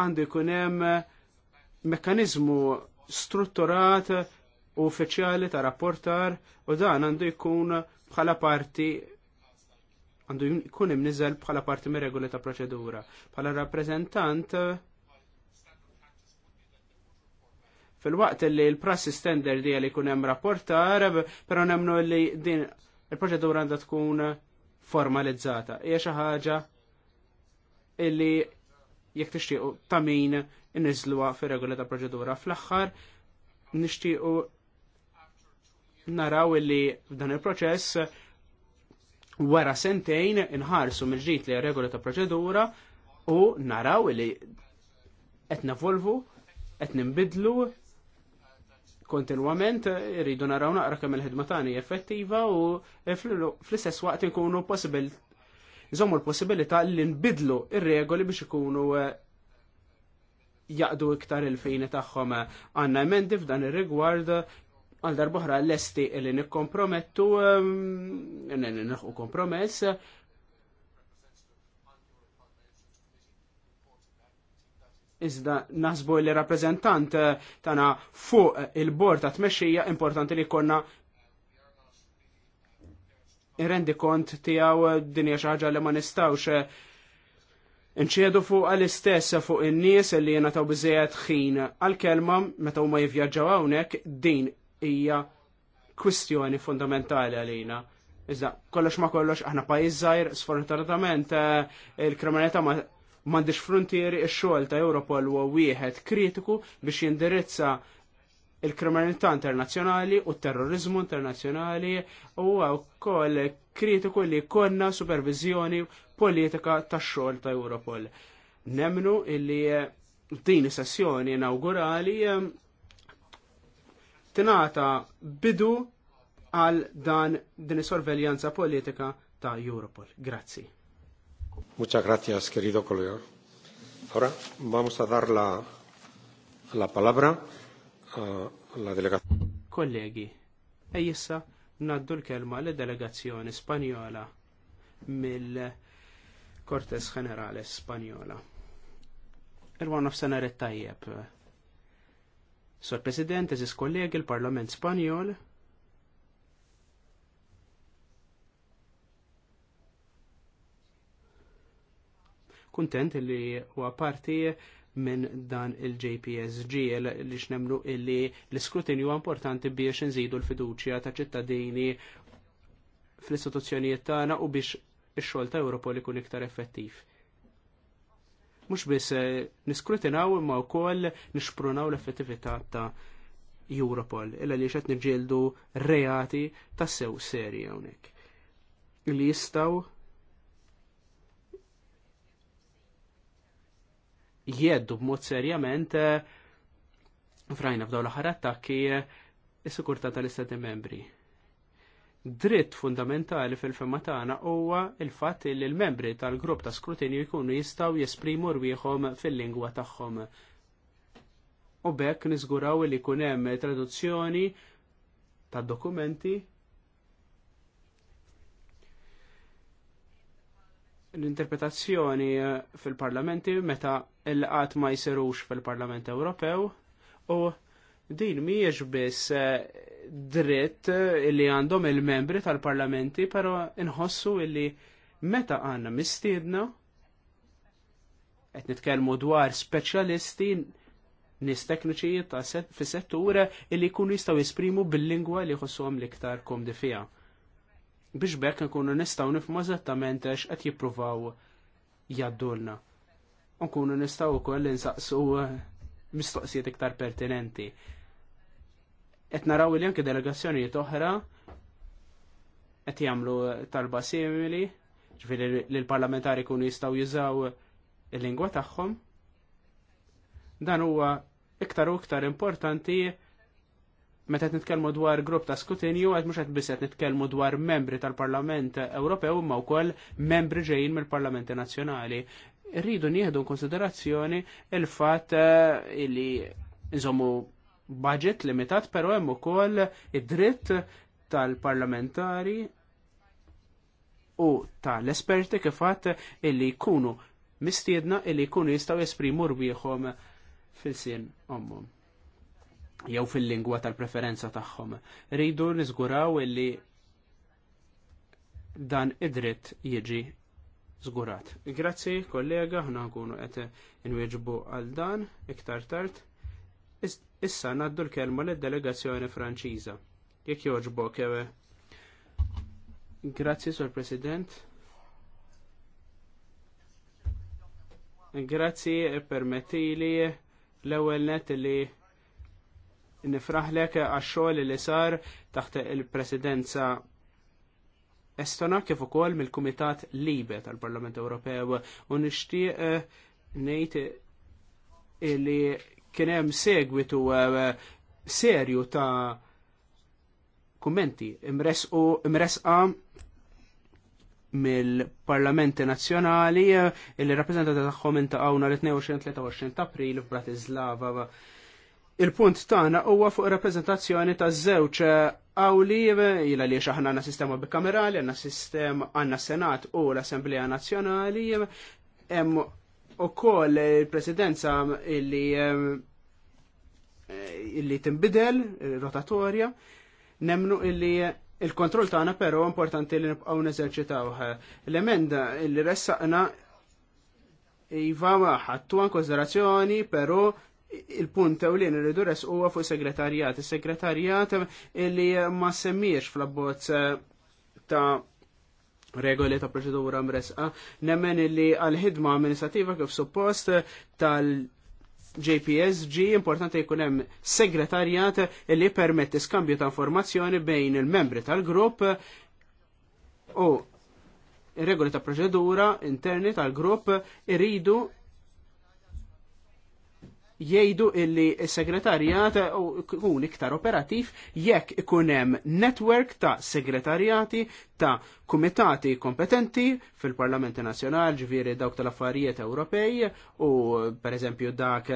għandu jkun hemm mekkaniżmu strutturat u uffiċjali ta' rapportar u dan għandu jkun bħala parti għandu jkun niżel bħala parti mir regoli ta' proċedura. Bħala rappreżentant fil-waqt li l-prassi standard li jkun hemm rapportar, però nemnu li din il-proċedura għandha tkun formalizzata. Hija xi ħaġa illi jekk tixtiequ ta' min inniżluha fir-regola ta' proċedura. Fl-aħħar nixtiequ naraw li f'dan il-proċess wara sentejn inħarsu mill-ġdid li regola ta' proċedura u naraw li qed navolvu, qed nimbidlu kontinwament irridu naraw naqra kemm il-ħidma tagħna effettiva u fl-istess waqt inkunu possibil jizomu l-possibilità li nbidlu ir-regoli biex ikunu eh, jaqdu iktar il-fejni tagħhom għandna emendi f'dan ir-rigward għal darbohra l-esti li nikkompromettu, eh, nħu kompromess, Iżda nasbu li rappresentant eh, tana fuq il-bord ta' tmexxija importanti li konna rendi kont tijaw dinja xaħġa li ma nistawx eh, nċedu fuq għal-istess fuq in-nies li jena taw bizzejet ħin għal-kelma meta huma jivvjaġġaw hawnhekk din hija kwistjoni fundamentali għalina. Iżda, kollox ma kollox, aħna pajjiż zaħir, sfortunatament eh, il-kriminalità m'għandix frontieri x-xogħol ta' Europol huwa wieħed kritiku biex jindirizza il-kriminalità internazzjonali u terrorizmu internazzjonali u wkoll kritiku li konna supervizjoni politika tax-xogħol ta' Europol. Nemnu illi eh, din sessjoni inaugurali eh, tingħata bidu għal dan din sorveljanza politika ta' Europol. Grazzi. Muchas gracias, querido colega. Ahora vamos a dar la, la palabra la delegazzjoni. Kollegi, e jissa naddu l-kelma l delegazzjoni Spanjola mill-Cortes Generale Spanjola. Irwan of senaret tajjeb. Sor President, eżis kollegi l-Parlament Spanjol, kuntent li huwa parti minn dan il-JPSG li x'nemlu illi l-iskrutinju importanti biex nżidu l-fiduċja ta' ċittadini fl-istituzzjonijiet tagħna u biex ix-xogħol ta' Europol ikun iktar effettiv. Mhux biss eh, niskrutinaw imma wkoll nixprunaw l-effettività ta' Europol, illa li xed nġildu reati ta' sew serji hawnhekk. Li jistgħu jeddu b'mod serjament eh, frajna f'daw l-aħħar attakki eh, is-sikurtà tal-Istati membri. Dritt fundamentali fil-fema tagħna huwa l-fatt li l-membri tal-grupp ta' skrutinju jkunu jistgħu jesprimu rwieħhom fil-lingwa tagħhom. U bekk niżguraw li jkun hemm traduzzjoni tad dokumenti l-interpretazzjoni eh, fil-parlamenti meta il qat ma jisirux fil-parlament Ewropew u din miex biss eh, dritt eh, li għandhom il-membri tal-parlamenti, pero inħossu illi meta għanna mistiedna, qed nitkellmu dwar speċjalisti nis tekniċi ta' fi settura illi jkunu jistgħu jesprimu bil-lingwa li jħossuhom l-iktar komdi fiha biex bekk nkunu nistaw nifmu eżattament qed jippruvaw jaddulna. Nkunu nistaw ukoll insaqsu uh, mistoqsijiet iktar pertinenti. Qed naraw li anke delegazzjonijiet oħra qed jagħmlu uh, talba simili, ġifieri li l-parlamentari jkunu jistgħu jużaw il-lingwa tagħhom. Dan huwa iktar u iktar importanti meta nitkellmu dwar grupp ta' skutinju, għed mux għed biset nitkellmu dwar membri tal-Parlament Ewropew ma' wkoll membri ġejjin mill-Parlamenti Nazzjonali. Rridu nieħdu konsiderazzjoni il-fatt eh, li nżommu budget limitat, però hemm ukoll id-dritt tal-parlamentari u tal-esperti kifatt illi jkunu mistiedna illi jkunu jistgħu jesprimu rbieħhom fil-sien ommum jew fil-lingwa tal-preferenza tagħhom. Rridu niżguraw illi dan id-dritt jiġi żgurat. Grazzi, kollega, ħna nkunu qed inwieġbu għal dan iktar tard. Issa naddu l-kelma lid-delegazzjoni Franċiża. Jekk joġbok ewe. Grazzi, Sur President. Grazzi, permettili l-ewwel net li nifraħlek għax-xogħol li sar taħt il-presidenza Estona kif ukoll mill-Kumitat Libe tal-Parlament Ewropew u nixtieq eh, ngħid eh, li kien hemm segwitu eh, serju ta' kummenti imresqu imresqa mill-Parlamenti Nazzjonali il-rappreżentanti tagħhom intaqgħu nhar 22-23 ta' April f'Bratislava il-punt tagħna huwa fuq rappreżentazzjoni ta' żewġ għawli jila li aħna għandna sistema bikamerali, għandna sistema għandna Senat u l-Assembleja Nazzjonali, hemm ukoll il-Presidenza illi eh, illi timbidel, rotatorja, nemnu illi il-kontroll tagħna pero importanti li nibqgħu neżerċitawha. L-emenda illi ressaqna Iva ħattu għan konsiderazzjoni, pero il-punt u li nridu res huwa fuq segretarjat. Is-segretarjat li ma semmiex fl-abbozz eh, ta' regoli ta' proċedura mresqa, nemmen li għal-ħidma amministrativa kif suppost tal- JPSG importanti jkun hemm segretarjat li permetti skambju ta' informazzjoni bejn il-membri tal-grupp u regoli ta' proċedura interni tal-grupp iridu jgħidu illi s-segretarjat kun iktar operativ jekk ikun hemm netwerk ta' segretarjati ta' kumitati kompetenti fil-Parlamenti Nazjonal ġviri dawk tal-affarijiet Ewropej u pereżempju dak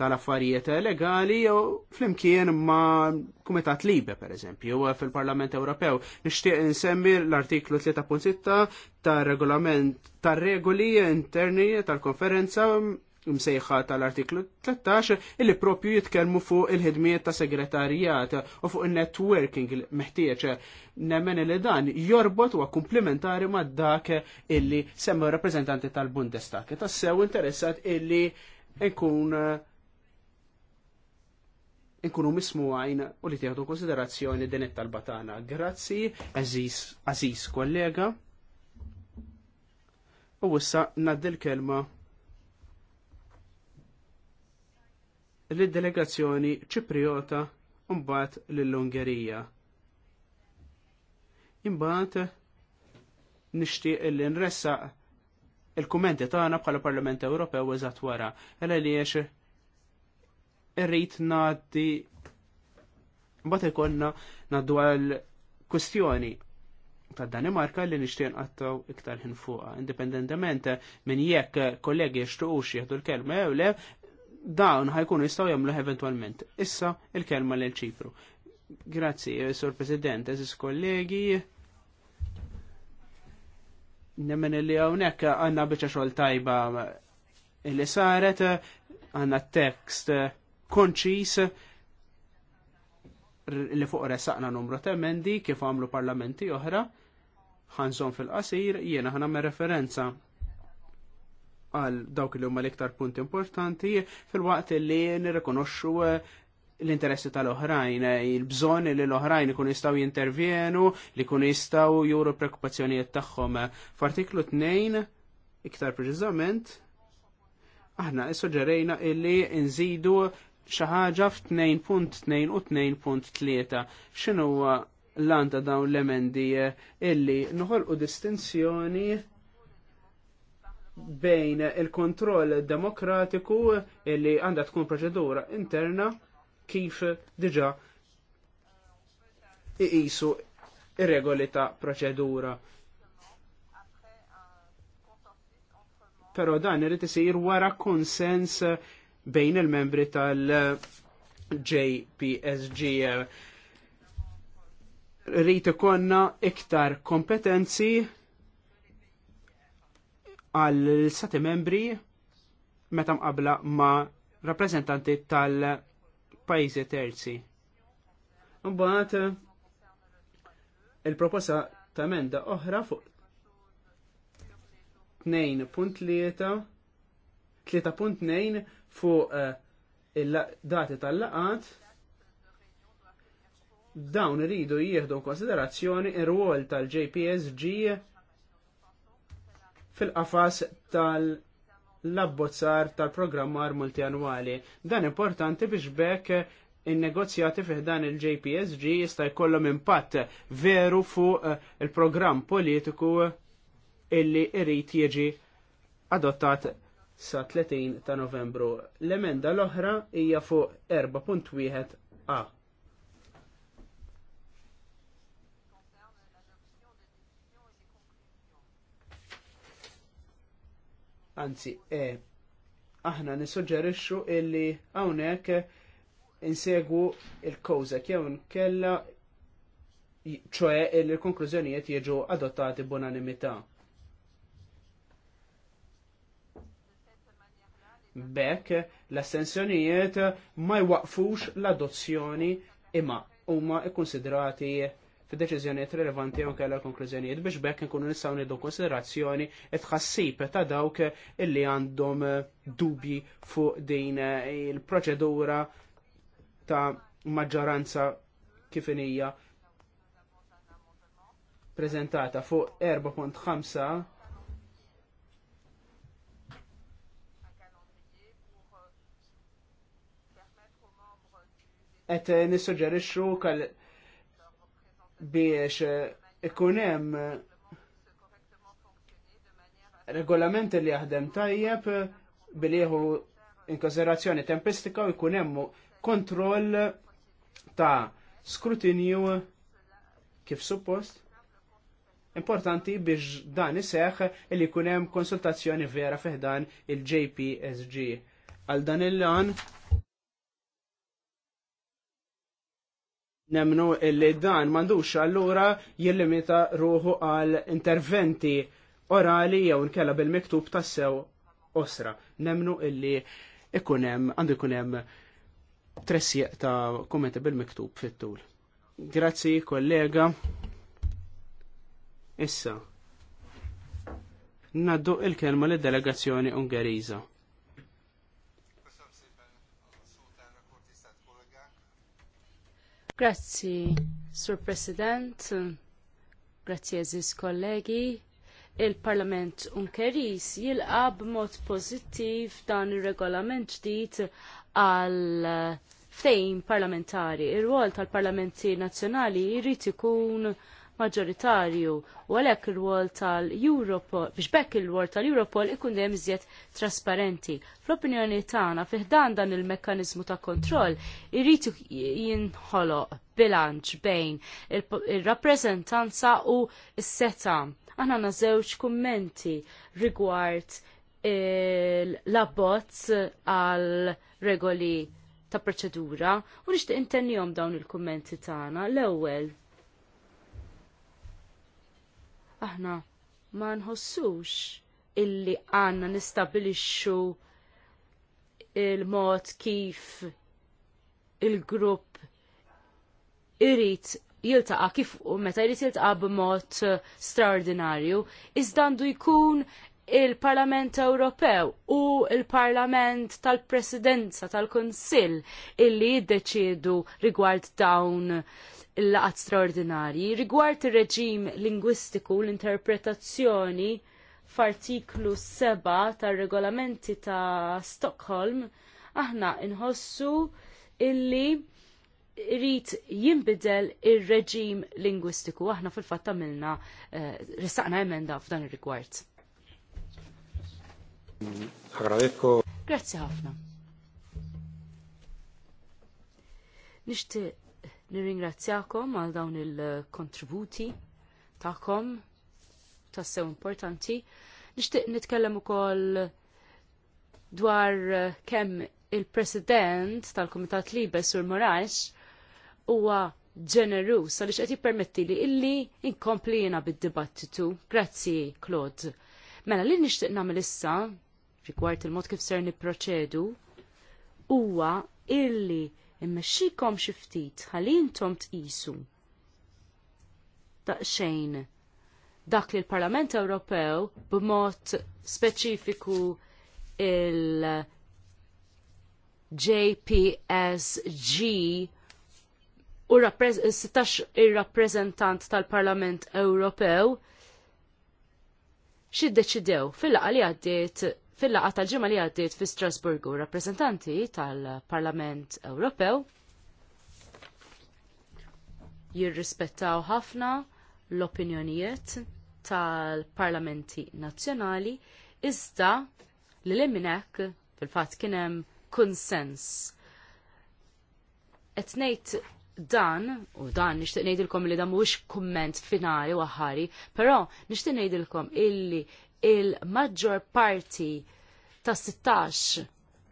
tal-affarijiet legali u flimkien ma' Kumitat Libe, per eżempju, fil-Parlament Ewropew. Nixtieq insemmi l-artiklu 3.6 tar regolament tar regoli interni tal-konferenza msejħa tal-artiklu 13 illi propju jitkellmu fuq il-ħidmiet ta' segretarijat u fuq il-networking meħtieġ nemmen li dan jorbot u komplementari ma' dak illi semmu rappresentanti tal-Bundestag. Ta' sew interessat illi nkun nkunu mismu għajn u li tieħdu konsiderazzjoni din it-talbatana. Grazzi, aziz kollega. U wissa, naddil kelma l-delegazzjoni ċipriota mbagħad lill-Ungerija. Imbagħad nixtieq li nressaq il-kummenti tagħna bħala Parlament Ewropew eżatt wara, għal għaliex irrid ngħaddi mbagħad ikollna ngħaddu għal kwistjoni ta' Danimarka li nixtieq nqattaw iktar ħin fuqha. Indipendentement minn jekk kollegi jixtuqux jieħdu l-kelma jew le, dawn ħajkunu jistgħu jamluħ eventwalment. Issa il-kelma l ċipru. Grazzi, eh, Sur President, eżis kollegi. Nemmen li hawnhekk għandna biċċa xogħol tajba li saret għandna tekst konċis li fuq resaqna numru ta' emendi kif għamlu parlamenti oħra ħanżon fil-qasir jiena ħana me referenza għal dawk li huma l-iktar punti importanti fil-waqt li nirrikonoxxu eh, l-interessi tal-oħrajn, eh, il-bżon li l-oħrajn ikun jistaw jintervjenu, li kun jistaw juru prekupazzjonijiet tagħhom. F'artiklu 2, iktar preċiżament, aħna suġġerejna illi nżidu xi ħaġa f'2.2 u 2.3. X'inhuwa l-għanda dawn l-emendi eh, illi noħolqu distinzjoni bejn il-kontroll demokratiku li għandha tkun proċedura interna kif diġa iqisu ir-regoli ta' proċedura. Pero dan irid isir wara konsens bejn il-membri tal-JPSG. Rrit ikonna iktar kompetenzi għal sati membri meta mqabla ma' rappresentanti tal-pajjiżi terzi. Mbagħad il-proposta ta' emenda oħra fuq 2.3 3.2 fuq eh, il-dati tal-laqat dawn iridu jieħdu konsiderazzjoni ir-rwol tal-JPSG fil-qafas tal-abbozzar tal-programmar multianwali. Dan importanti biex bekk in-negozjati dan il-JPSG jista' jkollhom impatt veru fuq eh, il-programm politiku illi irid jiġi adottat sa 30 ta' Novembru. L-emenda l-oħra hija fuq 4.1 A. anzi, e, aħna nissuġġerixxu illi hawnhekk insegwu il kowza jew kella ċoe il-konklużjonijiet jiġu adottati b'unanimità. Bekk l-astensjonijiet ma jwaqfux l-adozzjoni imma huma ikkonsidrati f'deċiżjonijiet rilevanti jew kellha konklużjonijiet biex bekk nkunu nistgħu nieħdu konsiderazzjoni tħassib ta' dawk illi għandhom dubji fuq din il-proċedura ta' maġġoranza kif hija prezentata fuq 4.5 et nissuġġerixxu kal biex ikun hemm regolament li jaħdem tajjeb bilieħu inkonsiderazzjoni tempestika u jkun hemm kontroll ta' skrutinju kif suppost. Importanti biex dan iseħ li jkun hemm konsultazzjoni vera fiħdan il-JPSG. Għal dan il-lan Nemnu illi dan mandux allura jillimita ruħu għal interventi orali jew nkella bil-miktub tassew osra. Nemnu illi ikunem, għandu ikunem tressieq ta' kommenti bil-miktub fit-tul. Grazzi, kollega. Issa, naddu il-kelma l-delegazzjoni ungeriza. Grazzi, Sur President, grazzi eżis kollegi. Il-Parlament Unkeris jilqab b'mod pozittiv dan ir-regolament ġdid għal fejn parlamentari. Ir-rwol tal-parlamenti nazzjonali jrid ikun maġoritarju u għalhekk ir-rwol tal-Europol biex bekk ir-rwol tal-Europol ikun dejjem iżjed trasparenti. Fl-opinjoni tagħna fih dan dan il-mekkaniżmu ta' kontroll irid jinħoloq bilanċ bejn ir-rappreżentanza u s-seta. Aħna għandna żewġ kummenti rigward l-abbozz għal regoli ta' proċedura u nixtieq intennihom dawn il-kummenti tagħna. L-ewwel aħna ma nħossux illi għanna nistabilixxu il-mod kif il-grupp irrit jiltaqa kif u meta jrid jiltaqa b'mod straordinarju, iżda għandu jkun il-Parlament Ewropew u il-Parlament tal-Presidenza tal konsil illi jiddeċiedu rigward dawn il-laqat straordinarji. Rigward ir reġim lingwistiku, l-interpretazzjoni f'artiklu 7 tar-regolamenti ta' Stockholm, aħna inħossu illi rrit jinbidel ir-reġim lingwistiku. Aħna fil-fatt għamilna eh, emenda f'dan ir-rigward. Agradezco. Grazzi ħafna. Nishtiq Nirringrazzjakom għal dawn il-kontributi tagħkom tassew importanti. Nixtieq nitkellem ukoll dwar kemm il-President tal-Kumitat Libes Sur Moraes huwa ġenerus għaliex qed jippermetti li illi inkompli jiena bid-dibattitu. Grazzi, Claude. Mela li nixtieq nagħmel issa rigward il-mod kif ser nipproċedu huwa illi immexxikom xi ftit ħalintom tqisu. Daqsxejn dak li l-Parlament Ewropew b'mod speċifiku il JPSG u 16 il rappreżentant tal-Parlament Ewropew xiddeċidew fil laqgħa li għaddiet Fil-laqa tal-ġimma li għaddiet fi Strasburgu, rappresentanti tal-Parlament Ewropew jirrispettaw ħafna l-opinjonijiet tal-parlamenti nazzjonali iżda li l hekk fil-fat kienem konsens. Etnejt dan, u dan nishtiq ngħidilkom li dan mhuwiex kumment finali u aħari, però nixtieq ngħidilkom illi il-maġġor parti ta' 16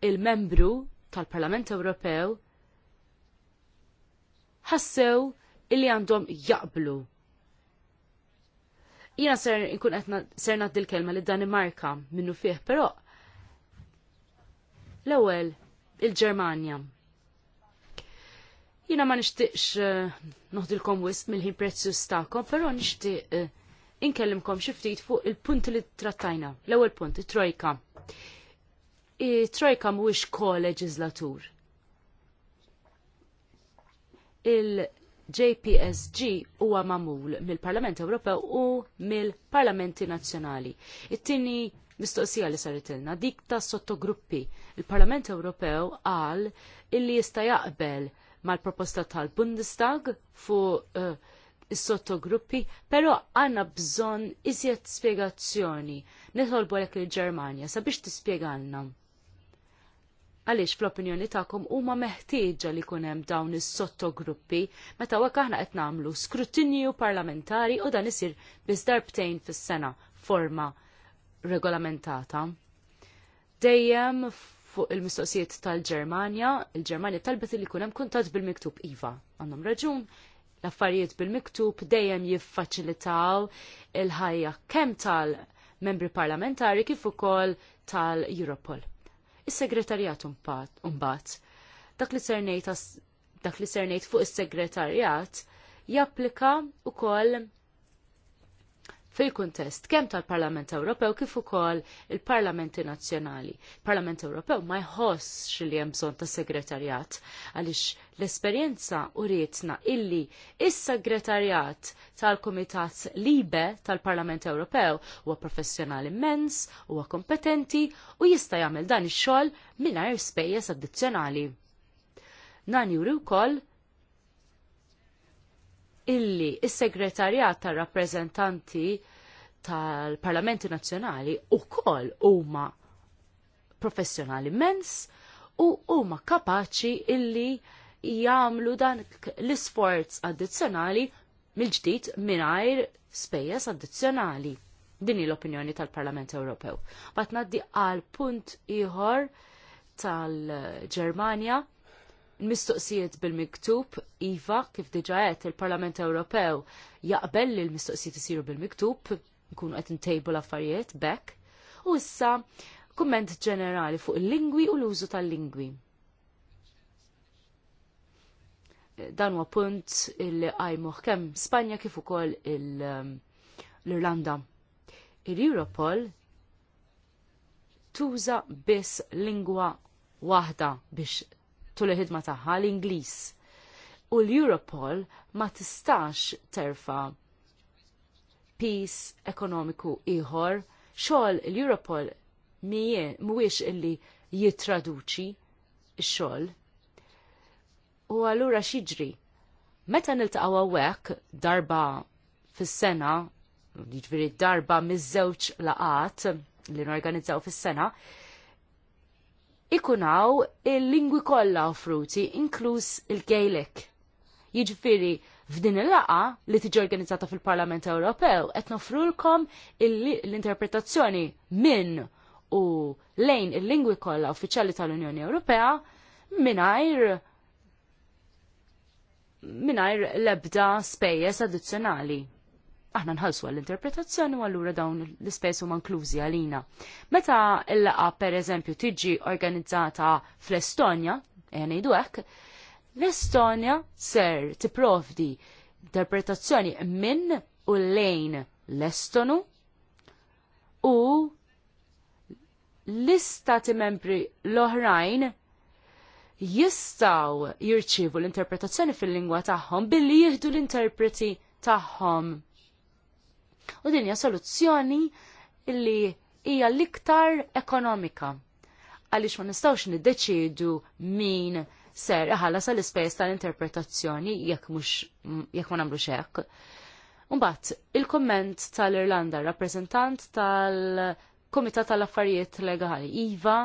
il-membru tal-Parlament Ewropew ħassew illi għandhom jaqblu. Jina ser nkun qed ser naddi l-kelma li Danimarka minnu fih, però l-ewwel il-Ġermanja. Jina ma nixtieqx eh, noħdilkom wisq mill-ħin prezzjuż tagħkom, però nixtieq eh, inkellimkom xi ftit fuq il-punt li trattajna. L-ewwel punt, it-trojka. It-trojka mhuwiex ko Il-JPSG huwa mamul mill-Parlament Ewropew u mill-Parlamenti Nazzjonali. It-tieni mistoqsija li saritilna dik ta' sottogruppi. Il-Parlament Ewropew qal illi jista' jaqbel mal-proposta tal-Bundestag fuq uh, eh, is-sottogruppi, però għandna bżonn iżjed spjegazzjoni. Nitolbu għalhekk il-Ġermanja sabiex tispjegalna. Għaliex fl-opinjoni tagħkom huma meħtieġa li jkun hemm dawn is-sottogruppi meta hekk aħna qed nagħmlu skrutinju parlamentari u dan isir biss darbtejn fis-sena forma regolamentata. Dejjem fuq il-mistoqsijiet tal-Ġermanja, il-Ġermanja talbet li kunem kuntat bil-miktub Iva. Għandhom raġun, L-affarijiet bil-miktub dejjem jiffaċilitaw il-ħajja kemm tal-membri parlamentari kif ukoll tal-Europol. Is-segretarjat mbagħad. Dak li ser dak li ser ngħid fuq is-segretarjat japplika wkoll fil-kuntest kemm tal-Parlament Ewropew kif ukoll il-Parlamenti Nazzjonali. Parlament Ewropew ma jħossx li hemm bżonn ta' segretarjat għaliex l-esperjenza urietna illi is-segretarjat tal-Kumitat Libe tal-Parlament Ewropew huwa professjonali immens, huwa kompetenti u jista' jagħmel dan ix-xogħol mingħajr spejjeż addizzjonali. Nan juri wkoll illi is-segretarjat tal tar-rappreżentanti tal-Parlamenti Nazzjonali ukoll huma professjonali mens u huma kapaċi illi jagħmlu dan l-isforz addizzjonali mill-ġdid mingħajr spejjeż addizzjonali. Din l-opinjoni tal-Parlament Ewropew. Bat naddi għal punt ieħor tal-Ġermanja mistoqsijiet bil-miktub, Iva, kif diġa qed il-Parlament Ewropew jaqbel li l-mistoqsijiet isiru bil-miktub, nkunu qed ntejbu l-affarijiet bekk. U issa kumment ġenerali fuq il-lingwi u l-użu tal-lingwi. Dan huwa punt li għajmuh kemm Spanja kif ukoll um, l-Irlanda. Il-Europol tuża biss lingwa waħda biex tul il-ħidma tagħha l-Ingliż. U l-Europol ma tistax terfa peace ekonomiku ieħor, xogħol l-Europol mhuwiex illi jittraduċi x-xogħol. U allura xiġri. Meta niltaqgħu għawek darba fis-sena, jiġifieri darba miż-żewġ laqat li norganizzaw fis-sena, ikunaw il-lingwi kollha offruti, inkluż il-Gaelic. Jiġifieri f'din il-laqa li tiġi organizzata fil-Parlament Ewropew qed nofrulkom l-interpretazzjoni minn u lejn il-lingwi kollha uffiċjali tal-Unjoni Ewropea mingħajr mingħajr l-ebda spejjeż addizzjonali aħna nħallsu għall-interpretazzjoni u allura dawn l-ispejs huma inklużi għalina. Meta l-laqa pereżempju tiġi organizzata fl-Estonja, e ngħidu hekk, l-Estonja ser tipprovdi interpretazzjoni minn u lejn l-Estonu u l-istati membri l-oħrajn jistaw jirċivu l-interpretazzjoni fil-lingwa tagħhom billi jieħdu l-interpreti tagħhom U din hija soluzzjoni illi hija l-iktar ekonomika. Għaliex ma nistgħux niddeċiedu min ser iħallas l ispejs tal-interpretazzjoni jekk mhux jekk ma nagħmlux hekk. Mbagħad il-komment tal-Irlanda, rappreżentant tal-Komitat tal-Affarijiet Legali, Iva,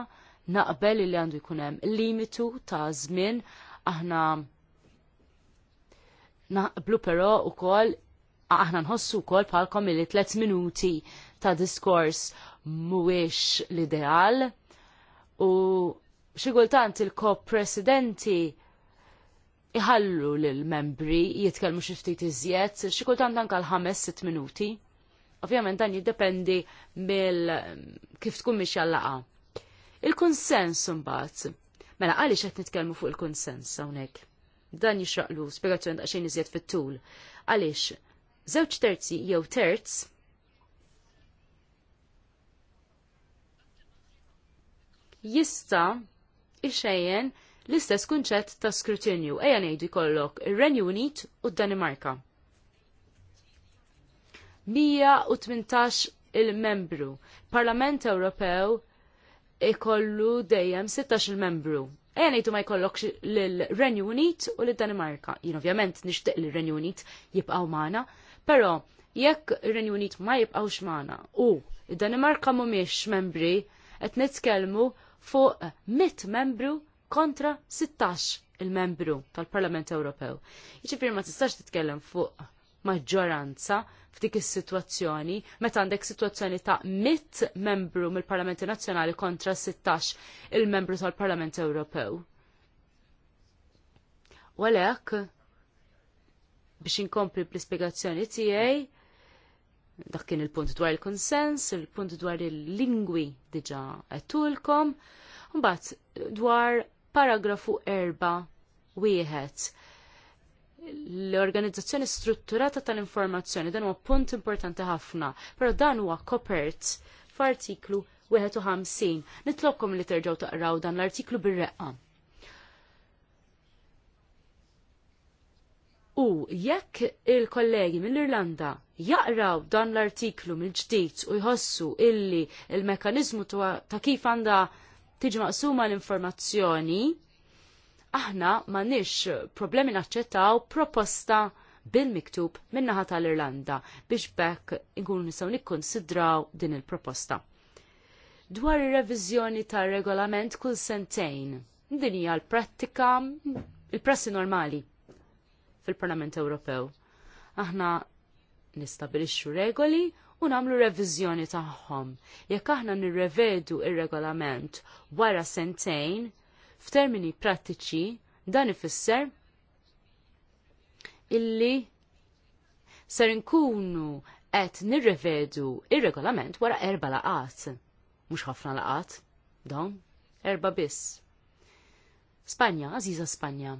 naqbel li għandu jkun hemm limitu ta' żmien aħna naqblu però ukoll aħna nħossu kol palkom il-3 minuti ta' diskors mhuwiex l-ideal u xigultant il-ko-presidenti iħallu l-membri jitkellmu xi ftit iżjed, xi kultant anke l-ħames sitt minuti. Ovvjament dan jiddependi mill mm, kif tkun mixi jallaqa. Il-konsens imbagħad. Mela għaliex qed nitkellmu fuq il-konsens hawnhekk. Dan jixraqlu spjegazzjoni xejn iżjed fit-tul. Għaliex żewġ terzi jew terz jista ixejjen l-istess kunċett ta' skrutinju ejja ngħidu jkollok ir-Renju Unit u d-Danimarka. 118 il-membru. Parlament Ewropew ikollu dejjem 16 il-membru. Ejja ngħidu ma jkollok l-Renju Unit u l-Danimarka. Jien ovvjament nixtieq li l-Renju Unit jibqgħu magħna, Però jekk ir-Renju Unit ma jibqgħux magħna u id-Danimarka mhumiex membri qed nitkellmu fuq 100 membru kontra 16 il-membru tal-Parlament Ewropew. Jiġifieri ma tistax titkellem fuq maġġoranza f'dik is-sitwazzjoni meta għandek sitwazzjoni ta' 100 membru mill-Parlamenti Nazzjonali kontra 16 il-membru tal-Parlament Ewropew. Walek, biex inkompli bl-ispiegazzjoni tiegħi dak kien il-punt dwar il-konsens, il-punt dwar il-lingwi diġa għettulkom, mbagħad dwar paragrafu erba wieħed l-organizzazzjoni strutturata tal-informazzjoni dan huwa punt importanti ħafna, però dan huwa kopert f'artiklu 51. Nitlobkom li terġgħu taqraw dan l-artiklu bir-reqqa. U jekk il-kollegi mill-Irlanda jaqraw dan l-artiklu mill-ġdid u jħossu illi il-mekanizmu ta' kif għanda tiġi maqsuma l-informazzjoni, aħna ma nix problemi naċċettaw proposta bil-miktub minnaħa tal-Irlanda biex bekk inkun nisaw nikkonsidraw din il-proposta. Dwar ir-reviżjoni tar-regolament kull sentejn, din hija l-prattika il-prassi normali fil-Parlament Ewropew. Aħna nistabilixxu regoli u nagħmlu reviżjoni tagħhom. Jekk aħna nirrevedu ir-regolament wara sentejn, f'termini prattiċi dan ifisser illi ser nkunu qed nirrevedu ir-regolament wara erba laqat. Mhux ħafna laqat, dawn, erba biss. Spanja, Aziza Spanja.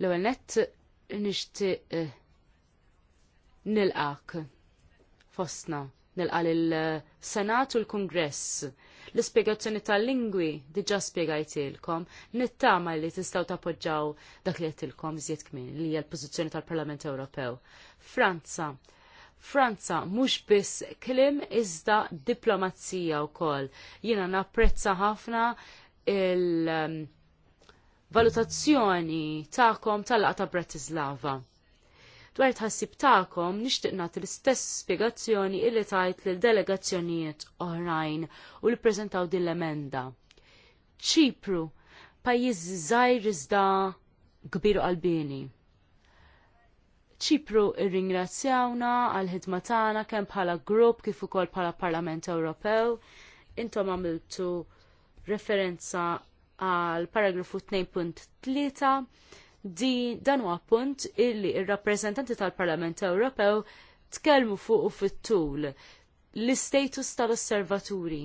L-ewwel nett nixtieq eh, nilqak fostna nilqa lill-Senat u l-Kungress. L-ispjegazzjoni tal-lingwi diġà spjegajtilkom, nittama li tistgħu tappoġġaw dak li qedtilkom iżjed kmin li hija l-pożizzjoni tal-Parlament Ewropew. Franza, Franza mhux biss kliem iżda diplomazija wkoll. Jiena napprezza ħafna il- um, valutazzjoni ta'kom tal laqgħa ta' Bratislava. Dwar tħassib ta'kom nixtieq nagħti l-istess spjegazzjoni illi tajt lill delegazzjonijiet oħrajn u li ppreżentaw din l-emenda. Ċipru, pajjiż żgħir iżda kbir qalbini. ċipru irringrazzjawna għal ħidma tagħna kemm bħala grupp kif ukoll bħala Parlament Ewropew. Intom għamiltu referenza għal paragrafu 2.3 di dan huwa punt illi ir-rappreżentanti tal-Parlament Ewropew tkellmu fuq u fit-tul l-istatus tal-osservaturi.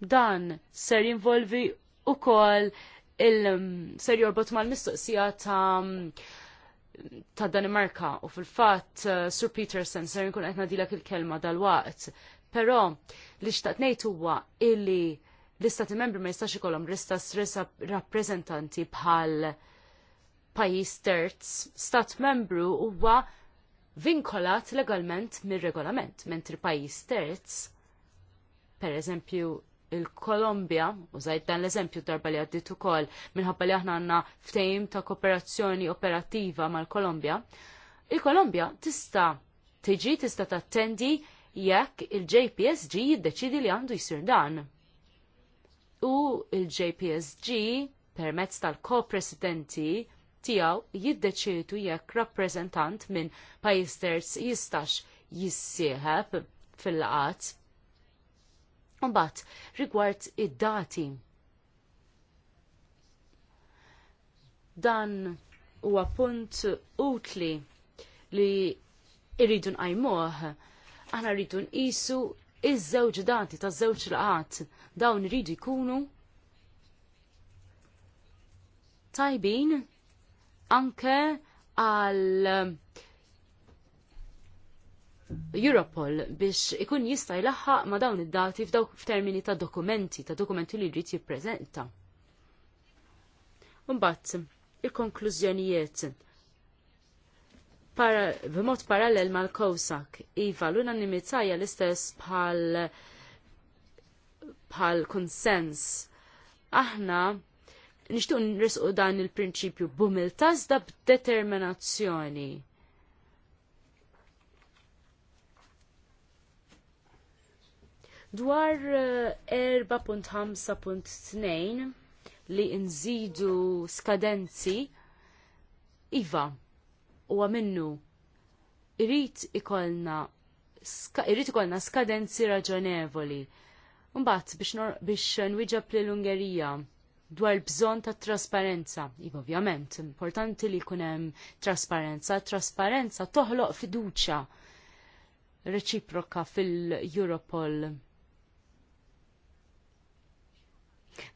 Dan ser jinvolvi wkoll il-ser mm, jorbot mal-mistoqsija ta' mm, ta' Danimarka u fil fatt uh, Sir Peterson ser nkun qed nadilek il-kelma dal-waqt Però li xtaqt ngħid huwa illi l-istati membri ma jistax ikollhom l-istess rappreżentanti bħal pajjiż terz, stat membru huwa vinkolat legalment mir-regolament, mentri pajjiż terz, per eżempju il-Kolombja, użajt dan l-eżempju darba li għaddit ukoll minħabba li aħna għandna ftehim ta' kooperazzjoni operattiva mal-Kolombja, il-Kolombja tista' tiġi tista' tattendi jekk il-JPSG jiddeċidi li għandu jsir dan. U il-JPSG permezz tal-ko-presidenti tiegħu jiddeċidu jekk rappreżentant minn pajjiż terz jistax jissieħeb fil-laqat. Mbagħad rigward id-dati. Dan huwa punt utli li irridu nqajmuh aħna rridu nqisu iż-żewġ dati ta' żewġ laqat dawn rridu jkunu tajbin anke għal Europol biex ikun jista' jlaħħaq ma' dawn id-dati f'dawk f'termini ta' dokumenti, ta' dokumenti li jrid jippreżenta. Imbagħad, il-konklużjonijiet b'mod parallel mal-Kowsak. Iva, l-unanimità hija l-istess bħal bħal konsens. Aħna nixtuq nrisqu dan il-prinċipju b'umiltà iżda b'determinazzjoni. Dwar 4.5.2 eh, li nżidu skadenzi, Iva, huwa minnu irrit ikollna irrit ikollna skadenzi raġonevoli. Mbagħad biex biex nwieġeb lil Ungerija dwar il-bżonn ta' trasparenza. Iva ovvjament, importanti li jkun hemm trasparenza, trasparenza toħloq fiduċja reċiproka fil-Europol.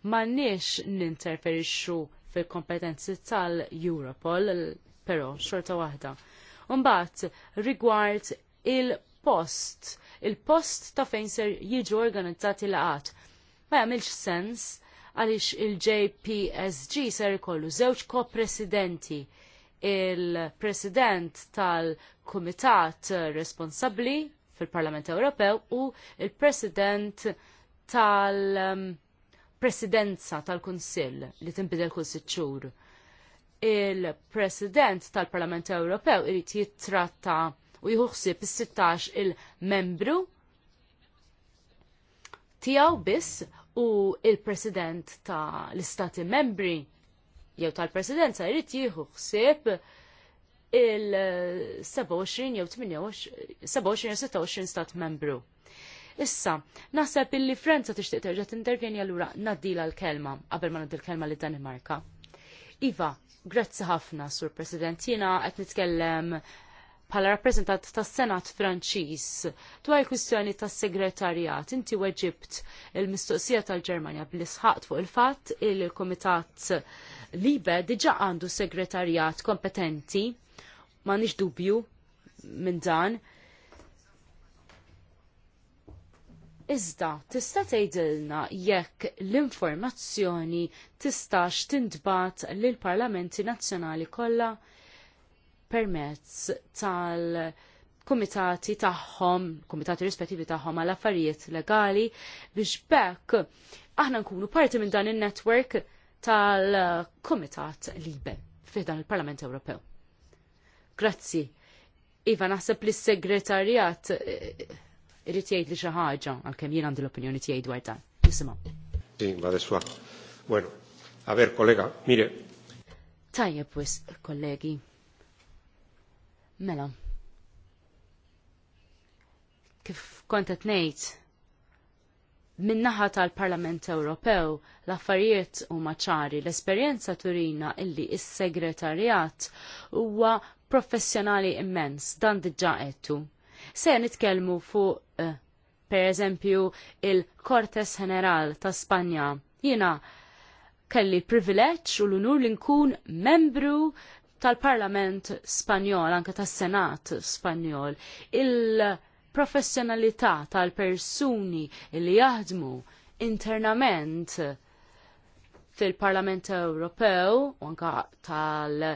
M'għandniex ninterferixxu fil-kompetenzi tal-Europol però xorta waħda. Umbagħad rigward il-post, il-post ta' fejn ser jiġu organizzati laqat. Ma jagħmilx sens għaliex il-JPSG ser ikollu żewġ ko-presidenti il-president tal-kumitat responsabbli fil-Parlament Ewropew u il-president tal-presidenza um, tal-Kunsill li tinbidel kull sitt xhur il-President tal-Parlament Ewropew irid jittratta u jħuħsib is-16 il-membru tiegħu biss u il-President tal-Istati Membri jew tal-Presidenza jrid jieħu il-27 jew 28-26 stat membru. Issa, naħseb illi Franza tixtieq terġa' tintervjeni allura naddila l-kelma qabel ma naddi l-kelma li Danimarka. Iva, Grazzi ħafna, Sur President. Jiena qed nitkellem bħala rappresentant tas Senat Franċiż dwar kwistjoni tas segretarjat inti weġibt il-mistoqsija tal-Ġermanja bl-isħaq fuq il-fatt il kumitat Libe diġà għandu segretarjat kompetenti ma nix dubju minn dan Iżda, tista' tgħidilna jekk l-informazzjoni tistax tintbat lill parlamenti nazzjonali kollha permezz tal-kumitati tagħhom, kumitati rispettivi tagħhom għal affarijiet legali biex bekk aħna nkunu parti minn dan in-netwerk tal-Kumitat Libe fih dan il-Parlament Ewropew. Grazzi. Iva, naħseb li s-segretarjat eh, irrit jgħid li xi ħaġa għalkemm jien għandi l-opinjoni tiegħi dwar dan. Nisimgħu. Sì, va Bueno, a ver, kollega, mire. Tajjeb wis, kollegi. Mela. Kif kont qed ngħid, minnaħa tal-Parlament Ewropew l-affarijiet huma ċari l-esperjenza turina illi is-segretarjat huwa professjonali immens dan diġà qedtu Se nitkellmu fuq eh, per eżempju il-Cortes General ta' Spanja. Jiena kelli privileġġ u l-unur li nkun membru tal-Parlament Spanjol, anke tas-Senat Spanjol. Il-professjonalità tal-persuni li jaħdmu internament fil-Parlament Ewropew u anka tal-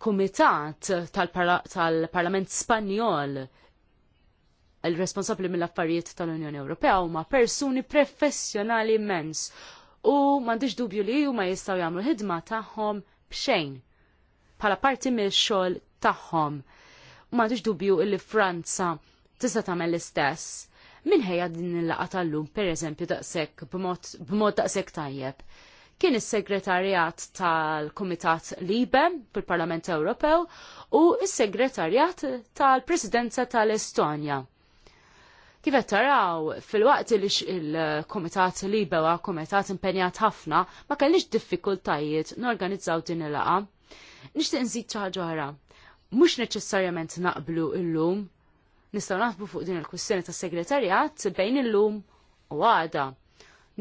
kumitat tal-Parlament Spanjol il-responsabli mill-affarijiet tal-Unjoni Ewropea huma persuni professjonali immens u m'għandix dubju li huma jistgħu jagħmlu ħidma tagħhom b'xejn bħala parti mill-xogħol tagħhom. M'għandix dubju li Franza tista' tagħmel l-istess. minn Minħejja din il laqgħa tal-lum pereżempju daqshekk b'mod daqshekk tajjeb kien is-segretarjat tal-Kumitat Libe fil-Parlament Ewropew u is-segretarjat tal-Presidenza tal-Estonja. Kif qed taraw fil-waqt li il-Kumitat Libe wa kumitat impenjat ħafna ma kellix diffikultajiet norganizzaw din il-laqa. Nixtieq nżid xi ħaġa oħra. Mhux neċessarjament naqblu illum, nistgħu naħsbu fuq din il-kwistjoni tas-segretarjat bejn illum u għada.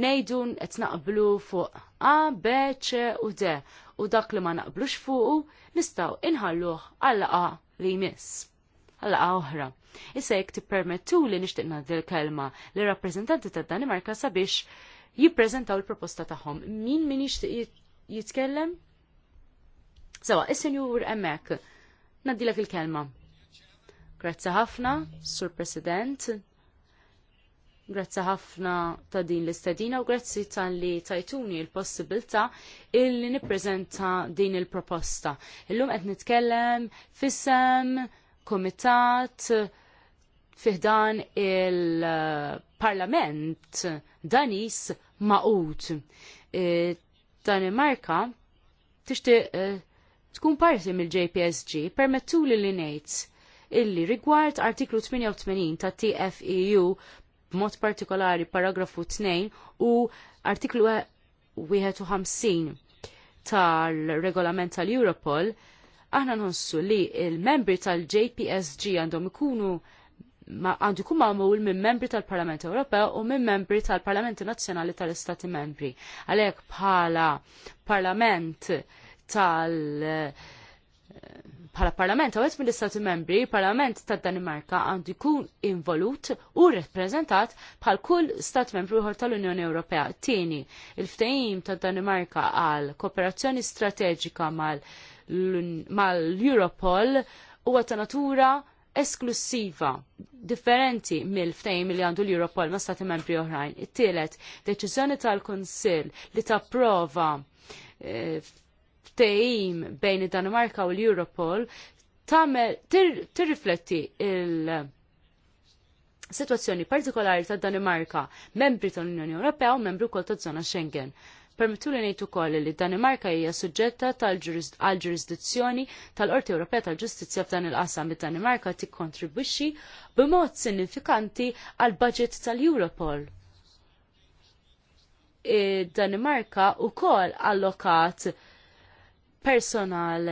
Nejdu qed naqblu fuq A, B, C u D u dak li ma naqblux fuqu nistaw inħalluh A li jmiss. A oħra. Issa jek permettu li nishtiqna dil-kelma li rappresentanti ta' Danimarka sabiex jippreżentaw il-proposta tagħhom. Min min jixtieq jitkellem? Sawa, is-senjur emmek, naddilek il-kelma. Grazzi ħafna, Sur President, Grazzi ħafna ta' din l-istedina u grazzi tal-li tajtuni l-possibilta illi nipprezenta din il-proposta. Illum qed nitkellem fissem, komitat, fiħdan il-parlament danis maqut. E, Danimarka tixti e, tkun parti mill-JPSG permettu li li ngħid illi rigward artiklu 88 ta' TFEU b'mod partikolari paragrafu 2 u artiklu 51 tal-regolament tal-Europol, aħna nħossu li il-membri tal-JPSG għandhom ikunu għandu kum għamul minn membri tal-Parlament Ewropew u minn membri tal-Parlamenti Nazzjonali tal-Istati Membri. Għalek bħala Parlament tal- bħala parlament għawet mill-istati membri, parlament ta' Danimarka għandu jkun involut u reprezentat bħal kull stat membru uħor tal-Unjoni Ewropea. Tieni, il-ftehim ta' Danimarka għal kooperazzjoni strateġika mal-Europol huwa ta' natura esklusiva differenti mill ftajim li għandu l-Europol ma' stati membri oħrajn. It-tielet, deċiżjoni tal-Konsil li tapprova eh, ftehim bejn id-Danimarka u l-Europol tirrifletti il situazzjoni partikolari ta' Danimarka, membri tal-Unjoni Ewropea u membri wkoll taż-żona Schengen. Permettu li ngħid ukoll li Danimarka hija suġġetta tal-ġurisdizzjoni tal-Qorti Ewropea tal-Ġustizzja f'dan il-qasam id-Danimarka tikkontribwixxi b'mod sinifikanti għal budget tal-Europol. Danimarka u kol allokat personal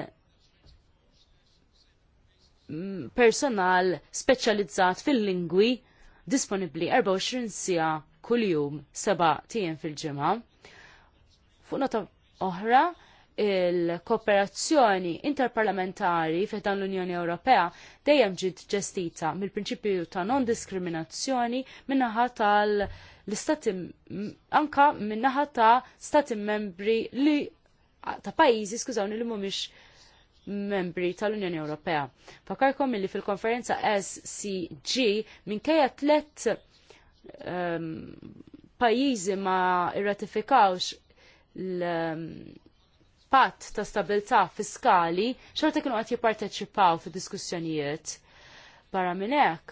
mm, personal speċjalizzat fil-lingwi disponibbli 24 sija kuljum seba' tijen fil-ġimgħa. Fuq nota oħra, il-kooperazzjoni interparlamentari dan l-Unjoni Ewropea dejjem ġiet ġestita mill-prinċipju ta' non-diskriminazzjoni minnaħa tal-istati anka minnaħa ta' stati membri li ta' pajjiżi skużawni li mhumiex membri tal-Unjoni Ewropea. Fakarkom li fil-konferenza SCG minkejja tlet um, pajjiżi ma irratifikawx l-patt ehm, ta' stabilità fiskali xorta kienu qed jipparteċipaw fil diskussjonijiet Para minn hekk,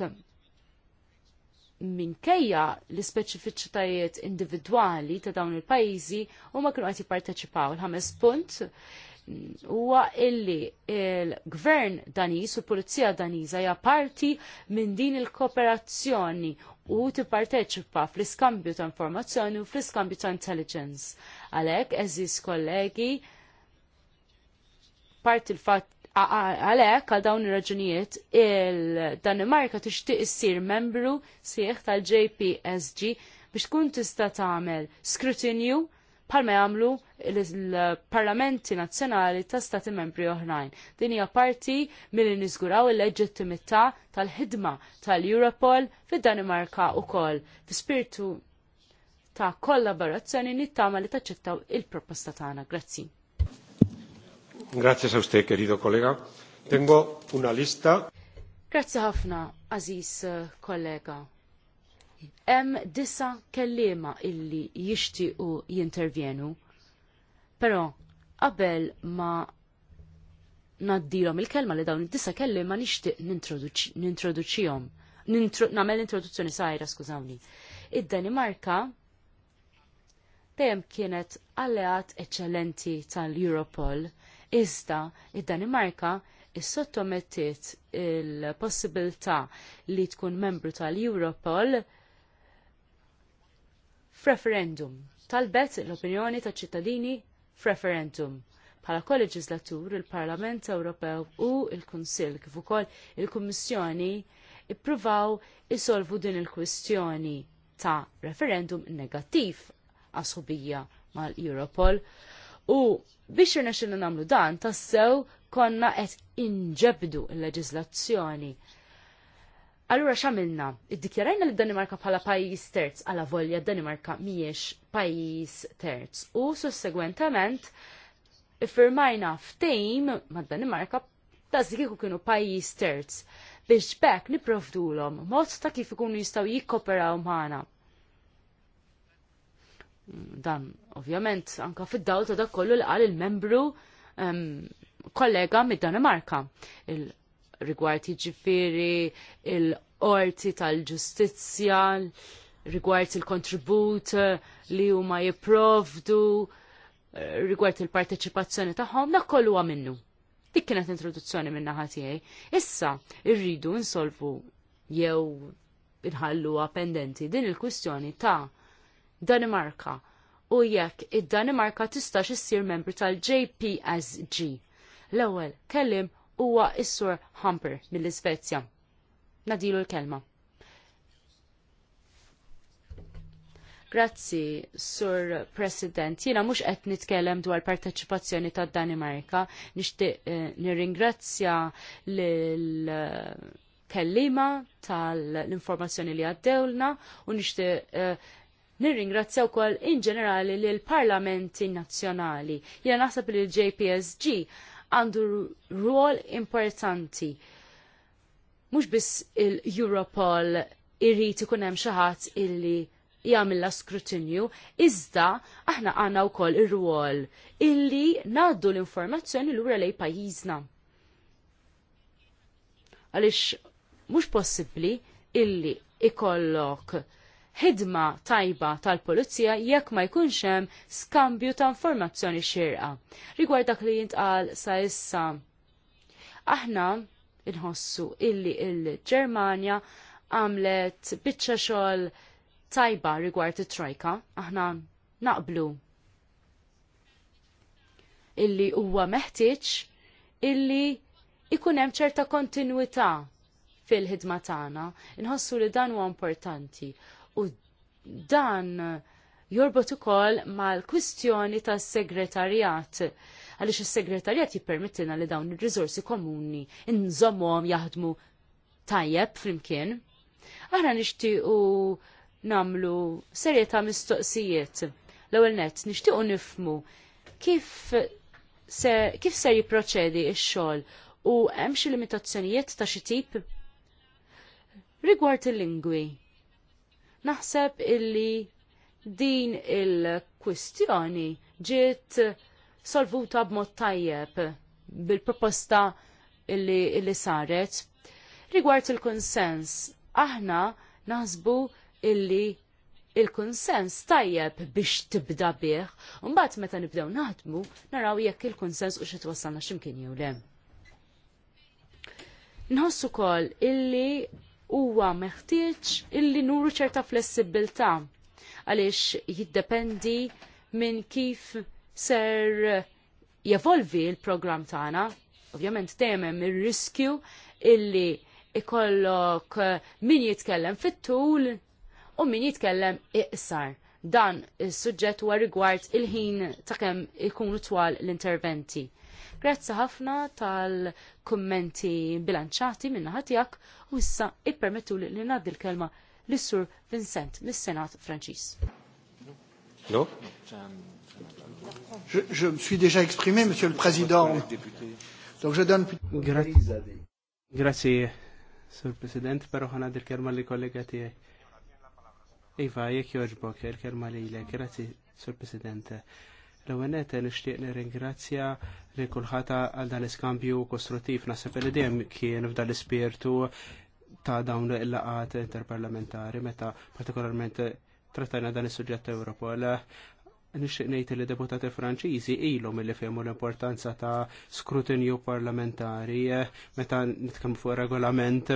minkejja l-ispeċifiċitajiet individwali ta' dawn il-pajjiżi huma kienu qed jipparteċipaw. Il-ħames punt huwa illi il-gvern Daniż u l-Pulizija Daniża hija parti minn din il-kooperazzjoni u tipparteċipa fl-iskambju ta' informazzjoni u fl-iskambju ta' intelligence. Għalhekk eżis kollegi parti l-fatt għalhekk għal dawn ir-raġunijiet il-Danimarka tixtieq issir membru sieħ tal-JPSG biex tkun tista' tagħmel skrutinju ma jagħmlu il parlamenti nazzjonali ta' stati membri oħrajn. Din hija parti milli niżguraw il-leġittimità tal-ħidma tal-Europol fid-Danimarka wkoll fi spirtu ta' kollaborazzjoni nittama li taċċettaw il-proposta tagħna. Grazzi. Grazie a usted, querido collega. Tengo una lista. Grazie ħafna, aziz eh, kollega. Hemm disa kellima illi jixtiequ jintervjenu. Però qabel ma naddilom il-kelma li dawn id-disa kellima nixtieq nintroduċijom. Nagħmel introduzzjoni sajra, skużawni. Id-Danimarka dejjem kienet alleat eccellenti tal-Europol Iżda id-Danimarka is-sottomettiet il-possibilità li tkun membru tal-Europol f'referendum. Talbet l-opinjoni ta' ċittadini f'referendum. Bħala koleġislatur il-Parlament Ewropew u il-Kunsill kif ukoll il-Kummissjoni ippruvaw isolvu din il-kwistjoni ta' referendum negattiv għasubija mal-Europol U biex irnexxinu nagħmlu dan tassew konna qed inġebdu l-leġiżlazzjoni. Allura x'għamilna? Iddikjarajna li Danimarka bħala pajjiż terz għala volja Danimarka mhijiex pajjiż terz u sussegwentament iffirmajna ftejm mad Danimarka ta' kieku kienu pajjiż terz biex bekk niprofdulhom mod ta' kif ikunu jistgħu jikkoperaw magħna Dan, ovvjament, anka fid-dawl ta' dak kollu l qal il-membru kollega mid-Danimarka. Il-rigward jiġifieri il-qorti tal-ġustizzja, rigward il-kontribut li huma jipprovdu rigward il-parteċipazzjoni tagħhom, dak kollu huwa minnu. Dik kienet introduzzjoni minna ħatijaj. Issa, irridu insolvu jew inħallu pendenti din il-kwistjoni ta' Danimarka u jekk id-Danimarka tistax issir membru tal-JPSG. L-ewwel kellim huwa is-sur Hamper mill-Iżvezja. Nadilu l-kelma. Grazzi, Sur President. Jiena mhux qed nitkellem dwar parteċipazzjoni tad Danimarka. Nixtieq eh, nirringrazzja lil eh, kellima tal-informazzjoni li għaddewlna u nixtieq eh, Nirringrazzja wkoll in ġenerali l parlamenti nazzjonali. Jena naħseb li l-JPSG għandu ruol importanti. Mhux biss il-Europol irrit ikun hemm xi ħadd illi jagħmilha skrutinju, iżda aħna għandna wkoll ir-rwol illi ngħaddu l-informazzjoni lura lejn pajjiżna. Għaliex mhux possibbli illi ikollok ħidma tajba tal-Polizija jekk ma jkunx hemm skambju ta' informazzjoni xirqa. Rigward dak li jintqal sa issa. Aħna inħossu illi il-Ġermanja għamlet biċċa xogħol tajba rigward it-trojka, aħna naqblu illi huwa meħtieġ illi ikun hemm ċerta kontinwità fil-ħidma tagħna. Inħossu li dan huwa importanti u dan jorbot ukoll mal-kwistjoni tas segretarjat għaliex is-segretarjat jippermettilna li dawn ir-riżorsi komuni nżommhom jaħdmu tajjeb flimkien. Aħna nixtiequ namlu serje ta' mistoqsijiet. L-ewwel nett nixtiequ nifmu kif se, kif ser jipproċedi x-xogħol u hemm xi limitazzjonijiet ta' xi tip rigward il-lingwi Naħseb illi din il-kwistjoni ġiet solvuta b'mod tajjeb bil-proposta illi, illi saret. Rigward il-konsens, aħna naħsbu illi il-konsens tajjeb biex tibda bih, mbagħad meta nibdew naħdmu naraw jekk il-konsens u xitwassalna x'imkien jew le. Nħossu kol illi huwa meħtieġ illi nuru ċerta flessibilità għaliex jiddependi minn kif ser jevolvi l-programm tagħna. Ovvjament dejjem hemm ir riskju illi ikollok eh, min jitkellem fit-tul u min jitkellem iqsar. Dan is-suġġett huwa rigward il-ħin ta' kemm ikunu twal l-interventi. Grazzi ħafna tal kommenti bilanċati minna ħatijak u issa ippermettu li naddi l-kelma l-Sur Vincent mis-Senat Franċis. No? Je, me suis déjà exprimé, Monsieur le Président. Donc je donne... Grazie, Monsieur le Président, pero ħana dir kerma li kollega tijaj. Iva, jek joġbok, il kerma li l grazie, Monsieur le Président. L-għenet nishtiq nir-ingrazzja li kullħata għal dan iskambju kostruttiv nasib li dejjem kien f'dan l-ispirtu ta' dawn il-laqat interparlamentari meta partikolarment trattajna dan is-suġġett Europol. Nixtieq ngħid li deputati Franċiżi ilhom li fehmu l-importanza ta' skrutinju parlamentari meta nitkellmu fuq regolament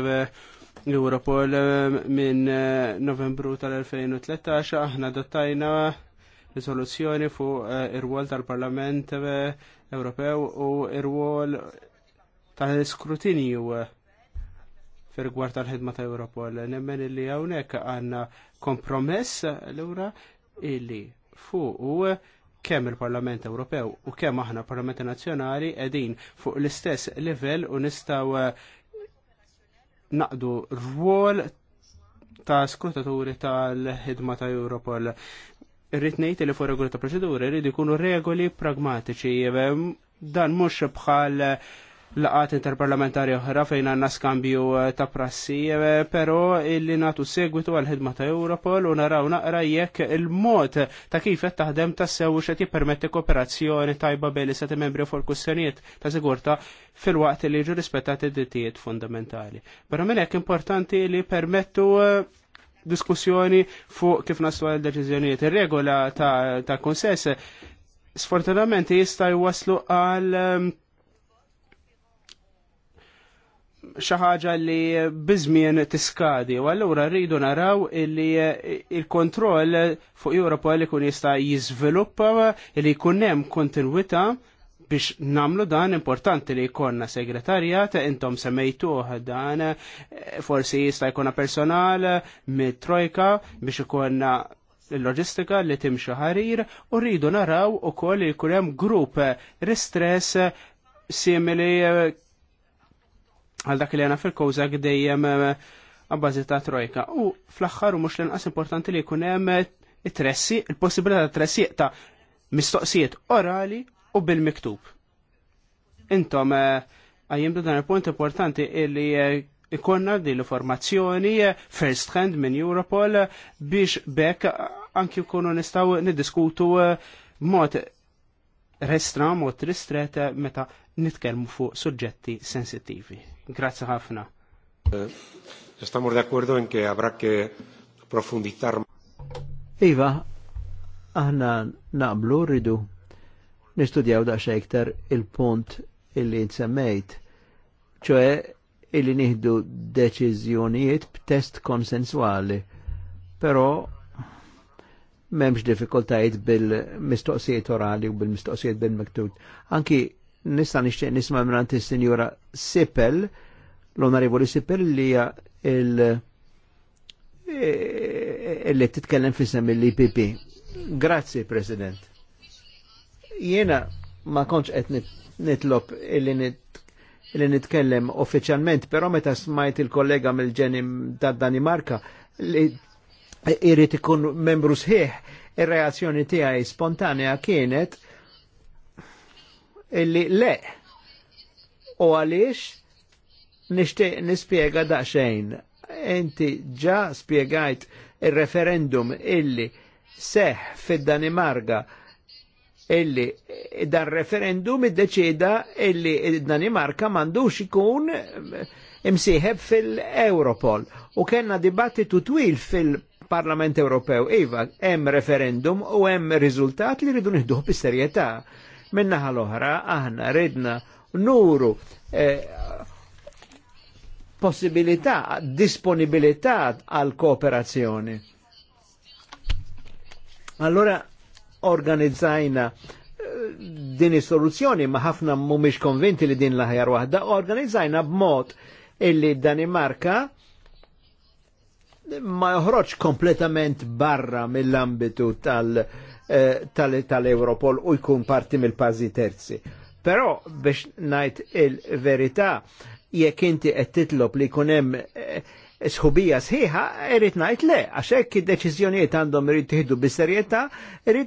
Europol minn Novembru tal-2013 aħna dottajna risoluzzjoni fuq eh, ir-rwol tal-Parlament eh, Ewropew u ir-rwol tal-iskrutinju eh, fir-gwar tal-ħidma ta' Europol. Nemmen illi hawnhekk għandna kompromess lura illi u kemm il-Parlament Ewropew u kemm aħna Parlamenti Nazzjonali qegħdin fuq l-istess livell u nistgħu naqdu rwol ta' skrutaturi tal-ħidma ta' Europol. Irrid ngħid li fuq ta' proċeduri jrid ikunu regoli pragmatiċi dan mhux bħal laqat interparlamentari oħra fejn għandna skambju eh, ta' prassi, però illi natu segwitu għal ħidma ta' Europol u naraw naqra jekk il-mod ta' kif qed taħdem ta' sew xed jippermetti kooperazzjoni tajba bejn istati membri fuq kussjonijiet ta' sigurta fil-waqt li jiġu rispettati d-dittijiet fundamentali. Però minn hekk importanti li permettu eh, diskussjoni fuq kif naslu għal deċiżjonijiet. Ir-regola ta', ta konsess sfortunatament jista' jwaslu għal um, xi ħaġa li biżmien tiskadi u allura rridu naraw li il-kontroll fuq li kun jista' jiżviluppa li jkun hemm kontinwità biex namlu dan importanti li jkollna segretarjat, intom semmejtuh dan, eh, forsi jista' jkollna personal mit-trojka biex ikonna l-loġistika li timxu ħarir u rridu naraw u koll li kurem grupp ristress simili eh, għal dak li għana fil-kowza għdejjem eh, għabbażi ta' trojka. U fl-axħar u mux l-inqas importanti li kunem it-tressi, il-possibilità ta' tressi ta' mistoqsijiet orali u bil-miktub. Intom, eh, għajjimdu dan il-punt importanti illi eh, ikonna di l-formazzjoni eh, first hand minn Europol biex bekk anki kunu nistaw nidiskutu mod restra, mod ristret meta nitkelmu fuq suġġetti sensittivi. Grazzi ħafna. Estamos de acuerdo en que habrá que profundizar. Iva, aħna naqblu rridu nistudjaw daqsa iktar il-punt illi nsemmejt, ċoħe illi nieħdu deċiżjonijiet b'test konsensuali, però memx diffikultajiet bil-mistoqsijiet orali u bil-mistoqsijiet bil-mektub. Anki nista' nixtieq nisma' minn is senjura Sipel, l-Onorevoli Sipel li hija il- illi e- e- e- titkellem fissem il-IPP. Grazzi, President. Jiena ma konċ qed nitlob illi nitkellem uffiċjalment, però meta smajt il-kollega mill-ġenim tad Danimarka li irrid ikun membru sħiħ, ir-reazzjoni tiegħi spontanea kienet illi le. U għaliex nixtieq nispjega daqsxejn. Inti ġa spjegajt ir-referendum illi seħ fid danimarka illi dan referendum id deċeda illi id-Danimarka mandux ikun imsieħeb fil-Europol. U kena dibattitu twil fil-Parlament Ewropew. Iva, hemm referendum u hemm riżultat li ridu nieħduh bis-serjetà. Minnaħa l-oħra, aħna ridna nuru eh, possibilità, disponibilità għal kooperazzjoni. Allora organizzajna eh, din is-soluzzjoni ma ħafna mhumiex konvinti li din l-aħjar waħda, organizzajna b'mod illi Danimarka ma joħroġ kompletament barra mill-ambitu eh, tal-Europol tal, u jkun parti mill-pazi terzi. Però biex najt il-verità, jekk inti qed titlob li jkun hemm eh, sħubija sħiħa, irrit najt le, għaxek id-deċizjoniet għandhom irrit tiħdu bis-serjetà, e,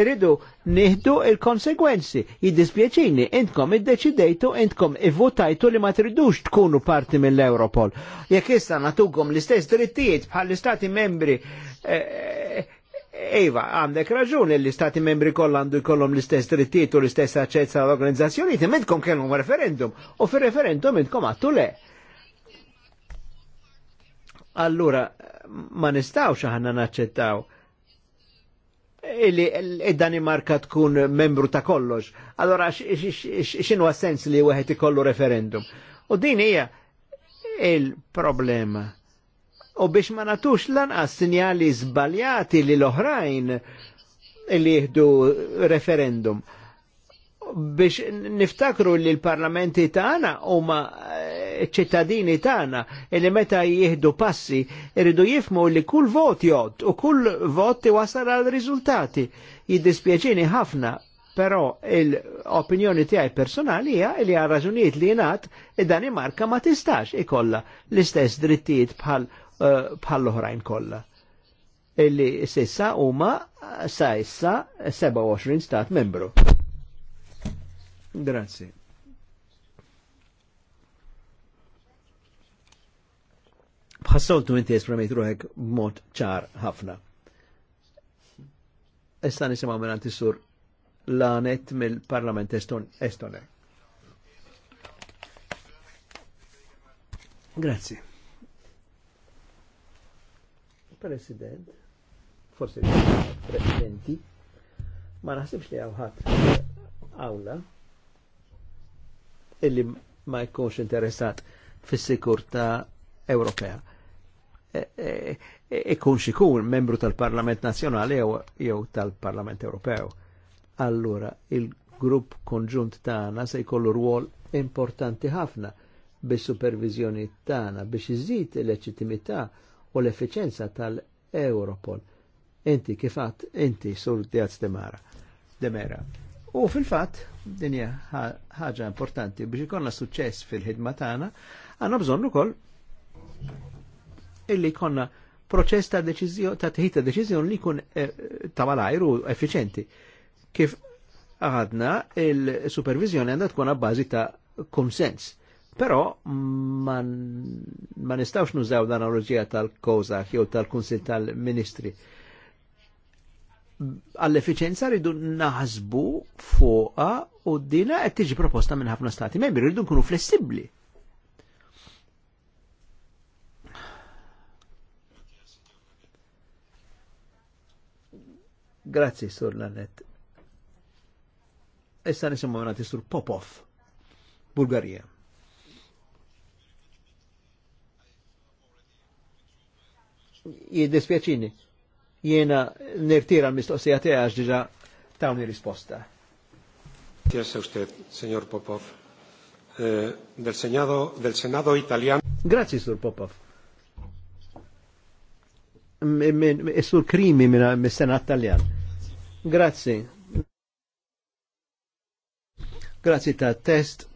irridu nieħdu il-konsegwenzi. Jiddispjaċini, intkom id-deċidejtu, intkom ivvotajtu li ma tridux tkunu parti mill-Europol. Jekk issa natukom l-istess drittijiet bħall-istati membri eva, għandek raġuni li stati membri kollha għandu jkollhom l-istess drittijiet u l-istess aċċezza l organizzazzjoni timmentkom kellhom referendum u fir-referendum intkom għattu le allura ma nistaw aħna naċċettaw illi id-Danimarka tkun membru ta' kollox. Allora xinu sens li wieħed ikollu referendum? U din hija il-problema. U biex ma natux lanqas sinjali żbaljati li l-oħrajn li jihdu referendum biex niftakru li l-parlamenti u ma eh, ċittadini tagħna li meta jieħdu passi irridu jifmu li kull vot jgħod u kull vot wasal għal riżultati. Jiddispjaċini ħafna però l-opinjoni tiegħi personali hija li għal raġunijiet li jingħad id-Danimarka ma tistax ikolla l-istess drittijiet bħal eh, bħall-oħrajn kollha. Illi sissa huma sa issa 27 stat membru. Grazie. bħassoltu inti esprimejt ruħek mod ċar ħafna. Issa nisimaw minn antisur lanet mill-Parlament Estone. Grazie. President, forse presidenti, ma naħsibx li għawħat għawla illi ma jkunx interessat fis-sikurta Ewropea ikun xikun membru tal-Parlament Nazzjonali jew tal-Parlament Ewropew. Allura, il-grupp konġunt tagħna se jkollu rwol importanti ħafna bis-supervizjoni tagħna biex iżid il-leċittimità u l effiċjenza tal-Europol. Inti kifat, inti sur Diaz Demara. Demera. U fil-fat, dinja ħaġa importanti biex ikonna suċċess fil-ħidma tagħna, għandna bżonn ukoll illi konna proċess ta' deċizjoni ta' tħita deċizjoni li jkun eh, ta' malajru effiċenti. Kif għadna il-supervizjoni għandha tkun għabbażi ta' konsens. Però ma nistawx nużaw dan analogija tal koza jew tal-Kunsil tal-Ministri. Għall-efficienza rridu naħsbu fuqa u dina qed tiġi proposta minn ħafna stati membri, rridu nkunu flessibbli Grazzi, Sur Lannet. Issa nisimgħu għanati Sur Popov, Bulgarija. Jiddispjaċini, jiena nirtira l-mistoqsija tiegħek diġa tawni risposta. Grazie usted, signor Popov. Eh, del Senado, del Senado italiano. Grazie, Sur Popov sur krimi minn senat taljan. Grazzi. Grazzi ta' test.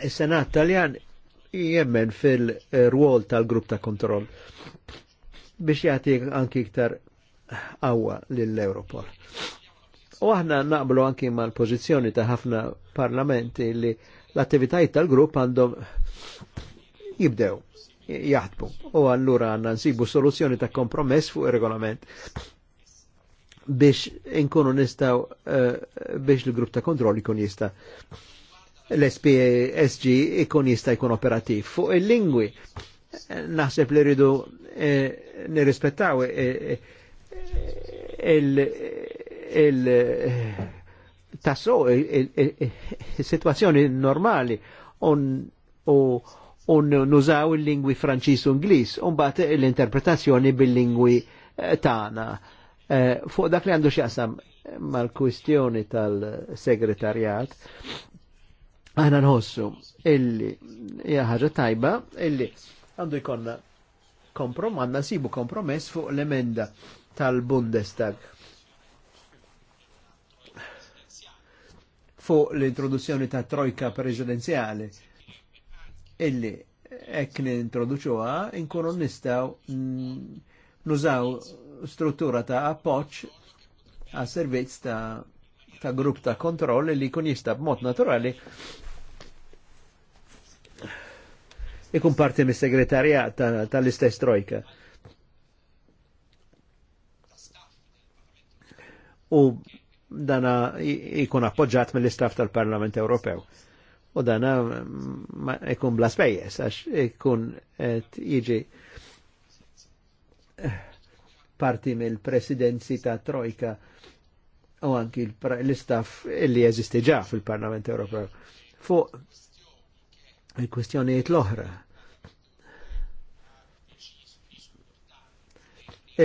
Is-Senat Taljan jemmen fil-rwol tal-grupp ta' kontroll biex jagħti anki iktar għawa lill-Europol. U aħna naqblu anki mal-pożizzjoni ta' ħafna parlamenti li l-attivitajiet tal-grupp għandhom jibdew jaħdmu. U allura għanna nsibu soluzzjoni ta' kompromess fuq il-regolament biex inkunu nistaw eh, biex l-grupp ta' kontroll ikun jista l-SPSG ikun jista ikun operativ. Fuq il-lingwi, naħseb li rridu eh, nirrispettaw eh, il- tasso il-situazzjoni normali un nużaw il-lingwi franċis u Ingliż, un bat l-interpretazzjoni bil-lingwi tana. Eh, fuq dak li għandu xjaqsam mal-kwistjoni tal-segretarjat, għana nħossu illi ħaġa tajba illi għandu jkonna komprom, għanna sibu kompromess fuq l-emenda tal-Bundestag. Fuq l-introduzzjoni ta' trojka prezidenziali illi ek nintroduċuha inkunu nistaw nużaw struttura ta' appoċ għas servizz ta', ta grupp ta' kontroll li kun jista' b'mod naturali ikun parti mis segretarjat tal-istess ta trojka. U dana ikun appoġġat mill-istaff tal-Parlament Ewropew. U dana ikun bla spejjeż għax ikun jieġi parti mill-presidenzi ta' Trojka u anki l-istaff li jeżisti ġa fil-Parlament Ewropew fuq il-kwestjonijiet l-oħra.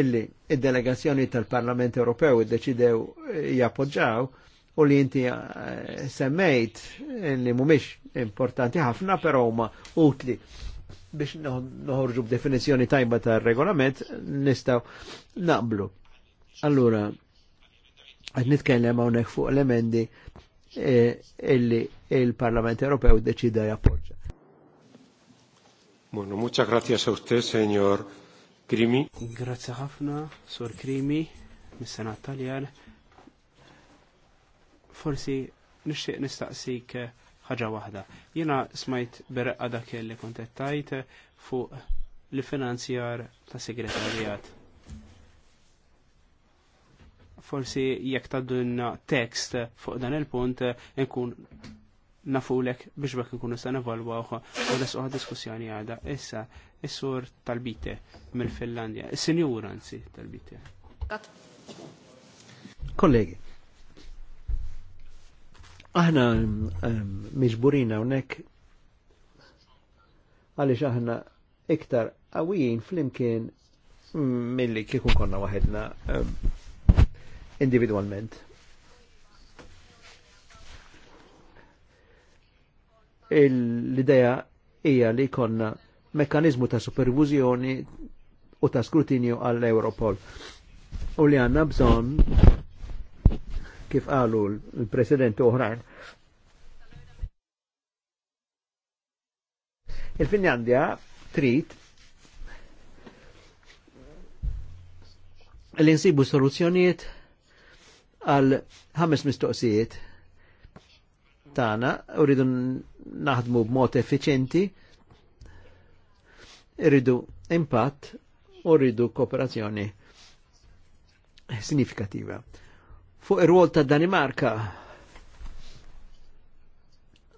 Illi id-delegazzjoni il kwestjonijiet l oħra illi il delegazzjoni tal parlament Ewropew id-deċidew jappoġġaw u li inti eh, semmejt li mumiex importanti ħafna, pero ma utli biex noħorġu b'definizjoni tajba ta' regolament nistaw naqblu. Allura, għad nitkellem hawnhekk fuq l-emendi e, illi il-Parlament Ewropew deċida jappoġġa. Bueno, muchas grazie a te, señor Krimi. Grazie ħafna, Sur Krimi, mis sena Taljan. Forsi nixtieq nistaqsik ħaġa waħda. Jiena smajt bereqqa dak li kontettajt fuq li finanzjar ta' segretarijat. Forsi jekk taddunna tekst fuq dan il-punt nkun nafulek biex bekk nkunu sa' nevalwaw u l diskussjoni għada. Issa, is-sur tal-bite mill-Finlandja, is-sinjur anzi tal-bite. Kollegi, Aħna ehm, miġburina unnek għalix aħna iktar għawijin flimkien mm, mill-li kikun konna wahedna ehm, individualment. L-ideja hija li konna mekanizmu ta' supervizjoni u ta' skrutinju għall-Europol. U li għanna bżon kif qalu l-President oħrajn. Il-Finlandja trid li insibu soluzzjonijiet għal ħames mistoqsijiet tagħna u rridu naħdmu b'mod effiċenti, rridu impatt u rridu kooperazzjoni significativa. Fuq ir-rol ta' Danimarka,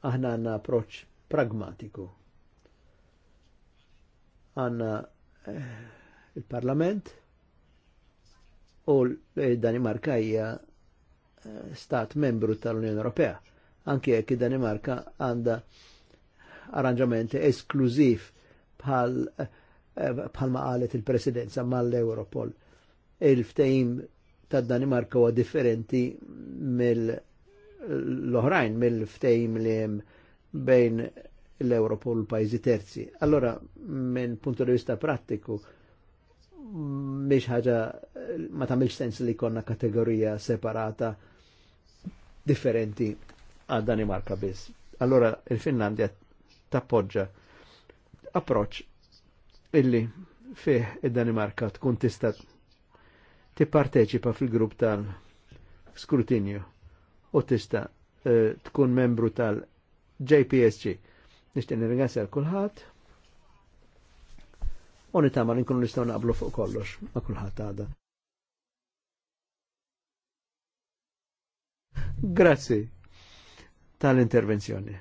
aħna għanna approċ pragmatiku. Għanna eh, il-parlament u l-Danimarka hija eh, stat membru tal-Unjoni Ewropea. Anke jekk id-Danimarka għandha arranġamenti esklużiv bħal eh, ma qalet il-presidenza mal-Europol. Il-ftehim ta' Danimarka huwa differenti mill-oħrajn, mill-ftejm li hemm bejn l ewropa u l-pajzi terzi. Allora, minn punto di vista prattiku, mhix ħaġa ma tamilx sens li konna kategorija separata differenti għal Danimarka biss. Allora, il-Finlandja tappoġġa approċ illi fih id-Danimarka tkun tista' tipparteċipa fil-grupp tal-skrutinju u tista uh, tkun membru tal-JPSG. Nishtin nirringrazzja l-kulħat u nitama li nkunu nistaw naqblu fuq kollox ma' kulħat għada. Grazzi tal-intervenzjoni.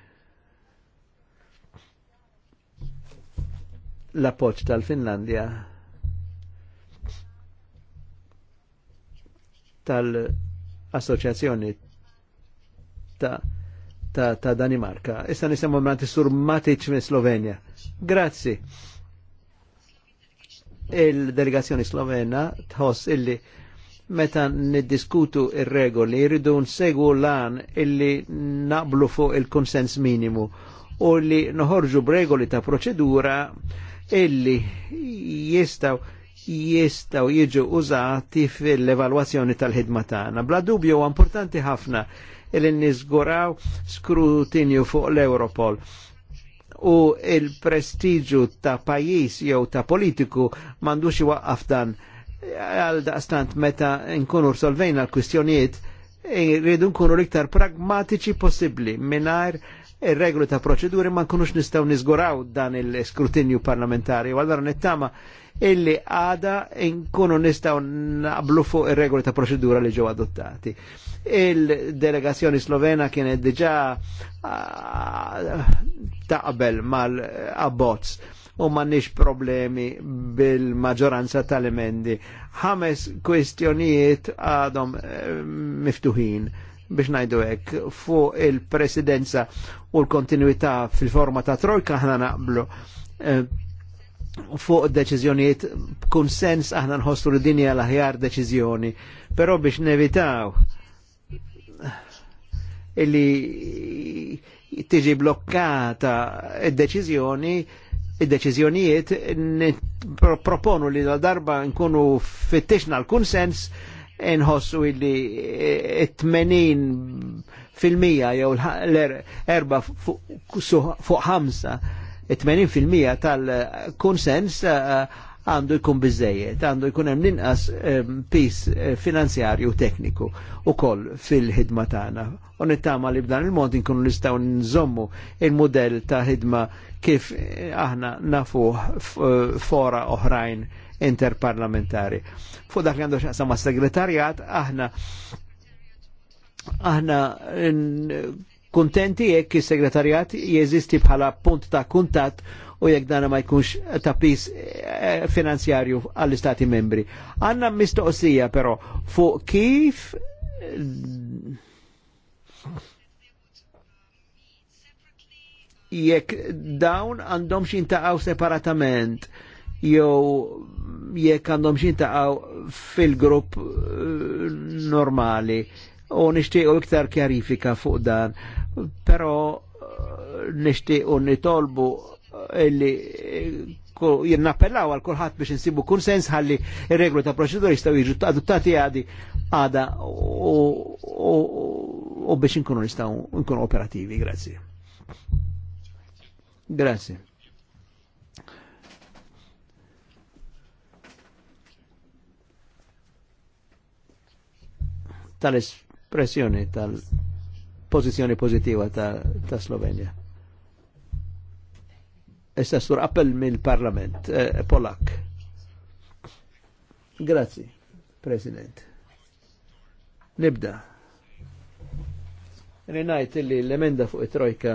l appoġġ tal-Finlandja tal-Assoċjazzjoni ta', ta, ta Danimarka. Issa nisemmu mnati sur Matic minn Slovenja. Grazzi. Il-delegazzjoni slovena tħoss illi meta niddiskutu ir-regoli jridu nsegwu lan illi naqblu fuq il-konsens minimu u li noħorġu b'regoli ta' proċedura illi jistaw jistaw jiġu użati fil-evalwazzjoni tal-ħidma tagħna. Bla dubju huwa importanti ħafna li niżguraw skrutinju fuq l-Europol u il-prestiġu ta' pajis jew ta' politiku mandux iwaqqaf dan għal daqstant meta nkunu solvejna l-kwistjonijiet rridu nkunu l-iktar pragmatiċi possibbli mingħajr ir-reglu ta' proċeduri ma nkunux nistgħu niżguraw dan il-skrutinju parlamentari. U allora nittama illi għada nkunu nistaw nablu fuq ir-regoli ta' proċedura li ġew adottati. Il-delegazzjoni slovena kienet diġa taqbel mal-abbozz u mannix problemi bil-maġoranza tal-emendi. Ħames kwestjonijiet għadhom eh, miftuħin biex najdu hekk fuq il-presidenza u l-kontinuità fil-forma ta' trojka ħna naqblu. Eh, fuq deċizjoniet b'kun sens aħna nħossu li dinja l-aħjar deċizjoni, però biex nevitaw illi tiġi blokkata id deċizjoni id deċizjonijiet proponu li la darba nkunu fittixna l-kunsens nħossu illi 80 fil-mija jew l-erba fuq ħamsa 80% tal-konsens eh, eh, għandu jkun bizzejiet, għandu jkun hemm ninqas eh, pis finanzjarju tekniku u koll fil-ħidma tagħna. U nittama li b'dan il-mod nkunu nistgħu nżommu il-modell ta' ħidma kif aħna nafu fora oħrajn interparlamentari. Fuq dak li għandu xaqsa ma' segretarjat aħna aħna kontenti jekk is-segretarjat jeżisti bħala punt ta' kuntatt u jekk dana ma jkunx ta' pis eh, finanzjarju għall-istati membri. Għanna mistoqsija però fuq kif jekk dawn għandhom xintaqaw separatament jew jekk għandhom xintaqaw fil-grupp eh, normali u nishtiqu iktar kjarifika fuq dan, pero eh, nishtiqu nitolbu eh, illi eh, jinnapellaw għal kulħadd biex insibu kunsens ħalli il reglu ta' proċeduri jistgħu jiġu adottati għadi għada u biex nkunu nistgħu nkunu operativi, grazie. Grazie. tal-is pressjoni tal-pozizjoni pozittiva ta', ta Slovenja. Issa sur appell mill-Parlament eh, Polak. Grazie, President. Nibda. Rinajt li l-emenda fuq it-trojka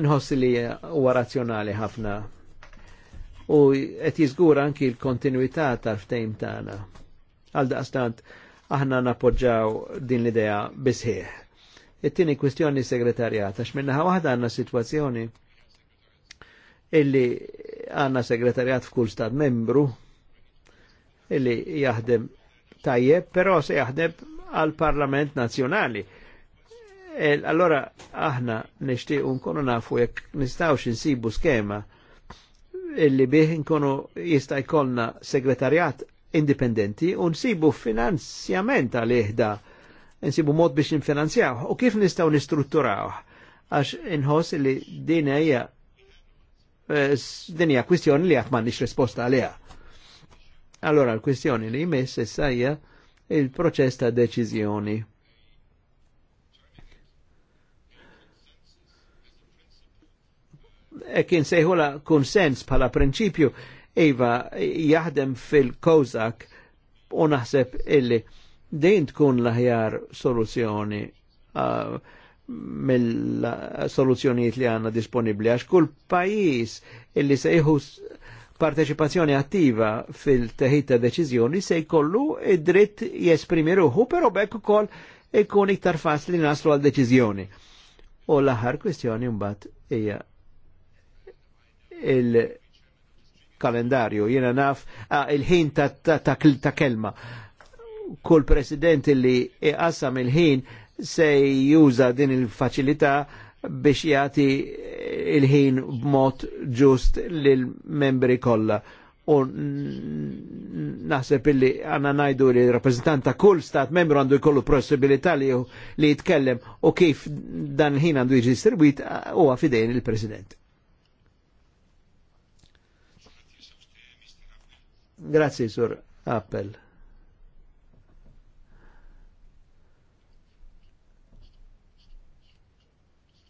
nħossi li huwa razzjonali ħafna u qed jiżgur anki l-kontinuità tal-ftejm tagħna. Għal daqstant, aħna napoġġaw din l-idea bisħieħ. It-tieni kwistjoni segretarjat, għax minnaħa waħda għandna situazzjoni illi għanna segretarjat f'kull stat membru illi jaħdem tajjeb, però se jaħdem għal Parlament Nazzjonali. E, allora aħna nixtieq nkunu nafu jekk nistgħux insibu skema illi bih nkunu jista' jkollna segretarjat indipendenti u nsibu finanzjament għal iħda nsibu mod biex nfinanzjaw u kif nistaw nistrutturaw għax inħoss li din hija eh, din hija kwistjoni li għatman nix risposta għaliha. Allora l-kwistjoni li jmess issa hija il-proċess ta' deċiżjoni. E kien la' konsens pala prinċipju Iva, jaħdem fil-Kozak u naħseb illi din tkun laħjar soluzjoni uh, mill-soluzzjonijiet li għanna disponibli għax kull pajis illi se jħu parteċipazzjoni attiva fil-teħid ta' deċiżjoni se jkollu id-dritt jesprimi ruħu, però bekk ukoll ikun iktar faċli naslu għal deċiżjoni. U l-aħħar kwestjoni mbagħad hija il- kalendarju, jiena naf ah, il-ħin ta' kelma. Kull president li iqassam il-ħin se juża din il-faċilità biex jagħti il-ħin b'mod ġust lil membri kollha. U naħseb illi għanna najdu li rappresentanta kull stat membru għandu jkollu possibilità li, li jitkellem u kif dan ħin għandu jiġi distribuit ah, huwa fidejn il-President. Grazie Sur Appel.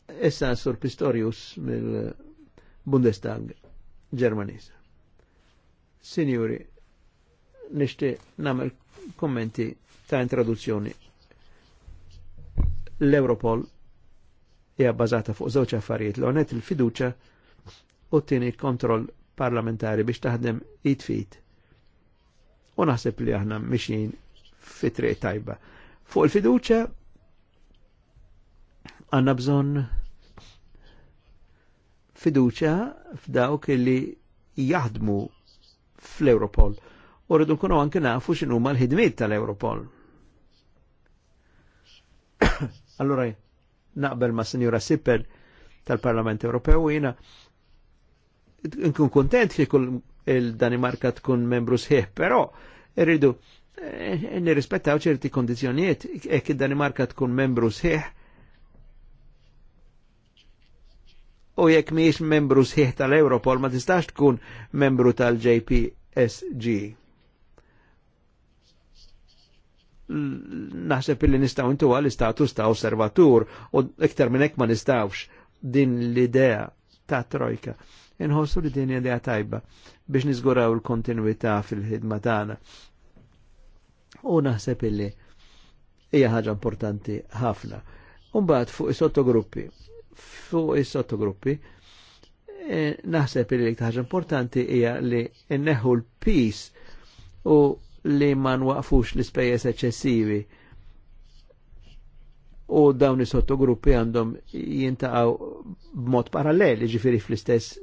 Essa Sur Pistorius mill-Bundestag Germanis. Signori, nishti namel kommenti ta' introduzzjoni. L'Europol europol hija bbażata fuq żewġ affarijiet l-onet il-fiduċa u t-tieni kontroll parlamentari biex taħdem it-fit u naħseb li aħna mixin fitri tajba. Fuq il-fiduċa għanna bżon fiduċa f'dawk li jaħdmu fl-Europol u rridu nkunu anke nafu x'inhu l-ħidmiet tal-Europol. allora naqbel ma' Sinjura Sipper tal-Parlament Ewropew u jiena nkun kontent li il-Danimarka tkun membru sħiħ, però irridu eh, nirrispettaw ċerti kondizjonijiet, jekk il danimarka tkun membru sħiħ, u jekk miex membru sħiħ tal-Europol ma tistax tkun membru tal-JPSG. Naħseb li nistaw intu għal istatus ta' osservatur u iktar minn ma nistawx din l-idea ta' trojka inħossu li din idea tajba biex niżguraw il-kontinuità fil-ħidma tagħna. U naħseb illi hija ħaġa importanti ħafna. Umbagħad fuq is-sottogruppi. Fuq is-sottogruppi eh, naħseb illi ħaġa importanti hija li nneħħu l-peace u li ma nwaqfux l-ispejjeż eċċessivi u dawn is sottogruppi għandhom jintaqaw b'mod paralleli ġifiri fl-istess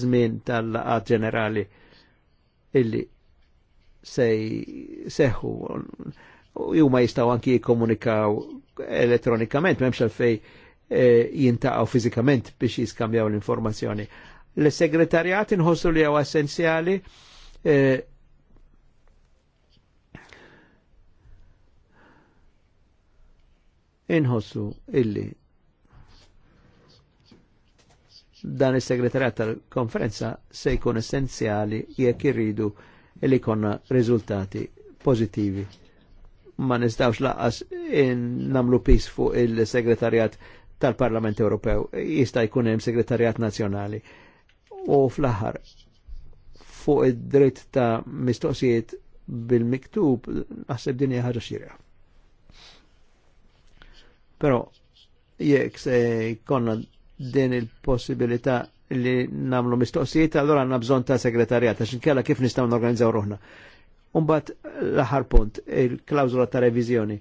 żmien tal-laqat ġenerali illi sej seħu u ma jistaw anki jikomunikaw elektronikament memx għalfej eh, jintaqaw fizikament biex jiskambjaw l-informazzjoni. L-segretarjat nħossu li għaw essenzjali eh, inħossu illi dan is-segretarjat tal-konferenza se jkun essenzjali jekk irridu li konna riżultati pożittivi. Ma nistawx laqqas namlu pis fuq il-segretarjat tal-Parlament Ewropew, jista' jkun hemm segretarjat nazzjonali. U fl-aħħar fuq id-dritt ta' mistoqsijiet bil-miktub naħseb din hija ħaġa xierqa. Però jekk se jkollna din il-possibilità li namlu mistoqsijiet, allora għanna bżon ta' segretarjat, għax inkella kif nistgħu organizzaw ruħna. Umbat l punt, il-klawżola ta' revizjoni.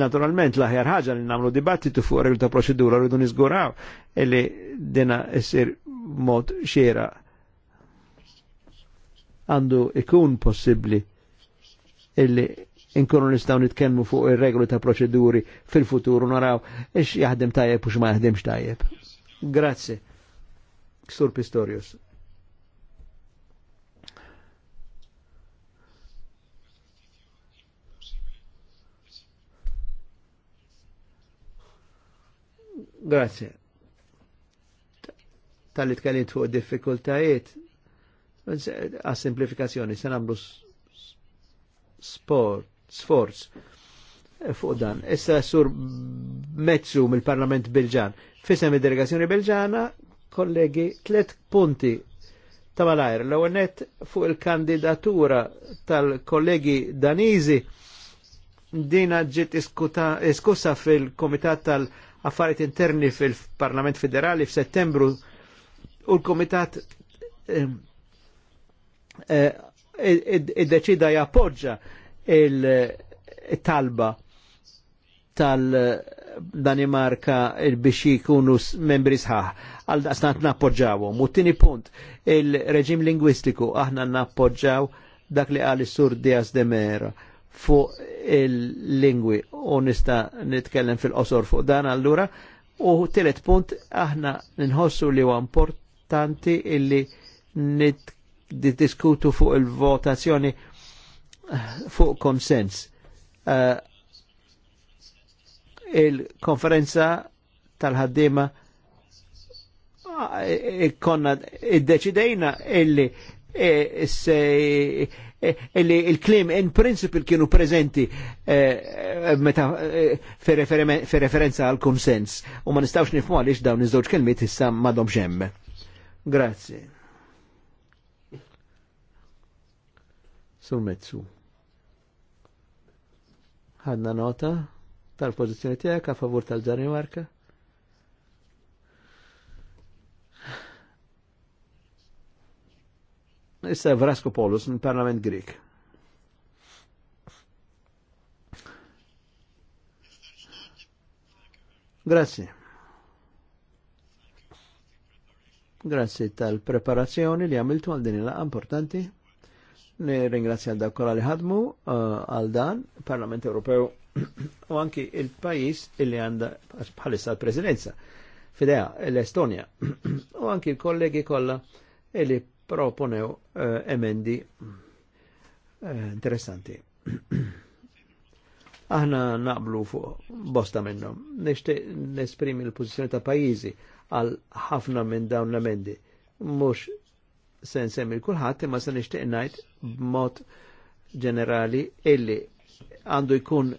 Naturalment l ħar ħaġa li namlu dibattitu fuq reglu ta' proċedura rridu niżguraw li dina essir mod xera. għandu ikun possibbli illi inkunu nistgħu nitkellmu fuq ir-regoli ta' proċeduri fil-futur u naraw ix jaħdem tajjeb u x'ma jaħdimx tajjeb. Grazzi. Sur Pistorius. Grazie. Tal-li tkellimt fuq diffikultajiet, għas simplifikazzjoni, se nagħmlu sport sforz fuq dan. Issa sur mezzu mill-Parlament Belġan. Fisem id-delegazzjoni Belġana, kollegi, tlet punti ta' malajr. L-ewwel net fuq il-kandidatura tal-kollegi Danizi dina ġiet iskussa fil-Komitat tal-Affarijiet Interni fil-Parlament Federali f'Settembru u l-Komitat id-deċida eh, eh, jappoġġa il-talba tal-Danimarka il biex jikunu membri sħaħ. Għal daqsnat nappoġġawhom. U tini punt, il-reġim lingwistiku aħna nappoġġaw dak li għal sur Dias de Mera fuq il-lingwi u nista nitkellem fil-qosor fuq dan allura. U tilet punt, aħna nħossu li huwa importanti illi diskutu fuq il-votazzjoni fuq konsens. Uh, Il-konferenza tal-ħaddima ikkonna eh, eh, id-deċidejna illi illi il-klim in principle kienu prezenti meta fi referenza għal konsens u ma nistawx nifmu għaliex dawn iż-żewġ kelmiet issa m'għadhom xemm. Grazie. sul Mezzu. Ħadna nota tal pozizjoni tijak a favur tal-Danimarka. Issa Vrasko Polus parlament Grek. Grazie. Grazie tal-preparazzjoni li għamiltu għal din il-importanti. Nirringrazzja għal dawk li ħadmu uh, għal dan, Parlament Ewropew u anki il-pajis illi għanda bħalissa l-presidenza fidea l-Estonia u anki il-kollegi kolla li proponew uh, emendi uh, interessanti. Aħna naqblu fuq bosta minnom. Nishtiq nesprimi l-pozizjoni ta' pajizi għal ħafna minn dawn l-emendi. Mux se nsemmi kulħadd imma se nixtieq ngħid b'mod ġenerali illi għandu jkun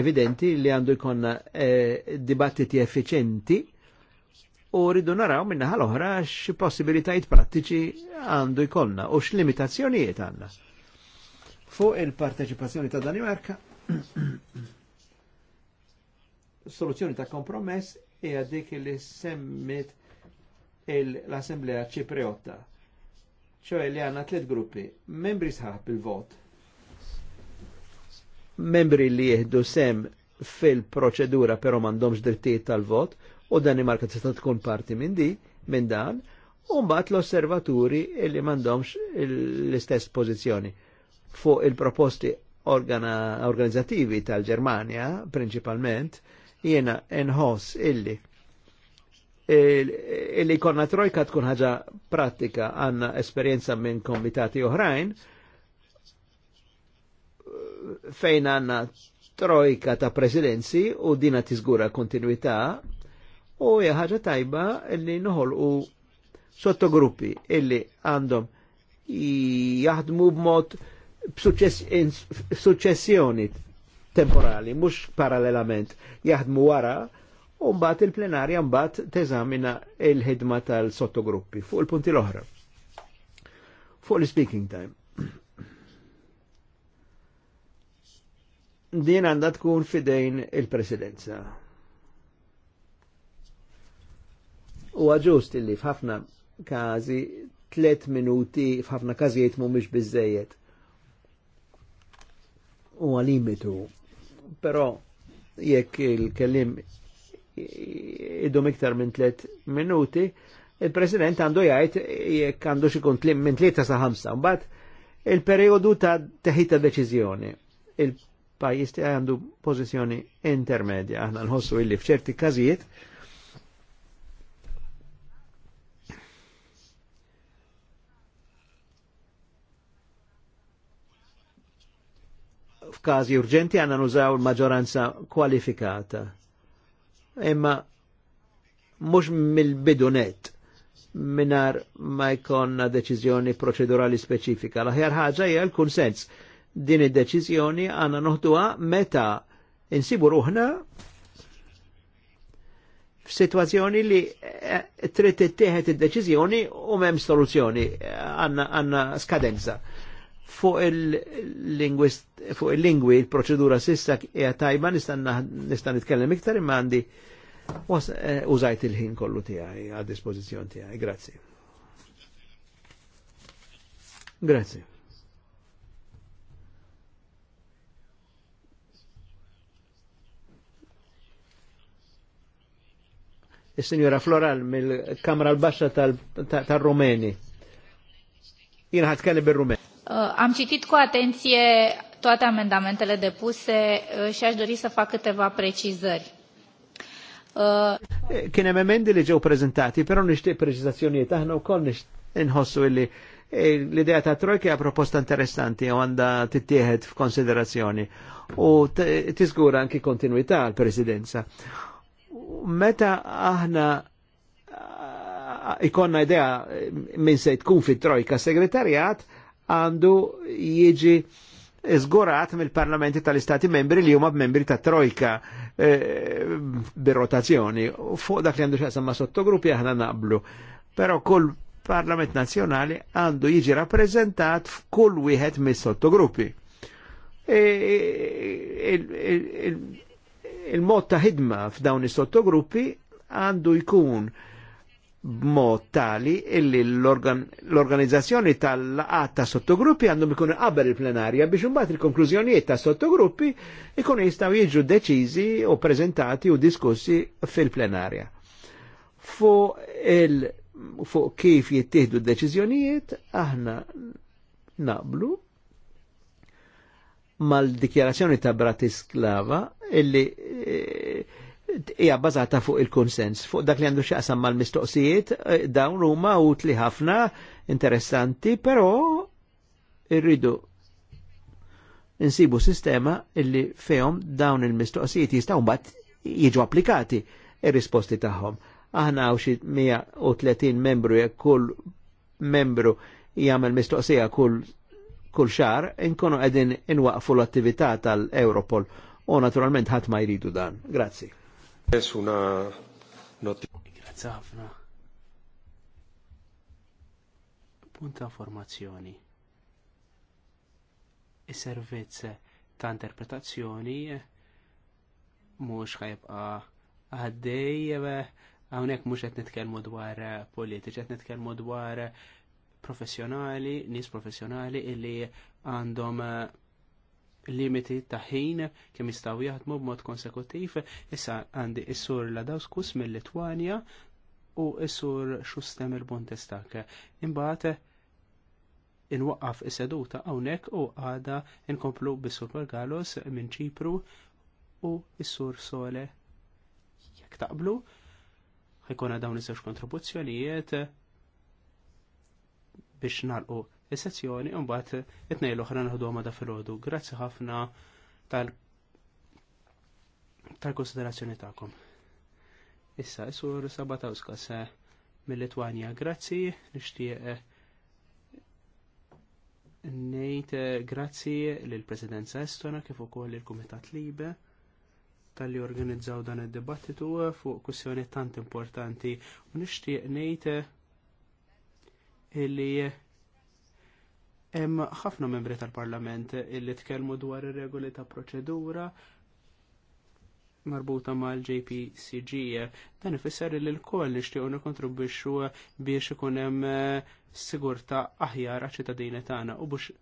evidenti li għandu jkun eh, dibattiti effiċenti u rridu naraw minna ħal oħra xi possibilitajiet prattiċi għandu jkollna u x'limitazzjonijiet għandna. Fuq il-parteċipazzjoni ta' Danimarka, soluzzjoni ta' kompromess hija dik li semmit l-Assemblea Ċipriotta ċoħe li għanna tliet gruppi, membri sħab il-vot, membri li jihdu sem fil-proċedura pero mandomx drittijiet tal-vot, u Danimarka tista' tkun parti minn di, minn dan, u mbagħad l-osservaturi li mandomx l-istess pożizzjoni fuq il-proposti organizzativi tal-Ġermanja, prinċipalment, jiena nħoss illi li konna trojka tkun ħaġa pratika għanna esperienza minn komitati oħrajn fejn għanna trojka ta' presidenzi u dina tiżgura kontinuità u ħaġa tajba li noħol u sottogruppi illi għandhom jaħdmu b'mod b'suċessjoni temporali, mux parallelament, jaħdmu wara u mbagħad il-plenarja mbagħad teżamina il-ħidma tal-sottogruppi fuq il-punti l-oħra. Fuq l-speaking time. Din għandha tkun fidejn il-presidenza. U ġust illi f'ħafna każi tliet minuti f'ħafna każijiet mhumiex biżejjed. Huwa limitu. Però jekk il-kellim idhom iktar minn tliet minuti, il-President għandu jgħid jekk għandu xi kont minn tlieta sa ħamsa. Mbagħad il-perjodu ta' teħita deċiżjoni. Il-pajjiż għandu pożizzjoni intermedja, aħna nħossu illi f'ċerti każijiet f'każi urġenti għanna nużaw il maġoranza kwalifikata imma mhux mill-bidunet minar ma jkonna deċiżjoni proċedurali speċifika. L-aħjar ħaġa hija l-kunsens. Din id-deċiżjoni għandna noħduha meta insibu ruħna f'sitwazzjoni li eh, trid tittieħed id-deċiżjoni u m'hemm soluzzjoni għandna skadenza. Fuq il-lingwi, fuq il-lingwi, il-proċedura sissa hija tajba nista' nitkellem iktar imma għandi eh, użajt il-ħin kollu tiegħi għad dispożizzjoni tiegħi. Grazzi. Grazzi. il-Sinjora Floral mill-Kamra l-Baxxa tal-Rumeni. Jien ħatkellem bil-Rumeni. Uh, am citit cu atenție toate amendamentele depuse uh, și aș dori să fac câteva precizări. Uh, Kien hemm emendi li ġew preżentati, però nixtieq preċizazzjonijiet aħna wkoll inħossu illi e, l-idea ta' trojka proposta interessanti u għandha tittieħed f'konsiderazzjoni u tiżgura anki kontinuità għall presidenza Meta aħna ikonna idea e, minn se tkun fit trojka segretarjat, għandu jieġi zgurat mill-parlamenti tal-istati membri li huma membri ta' trojka e, eh, bir-rotazzjoni. Fuq dak li għandu xaqsam ma' sottogruppi aħna naqblu. Però kull parlament nazjonali għandu jiġi rappresentat f'kull wieħed mis sottogruppi. E, e, e, il-mod ta' ħidma f'dawn is-sottogruppi għandu jkun b'mod tali illi l-organizzazzjoni tal-laqat ta' sottogruppi għandhom ikunu qabel il-plenarja biex imbagħad il-konklużjonijiet ta' sottogruppi ikunu jistgħu jiġu deċiżi u preżentati u diskussi fil-plenarja. Fu il fuq kif jittieħdu d-deċiżjonijiet aħna naqblu mal-dikjarazzjoni ta' Bratislava illi eh, hija bbażata fuq il-konsens. Fuq dak li għandu x'aqsam mal-mistoqsijiet, eh, dawn huma utli ħafna, interessanti, però irridu insibu sistema illi fejhom dawn il-mistoqsijiet jistgħu mbagħad jiġu applikati ir-risposti tagħhom. Aħna hawn xi 130 membru jekk kull membru jagħmel mistoqsija kull kull xar inkunu qegħdin inwaqfu l-attività tal-Europol u naturalment ħadd ma jridu dan. Grazzi. Es Grazie Punta informazzjoni. is servizze ta' interpretazzjoni eh, mhux ħajbqa għaddej eh, hawnhekk mhux qed nitkellmu dwar eh, politiċi, qed nitkellmu dwar professjonali, nis professjonali illi għandhom limiti ta' ħin kemm jistgħu jaħdmu b'mod konsekuttiv, issa għandi is-sur Ladawskus mill-Litwanja u is-sur Xustem il-Bontestak. Imbagħad inwaqqaf is-seduta hawnhekk u għada inkomplu bis-sur Bargalos minn Ċipru u is-sur Sole jekk taqblu Ħajkuna dawn iż-żewġ kontribuzzjonijiet biex nagħlqu is-sezzjoni u mbagħad it-tnejn l-oħra naħduhom da filgħodu. Grazzi ħafna tal tal-konsiderazzjoni tagħkom. Issa, sur Sabatawskas mill-Litwanja, grazzi, nixtieq eh, Nejt eh, grazzi l-Presidenza Estona kif ukoll il-Kumitat Libe tal-li organizzaw dan id-dibattitu fuq kwissjoni tant importanti u nixtieq ngħid eh, illi Hemm ħafna membri tal-Parlament illi tkellmu dwar ir-regoli ta' proċedura marbuta mal-JPCG. Dan ifisser li l-koll nixtiequ nikontribwixxu biex ikun hemm eh, sigurtà aħjar għaċ-ċittadini tagħna u biex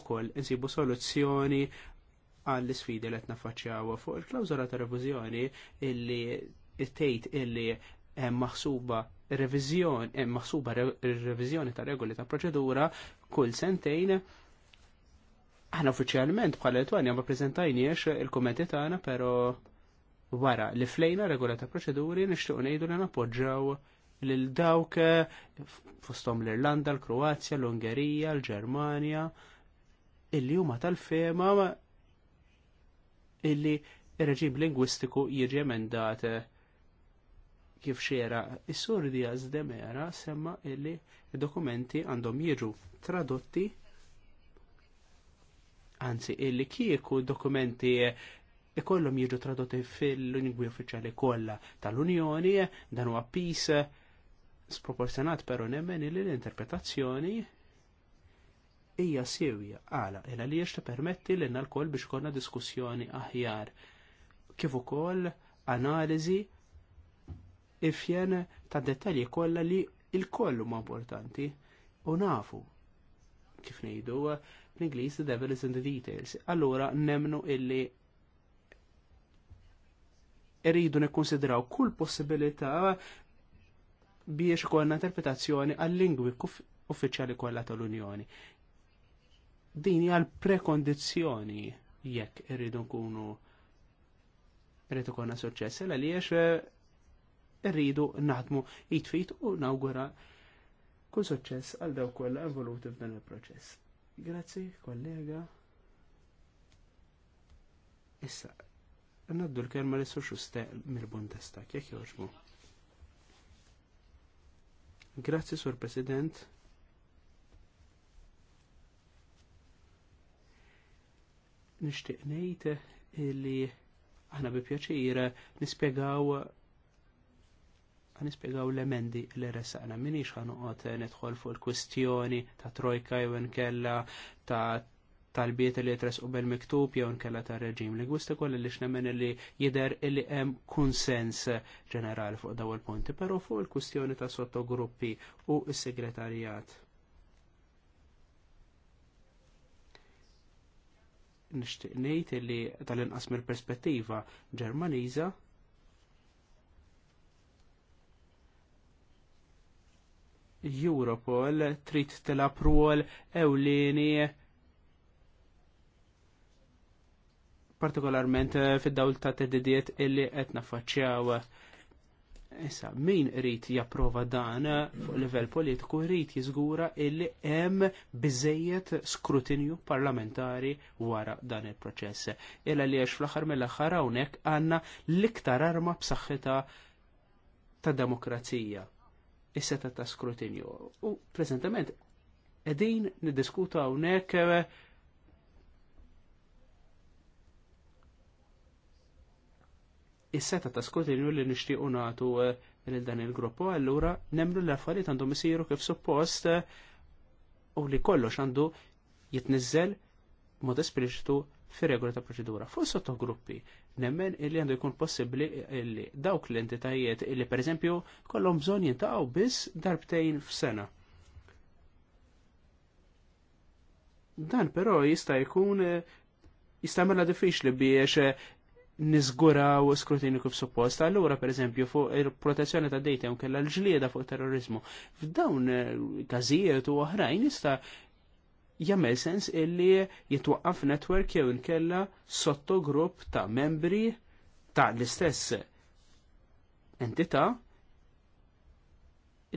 ukoll insibu soluzzjoni għall isfidi li qed naffaċċjaw fuq il-klawżola ta' reviżjoni illi tgħid illi hemm maħsuba revizjoni, eh, maħsuba revizjoni ta' regoli ta' proċedura kull sentejn. Aħna uffiċjalment bħala Letwanja ma prezentajniex il kumenti tagħna, pero wara li flejna regola ta' proċeduri nixtieq ngħidu li nappoġġaw lil dawk eh, fosthom l-Irlanda, l-Kroazja, l-Ungerija, l-Ġermanja, illi huma tal-fema illi ir-reġim lingwistiku jiġi emendat eh, kif xera. Is-sur Diaz de Mera semma illi dokumenti għandhom jiġu tradotti anzi illi kieku dokumenti eh, ikollhom jiġu tradotti fil-lingwi uffiċjali kollha tal-Unjoni dan huwa pis eh, sproporzjonat però nemmen li l-interpretazzjoni hija sewja għala il għaliex tippermetti lilna l biex konna diskussjoni aħjar kif ukoll analiżi ifjen ta' dettalji kollha li il-kollu ma' importanti u nafu kif ngħidu l ingliż the devil is in the details. Allura nemnu illi irridu nikkonsidraw kull possibilità biex konna interpretazzjoni għal-lingwi uffiċjali kollha tal-Unjoni. Din hija l-prekondizzjoni jekk irridu nkunu irrid ikolna suċċess għaliex rridu naħdmu jitfit u nawgura kull suċċess għal daw kollha involuti f'dan il-proċess. Grazzi, kollega. Issa, naddu l-kelma li suxu steq mill testa, jekk joġbu. Grazzi, Sur President. Nishtiq ngħid li aħna bi pjaċir nispjegaw għanispiegaw l-emendi li resaqna minix għanuqot eh, nidħol fuq il-kwistjoni ta' trojka jew nkella ta' talbiet li u bel miktub jew nkella ta' reġim li lix kolli li jider li hemm konsens ġenerali fuq daw il-punti, però fuq il-kwistjoni ta' sottogruppi u s-segretarijat. Nixtieq ngħid li tal-inqas mill-perspettiva Ġermaniża Europol trid telab rwol ewlieni partikolarment eh, fid-dawl ta' teddidiet illi qed naffaċċjaw. Issa, min rrit japprova dan eh, fuq livell politiku rrit jiżgura illi hemm biżejjed skrutinju parlamentari wara dan il-proċess. Illa li għax fl-aħħar mill-aħħar hawnhekk għandna l-iktar arma b'saħħitha ta' demokrazija is-seta ta' skrutinju. U prezentament edin niddiskuta hawnhekk is-seta ta' skrutinju li nixtiequ nagħtu eh, lil dan il-gruppo, allura nemru l-affarijiet għandhom isiru kif suppost eh, u li kollox għandu jitniżżel mod espliċitu fir-regola ta' proċedura. Fuq sottogruppi, nemmen illi għandu jkun possibbli illi dawk l-entitajiet illi pereżempju kollhom bżonn jintaqgħu biss darbtejn f'sena. Dan però jista' jkun eh, jista' mela diffiċli biex skrutini eh, skrutiniku suppost. Allura, pereżempju, fuq il-protezzjoni ta' dejta jew kellha l-ġlieda fuq terrorizmu. F'dawn eh, każijiet u oħrajn jista' jagħmel sens illi jitwaqqaf netwerk jew inkella sottogrupp ta' membri ta' l-istess entità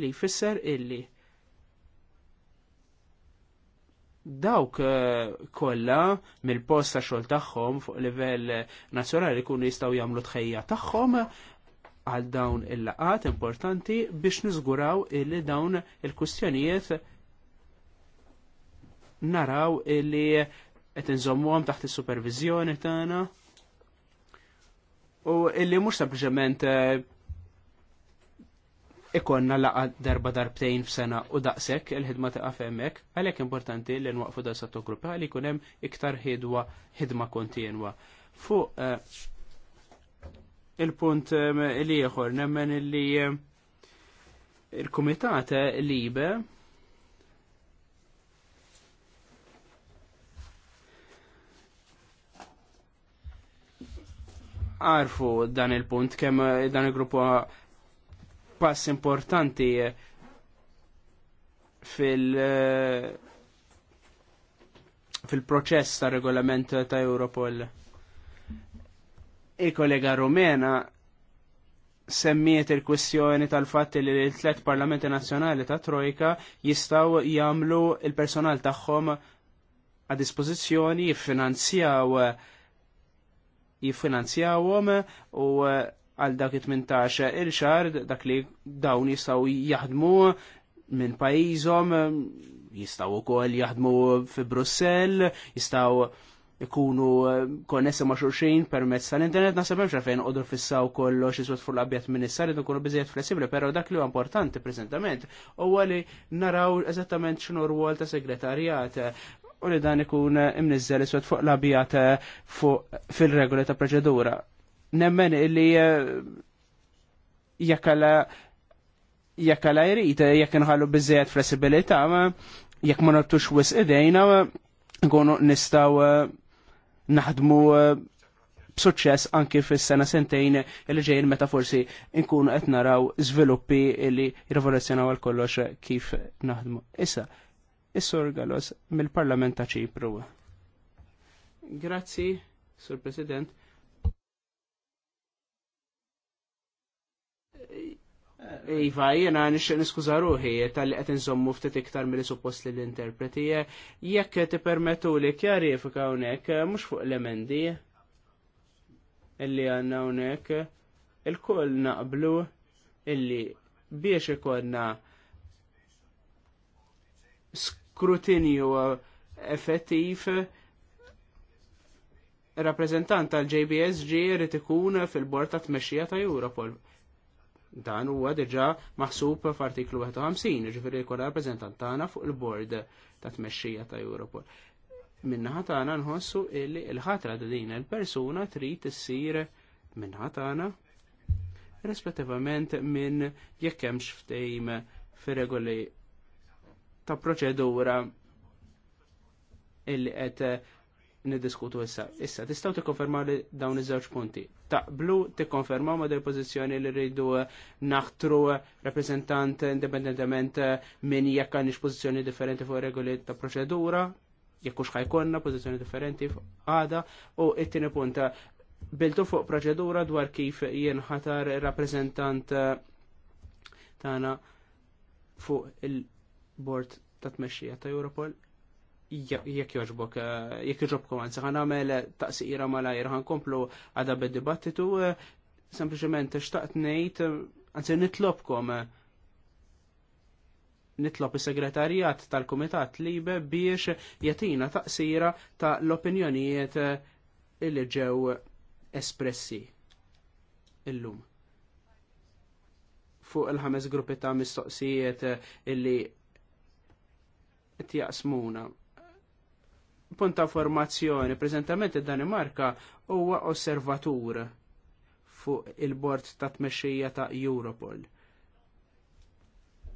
li jfisser illi dawk eh, kollha mill-post ta' xogħol tagħhom fuq livell nazzjonali jkunu jistgħu jagħmlu tħejja tagħhom għal dawn il-laqat importanti biex niżguraw illi dawn il-kustjonijiet naraw illi qed inżommuhom taħt is-supervizjoni tagħna. U illi mhux sempliċement eh, ikonna laqa darba darbtejn f'sena u daqshekk il-ħidma ta' femmek, għalhekk importanti li nwaqfu da' sa' għal ikun hemm iktar ħidwa, ħidma kontinwa. Fuq eh, il-punt eh, li ieħor nemmen li il kumitat libe għarfu dan il-punt kemm eh, dan il-gruppu pass importanti eh, fil- eh, fil-proċess ta' regolament ta' Europol. Il-kollega Rumena semmiet il-kwistjoni tal fat li l-tlet parlamenti nazzjonali ta' Trojka jistaw jamlu il-personal tagħhom a dispożizzjoni jiffinanzjaw jiffinanzjawhom u eh, għal dak 18 il-xar dak li dawn jistgħu jaħdmu minn pajjiżhom jistgħu wkoll jaħdmu fi Brussell, jistgħu ikunu eh, konnessi ma' xulxin permezz tal-internet, nasab hemmx fejn qogħdu fissaw kollox iswed fuq l-abjad ministar irid ikunu biżejjed flessibbli, però dak li huwa importanti preżentament huwa li naraw eżattament x'inhu rwol ta' segretarjat u li dan ikun imnizzel iswed fuq labijat eh, fuq fil-regoli ta' proċedura. Nemmen illi jekkala eh, jekkala jirrit, jekk eh, nħallu bizzejat flessibilita, jekk ma nottux wis idejna, nkunu nistaw naħdmu b'suċċess anki fis-sena sentejn li ġejjin meta forsi nkunu qed naraw żviluppi li jirrivoluzzjonaw għal kollox kif naħdmu. Issa, Is-Sur Galos mill-Parlament ta' Ċipru. Grazzi, Sur President. Iva, jena nixxie niskuza ruħi tal-li għet nżommu ftit iktar mill suppost li l-interpreti, jekk ti permetu li kjarifika unek, mux fuq l-emendi, illi għanna unek, il-koll naqblu illi biex ikonna skrutinju effettiv rappresentant tal-JBSG jrid ikun fil-bord ta' tmexxija ta' Europol. Dan huwa diġà maħsub f'artiklu 51, ġifieri jkun rappreżentant tagħna fuq il-bord ta' tmexxija ta' Europol. Minnaħa tagħna nħossu illi l-ħatra ta' din il-persuna trid issir minnaħa tagħna rispettivament minn jekk hemmx ftehim fir-regoli ta' proċedura illi qed eh, niddiskutu issa. Issa, tistgħu tikkonfermaw li dawn iż-żewġ punti. Taqblu tikkonfermaw ma' pożizzjoni li rridu eh, naħtru eh, rappresentant indipendentement minn jekk għandix pożizzjoni differenti fuq regoli ta' proċedura, jekk hux ħajkonna pożizzjoni differenti għada, u it-tieni punta biltu fuq proċedura dwar kif jienħatar rappresentant tagħna fuq il- bord ta' tmexxija ta' Europol jekk joġbok, jekk joġbok għanzi eh, ħan għamel taqsira malajr ħan komplu għada bid-dibattitu, eh, sempliciment xtaqt nejt, għanzi eh, nitlobkom nitlob is segretarjat tal-Komitat Libe biex jatina taqsira ta' l-opinjonijiet illi ġew espressi illum. Fuq il-ħames gruppi ta' mistoqsijiet illi qed jaqsmuna. Punt ta' formazzjoni, preżentament id-Danimarka huwa osservatur fuq il-bord ta' tmexxija ta' Europol.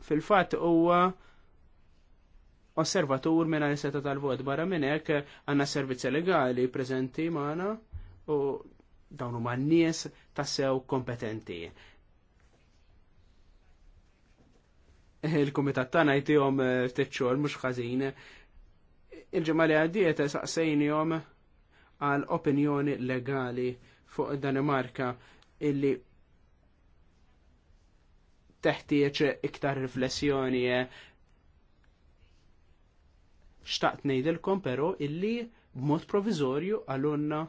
Fil-fatt huwa osservatur minn għal seta tal-vot barra minn hekk għandna servizzi legali preżenti magħna u dawn huma n-nies tassew kompetenti. Eh, il-komitat tana jtijom eh, ftit xogħol mhux ħażin. Il-ġimgħa li għaddiet eh, saqsejnihom għal opinjoni legali fuq Danimarka illi teħtieġ iktar riflessjoni xtaqt ngħidilkom però illi b'mod proviżorju għalunna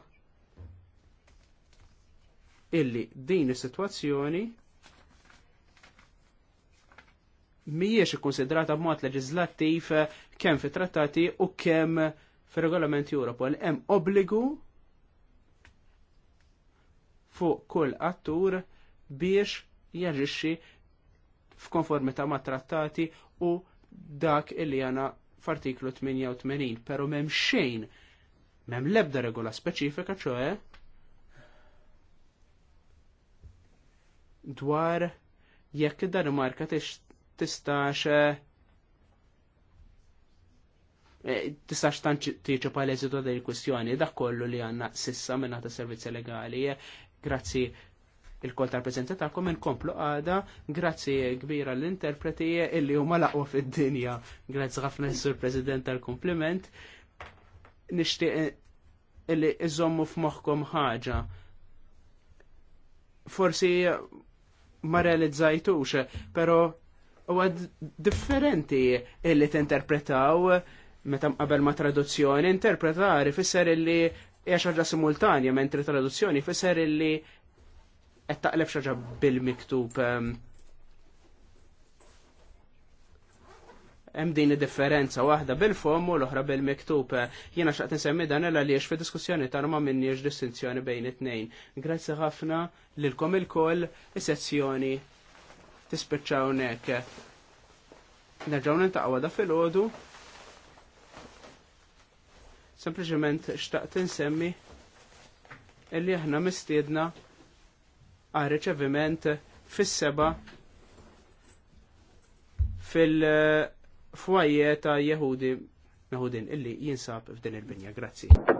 illi din is-sitwazzjoni mhijiex ikkonsidrata b'mod leġislattiv kemm fit-trattati u kemm fir-regolament Europol. Hemm obbligu fuq kull attur biex jaġixxi f'konformità mat trattati u dak illi għana f'artiklu 88, però m'hemm xejn, l lebda regola speċifika ċoħe dwar jekk dar marka tistax eh, eh, tistax tant tiġu pal-eżitu dej kwistjoni dak kollu li għanna sissa minna ta' servizzi legali. Grazzi il-kol ta' komen inkomplu għada, grazzi kbira l-interpreti illi huma laqwa fid-dinja. Grazzi ħafna s-sur President tal-kompliment. Nishtiq eh, illi iżommu f'moħħkom ħaġa. Forsi ma realizzajtux, pero għad differenti illi tinterpretaw meta qabel ma traduzzjoni interpretari fisser illi hija ħaġa simultanja mentri traduzzjoni fisser illi qed taqleb xaġa bil-miktub ehm, hemm din differenza waħda bil-fom u l-oħra bil-miktub. Jiena xaqt insemmi dan l għaliex fi diskussjoni tagħna ma minniex distinzjoni bejn it-tnejn. Grazzi ħafna lilkom il-koll is-sezzjoni tispiċċa nek nerġaw nintaqwa da filgħodu. Sempliċement xtaqt insemmi illi aħna mistiedna għal riċeviment fis-seba fil-fwajje ta' Jehudi Mehudin illi jinsab f'din il-binja. Grazzi.